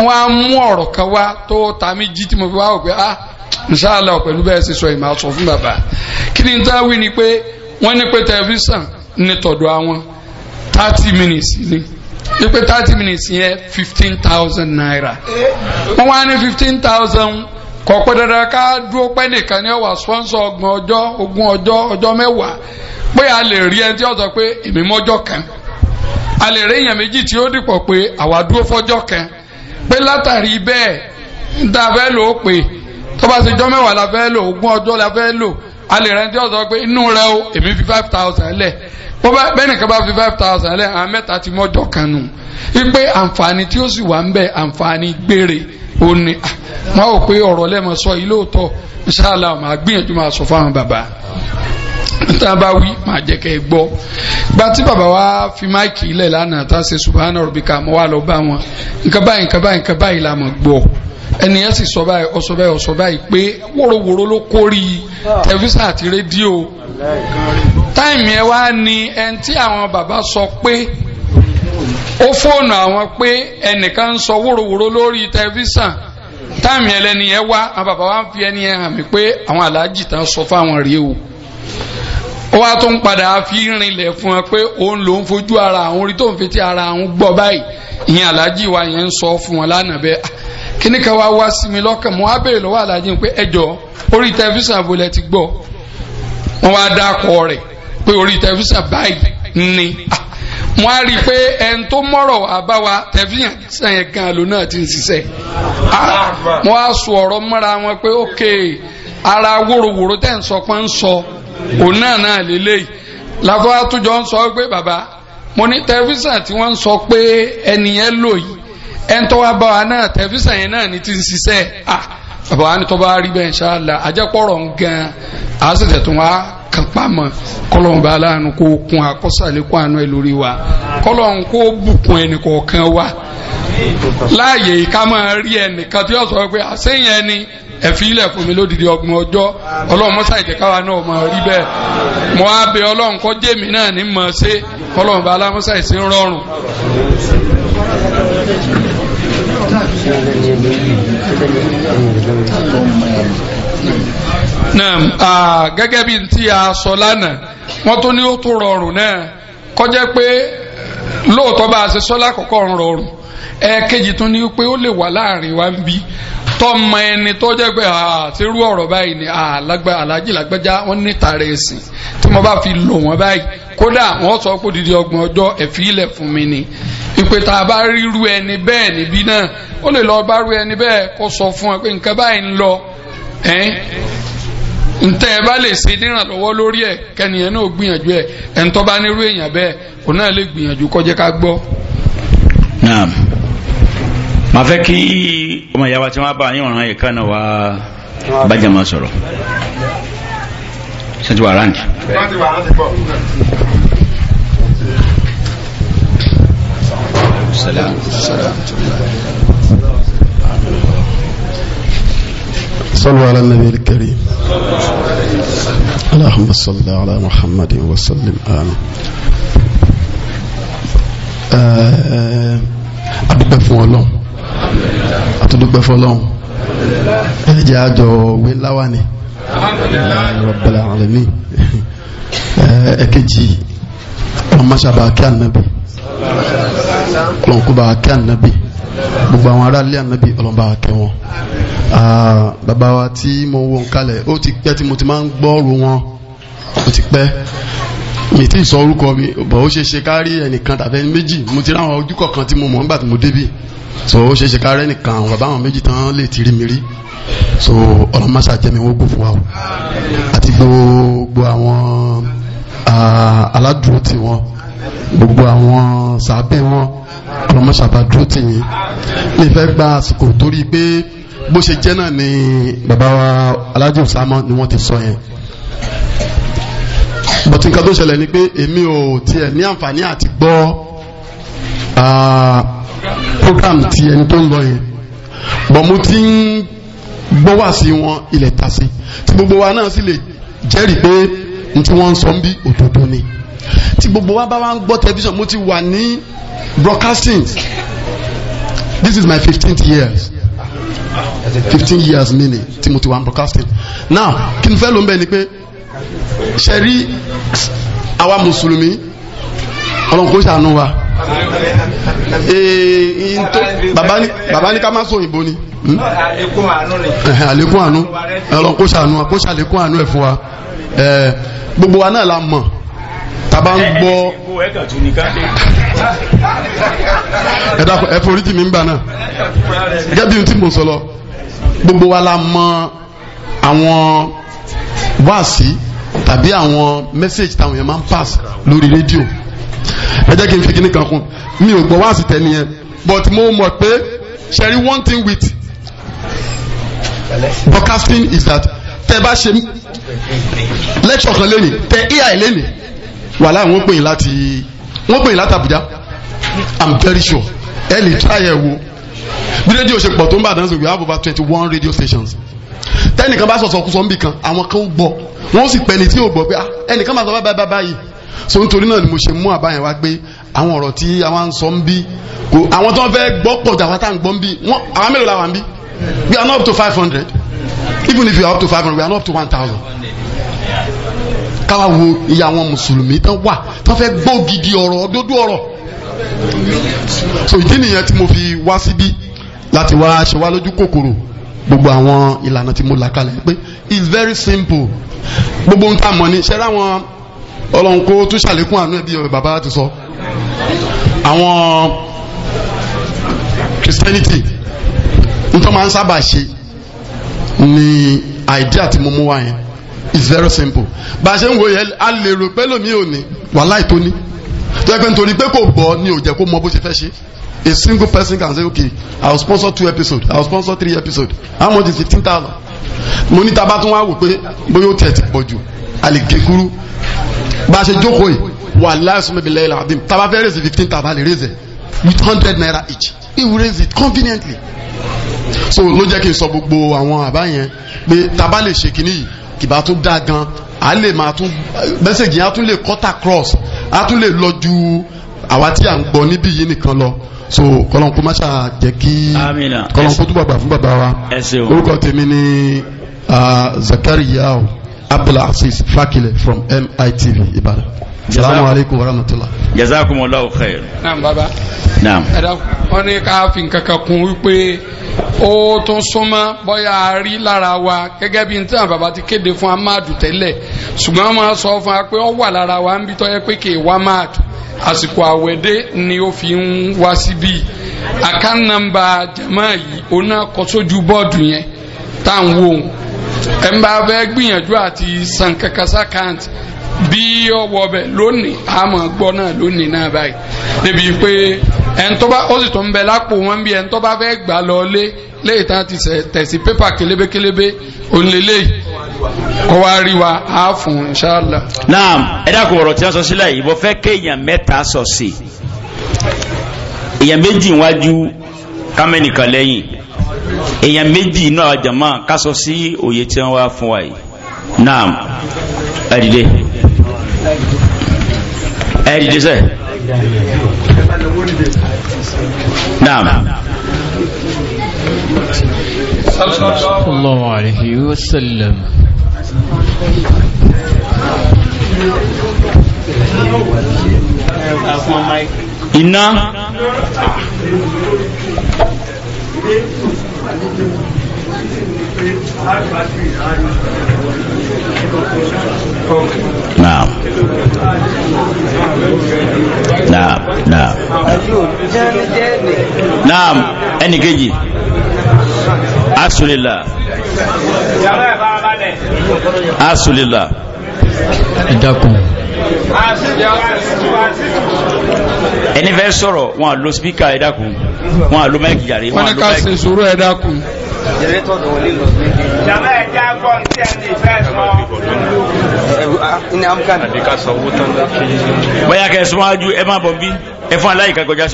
wọ́n á mú ọ̀rọ̀ kan wá tó ta mí jí tí mo fi wá wò pé ah nṣàlà pẹ̀lú bẹ́ẹ̀ sì sọ ìmọ̀ àsọ fún bàbá kí ni tá a wí ni pé wọ́n ní pé tẹlifíṣàn ní tọ̀dọ̀ àwọn thirty minutes ni ní pé thirty minutes yẹn fifteen thousand naira eh? wọ́n wá ní fifteen thousand kò pẹ́ ká dúró nìkan ni ó wà sponsor ọgbọ̀n ọjọ́ ogún ọjọ́ ọjọ́ mẹ́wàá pé a lè rí ẹni tí ó pé èmi kan a lè rí èèyàn méjì tí ó dìpọ̀ pé àwa dúró kan pé látàrí bẹ́ẹ̀ ń lò ó pé tó bá ṣe la lò ogún la a lè pé inú rẹ o èmi fi five thousand lẹ̀ bẹ́ẹ̀nìkan bá fi five thousand àwọn mẹ́ta ti kan ó ní máa wò pé ọ̀rọ̀ lẹ́mọ̀ sọ yìí lóòótọ́ inṣàlá máa gbìyànjú máa sọ fáwọn bàbá tá a bá wí máa jẹ́ kẹ́ ẹ gbọ́ gba tí bàbá wa fi máìkì ilẹ̀ lánàá tá a ṣe subhana rabbika mo wá lọ bá wọn nǹkan báyìí nǹkan báyìí nǹkan báyìí la mọ̀ gbọ́ ẹni yẹn sì sọ báyìí ọsọ báyìí ọsọ báyìí pé wóróworó ló kórì tẹlifíṣàn àti rédíò táìmì ẹ wá ní ẹni tí àwọn bàbá sọ pé ó fóònù àwọn pé ẹnìkan ń sọ wúrowúro lórí tẹlifíṣàn táàmì ẹlẹ́ni yẹn wá àwọn bàbá wa ń fi ẹni yẹn hàn mí pé àwọn aláàjì tán sọ fáwọn rèé o ó wá tó ń padà fi rinlẹ̀ fún wọn pé òun ló ń fojú ara àwọn orí tó ń fetí ara àwọn gbọ́ báyìí ìyẹn aláàjì wa yẹn ń sọ fún wọn lánàá bẹ́ẹ̀ ah, kíní kan wá wá sí mi lọ́kàn mo á béèrè lọ́wọ́ aláàjì pé ẹjọ́ orí tẹlifíṣàn àbúlẹ̀ ti gbọ́ wọn wá dákọ̀ rẹ̀ pé orí tẹlifíṣàn báyìí ni ah, wọ́n á rí i pé abawa tó mọ̀rọ̀ àbáwa tẹ̀fíyàn sẹ́yìn kan ló náà ti ń ṣiṣẹ́ wọ́n á sọ ọ̀rọ̀ mọ́ra wọn pé ara wòrowòro tẹ̀ ń sọ pé ń sọ òun náà náà lélẹ́yìí làbọ̀ àtújọ ń sọ pé bàbá mo ní tẹ̀físàn tí wọ́n ń sọ pé ẹnìyẹn lò yìí ẹni tó wá ni ti ń ṣiṣẹ́ ah. bàbá wa ni tọ́ bá rí bẹ́ẹ̀ ṣáàlà ajẹ́pọ̀rọ̀ ń gan a sì tẹ̀tún wa kan pamọ́ kọ́lọ́n bá aláàánú kó kun àkọ́sàlékún àánú ẹ lórí wa kọ́lọ́n kó bùkún ẹnì kọ̀ọ̀kan wa láàyè ká máa rí ẹnìkan tí yóò sọ pé àṣeyìn ẹni ẹ̀fí ilẹ̀ fún mi lódìdí ọgbọ̀n ọjọ́ ọlọ́run mọ́sá ìjẹ́káwa náà máa rí bẹ́ẹ̀ mo á bẹ ọlọ́run kọ́ jèmi náà ní mọ̀ ṣe kọ́lọ́n aláàánú mọ́sá ìsín rọrùn náà gẹ́gẹ́ bí tí a sọ lánàá wọ́n tún ní ó tún rọrùn náà kọjá pé lóòótọ́ bá a ṣe sọ́lá kọ̀ọ̀kan rọrùn ẹ̀ẹ́kejì tún ní pé ó lè wà láàrin wa ń bí tọmọ ẹni tó jẹ́ pé àti irú ọ̀rọ̀ báyìí ni aláàjì lágbájá wọ́n níta rẹ̀ sìn tí mo bá fi lò wọ́n báyìí kódà wọ́n sọ pé dídí ọgbọ̀n ọjọ́ ẹ̀fí ilẹ̀ fún mi ni ìpè tá a bá rírú ẹni bẹ́ẹ̀ níbí náà ó lè lọ bá rú ẹni bẹ́ẹ̀ kó sọ fún ẹ pé nǹkan báyìí ń lọ ntẹ ẹ bá lè ṣe nírànlọ́wọ́ lórí ẹ kẹnìyàn náà gbìyànjú ẹ ẹntọ́ bá nírú èèyàn bẹ́ẹ̀ òun náà lè gbìyànjú kó ká gbọ́ màá fẹ́ kí ọmọ ìyá wa tí wọ́n bá yín ọ̀ràn ìka náà wá bájà máa sọ̀rọ̀ ṣé ti wà ráǹdì. Salam. Salam. صلوا على النبي الكريم اللهم صل على محمد وسلم آمين adúpẹ́ fún Ọlọ́run àtúndúpẹ́ fọ́lọ́run ẹjẹ́ àjọ òwe láwà ní Rabbil alamin ẹ̀kejì ọmọṣàbà kí ànábì ọlọ́nkúbà kí ànábì gbogbo àwọn ará ilé ànábì ọlọ́nbà kẹ wọn bàbá wa tí mo wọ́n kalẹ̀ ó ti pẹ́ tí mo ti máa ń gbọ́rù wọn ó ti pẹ́ mi tí sọ orúkọ mi bọ̀ ó ṣeéṣe ká rí ẹnìkan tàbí ẹni méjì mo ti ráwọn ojúkọ̀ kan tí mo mọ̀ nígbà tí mo débì so ó ṣeéṣe ká rí ẹnìkan àwọn bàbá àwọn méjì tán lè ti rí mi rí so ọlọ́mọṣà jẹ́mi wọ́n gbò fún wa o àti gbogbo àwọn aládùúró tí wọn gbogbo àwọn sàbẹ̀ wọn ọlọ́mọṣà bá dúró tì yín mi fẹ́ gba àsìkò torí pé bó ṣe jẹ́ náà ni bàbá wa alájọ bọ̀tí nǹkan tó ṣẹlẹ̀ ni pé èmi ò tiẹ̀ ní àǹfààní àti gbọ́ program ti ẹni tó ń lọ yẹn bọ̀ mo ti ń gbọ́ wá sí wọn ilẹ̀ ta sí tí gbogbo wa náà sì lè jẹ́rìí pé n tí wọ́n ń sọ ń bí òdodo ni tí gbogbo wa bá wa ń gbọ́ tẹlifíṣàn mo ti wà ní broadcasting this is my fifteenth years fifteen years meaning tí mo ti wà ní broadcasting now kí n fẹ́ ló ń bẹ̀ ni pé ṣẹ̀rí àwa mùsùlùmí ọlọ́run kò ṣàánú wa bàbá ní ká má sọ òyìnbó ni hmm? àlékún àánú ni àlékún àánú ọlọ́run kò ṣàánú wa kò ṣàlékún àánú ẹ̀ fún wa gbogbo wa náà la mọ̀ tàbá ń gbọ́ ẹ̀dàkùn ẹ̀fọ́ oríjì mi ń bà náà gẹ́bí tí mo sọ gbogbo wa la mọ̀ àwọn wáàsí tàbí àwọn mẹ́sẹ̀gì táwọn yẹn máa ń pass lórí rédíò ẹ jẹ́ kí n fi kíní kan kún mi ò gbọ́ wáàsí tẹ̀ nìyẹn but mo mọ̀ pé ṣẹ̀rí one thing with broadcasting is that tẹ bá ṣe lecture kan lẹ́nìí tẹ ai lẹ́nìí wàhálà wọ́n pè yín láti wọ́n pè yín láti Àbújá i'm very sure ẹ lè try ẹ wo bí rédíò ṣe pọ̀ tó ń bá àdánsọ we have over twenty one radio stations tẹ́nìkan bá sọ̀sọ̀ kúsọ̀ níbì àwọn kan ó gbọ́ wọ́n sì pẹ̀lẹ́ tí ò gbọ́ pé ah, ẹnìkan máa sọ báyìí báyìí báyìí so nítorí náà ni mo ṣe mú àbáyẹn wá pé àwọn ọ̀rọ̀ tí àwọn à ń sọ ń kò àwọn tó ń fẹ́ gbọ́ pọ̀ jù tá à ń gbọ́ ń bí àwọn mélòó la wà ń we are not up to five hundred even if you are up to five hundred we are not up to one thousand káwa wo iye àwọn mùsùlùmí tán wà tán fẹ́ gbọ́ gidi ọ̀rọ̀ dúdú ọ̀rọ̀ so ìdí nìyẹn tí mo fi wá síbí láti wá ṣe wá lójú kòkòrò gbogbo àwọn ìlànà tí mo là pé it's very simple gbogbo ohun tá a mọ̀ ni àwọn ọlọ́run tún ṣàlékún àánú ẹbí ọ̀rẹ́ bàbá ti sọ àwọn Christianity nítorí máa ń sábà ṣe ni idea tí mo mú wá yẹn it's very simple bá a ṣe ń wo a lè rò pé lómi ò ní wàhálà ètò tó yẹ pé nítorí pé kò gbọ́ ni ò jẹ́ kó mọ bó ṣe fẹ́ ṣe a single person can say okay i will sponsor two episodes i will sponsor three episodes how much is fifteen thousand mo ní taba tún wá wò pé bóyá ó tẹ̀ ti pọ̀ jù a lè gé kúrú bá a ṣe jókòó yìí taba fẹ́ raise fifteen taba lè raise with hundred naira each he will raise it conveniently so ló jẹ́ kí n sọ gbogbo àwọn àbá yẹn pé taba lè ṣe kínní yìí kìbá tún dáa gan a lè máa tún mẹ́sẹ̀gì yẹn a tún lè cut across a tún lè lọ ju àwa tí à ń gbọ́ níbí yìí nìkan lọ so kọlọ́nkú máṣà jẹ́ kí kọlọ́nkú túbọ̀ gbà fún bàbá wa orúkọ tèmi ni uh, Zakariyau Abdulaziz Fakile from MITV Ibadan salamu alaikum warahmatullah jazakumullahu khair naam baba naam ẹ̀dá wọ́n ní ká fi nǹkan kan kún wípé ó tún súnmọ́ bóyá rí lára wa gẹ́gẹ́ bí n tí àwọn bàbá ti kéde fún amadu tẹ́lẹ̀ ṣùgbọ́n wọ́n sọ fún wa pé ó wà lára wa ń bí tọ́yẹ pé kì í wá amadu àsìkò àwẹ̀dẹ́ ni ó fi ń wá síbí àkànnàmbà jama yìí ó náà kọ sójú bọ́ọ̀dù yẹn tá à ń wò ó ẹ̀ ń bá fẹ́ gbìyànjú àti san kankan bí ọwọ́ bẹ̀ lónìí àmọ́ gbọ́ náà lónìí náà báyìí débi pé ẹnitọ́ba ó sì tún ń bẹ lápò wọn bí ẹnitọ́ba fẹ́ gbà lọ lé léyìí tán ti tẹ̀sí pépà kélébékélébé òǹlélẹ́ kọ́ wá rí wa á fún inṣàlá. naam ẹ dákun ọ̀rọ̀ tí wọ́n sọ sílẹ̀ yìí wọ́n fẹ́ kéèyàn mẹ́ta sọ sí èèyàn méjì wájú kámẹ́nìkan lẹ́yìn èèyàn méjì náà jàmá ká sí òye tí wọ́n wá fún wa yìí naam ẹ̀dìdé ẹ̀dìdé sẹ́ naam. sallallahu alayhi wa sallam. iná. Naam. Naam. Naam. Naam. Ẹni kejì. Asulila. Asulila. Ẹ dákun. Ẹni fẹ́ sọ̀rọ̀ wọn àlọ́ spíkà ẹ dákun. Wọn àlọ́ mẹ́kì jàre. Wọ́n ní ká ṣe sùúrù ẹ jẹnẹtọ dọwọ lè lọ sí. jama ẹ jẹ agbọ ntí ẹ ní ìfẹ́ sọ. ẹ ní amúkan. àdìka sọ owó tán lọ kí. bóyá kẹ síwájú ẹ máa bọ̀ bí ẹ fún aláìka kọjá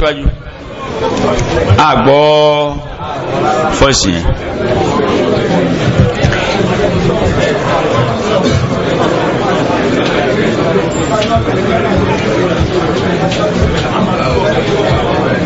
Thank you.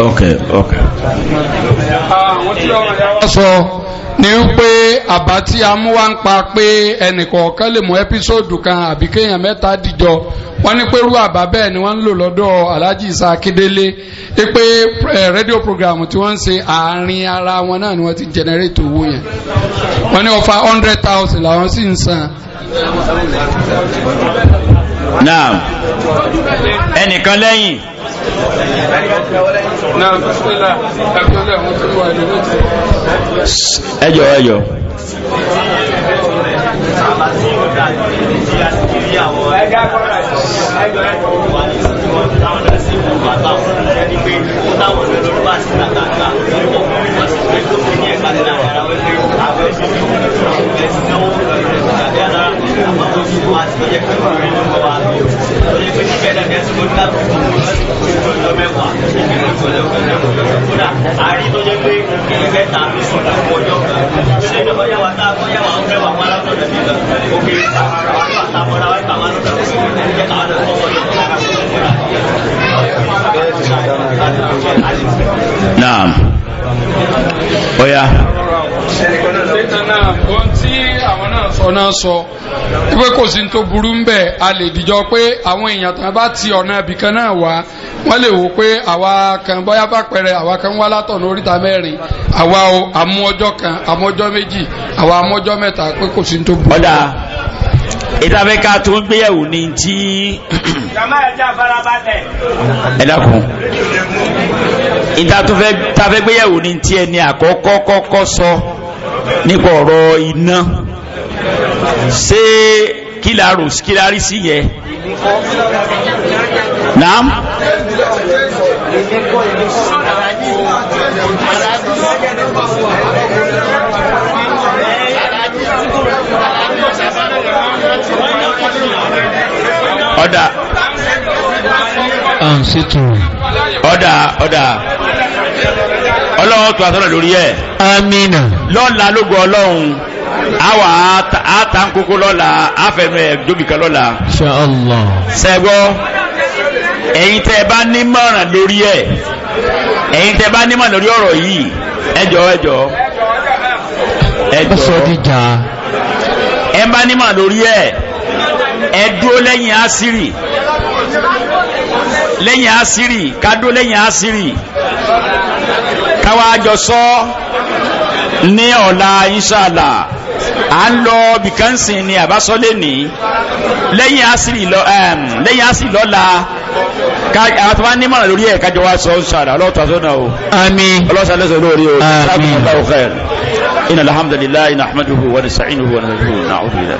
okay okay. àwọn tí ọmọ ìyá wa sọ ni pé àbá tí a mú wá ń pa pé ẹnìkọ̀ọ̀kan lè mú ẹ́písòdù kan àbí kéèyàn mẹ́ta dìjọ wọ́n ní pé irú àbá bẹ́ẹ̀ ni wọ́n ń lò lọ́dọ̀ Alhaji Isa Akindele pé rédíò programu tí wọ́n ń ṣe àárín ara wọn náà ni wọ́n ti generate owó yẹn wọ́n ní ọfà hundred thousand làwọn sì ń san. naam ẹnìkan lẹ́yìn ẹjọ ẹjọ Thank you àmọ́ tó ti wá tó yẹ kí wọ́n rí lọ́wọ́ wa bí o torí pé ní bẹ́ẹ̀ lẹ́sẹ̀ tó dá tó kù lọ́sùn ọjọ́ mẹ́wàá ìbí ló tó lẹ́kọ̀ọ́ lẹ́kọ̀ọ́ kódà àárín tó yẹ pé kí ní bẹ́ẹ̀ ta ló sọ̀ láwọn ọjọ́ kan tó lè dọ́kọ̀ yà wá tá àkọ́ yà wá ń fẹ́ wà wá látọ̀ lẹ́bí lọ òkè àtàkọ́ra Naam. Oya. Oh, yeah ohun tí àwọn náà sọ náà sọ wípé kò sí tó burú ń bẹ̀ a lè dìjọ pé àwọn èèyàn tán bá ti ọ̀nà ibìkan náà wá wọ́n lè wò pé àwa kan bóyá bá pẹ̀rẹ̀ àwa kan wá látọ̀nà oríta mẹ́rin àwa o àmú ọjọ́ kan àmú ọjọ́ méjì àwa àmú ọjọ́ mẹ́ta pé kò sí tó burú. ọ̀dà ìtafẹ́ tó ń gbéyàwó ní tí. jama ẹja farabalẹ̀. ẹ dákun ìtafẹ́ gbéyàwó ní tí ẹni àkọ́kọ́ kọ́kọ́ sọ. So nípa ọ̀rọ̀ iná ṣé kílárò kílárí sí yẹ naam ọ̀dà ọ̀dà ọ̀dà ọlọ́run tó àtọ́nà lórí ẹ̀ amina lọ́la lógo ọlọ́run àwà àtàkókó lọ́la àfẹnu ẹ̀ jógìkan lọ́la Insha Allah sẹ́gbọ́ ẹ̀yin tẹ́ bá nímọ̀ràn lórí ẹ̀ ẹ̀yin tẹ́ bá nímọ̀ràn lórí ọ̀rọ̀ yìí ẹjọ́ ẹjọ́ ẹjọ́ ẹ bá nímọ̀ràn lórí ẹ̀ ẹ dúró lẹ́yìn àṣírí lẹ́yìn àṣírí ká dúró lẹ́yìn àṣírí káwájọ sọ ní ọ̀la inṣàlá à ń lọ bìkánsìn ni àbásọ́lé ní lẹ́yìn àṣírí lọ́la àwọn tó bá ní mọ̀ràn lórí ẹ̀ kájọ wá sọ inṣàlá ọlọ́tọ̀ àtọ́nà o àmín ọlọ́sà lẹ́sọ̀ lórí o sáàkùn ọlá òkèèrè inna alhamdulillahi nahmaduhu wa nasta'inuhu wa nastaghfiruhu na'udhu billahi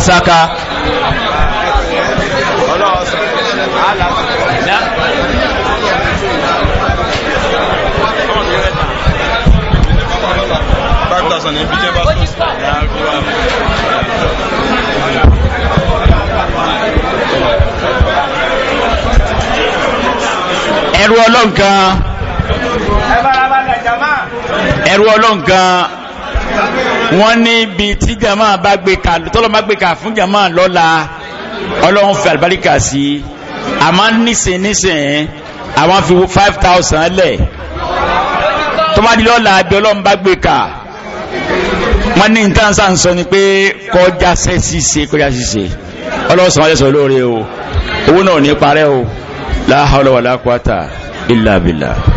àṣàkà ẹ̀rù ọlọ́nkan ẹ̀rù ọlọ́nkan wọ́n ní ibi tí jama bá gbé ka tọ́lọ́ bá gbé ka fún jama lọ́la ọlọ́run fi àlùbáríkà sí i àmọ́ nísìn nísìn àwọn fi five thousand lẹ̀ tó bá di lọ́la bí ọlọ́run bá gbé ka wọ́n ní nǹkan sáà ń sọ ni pé kọjá sẹ́ ṣíṣe kọjá ṣíṣe ọlọ́run sọ̀rọ̀ ẹ̀sọ̀ lóore o owó náà ò ní parẹ́ o la hawla wala quwata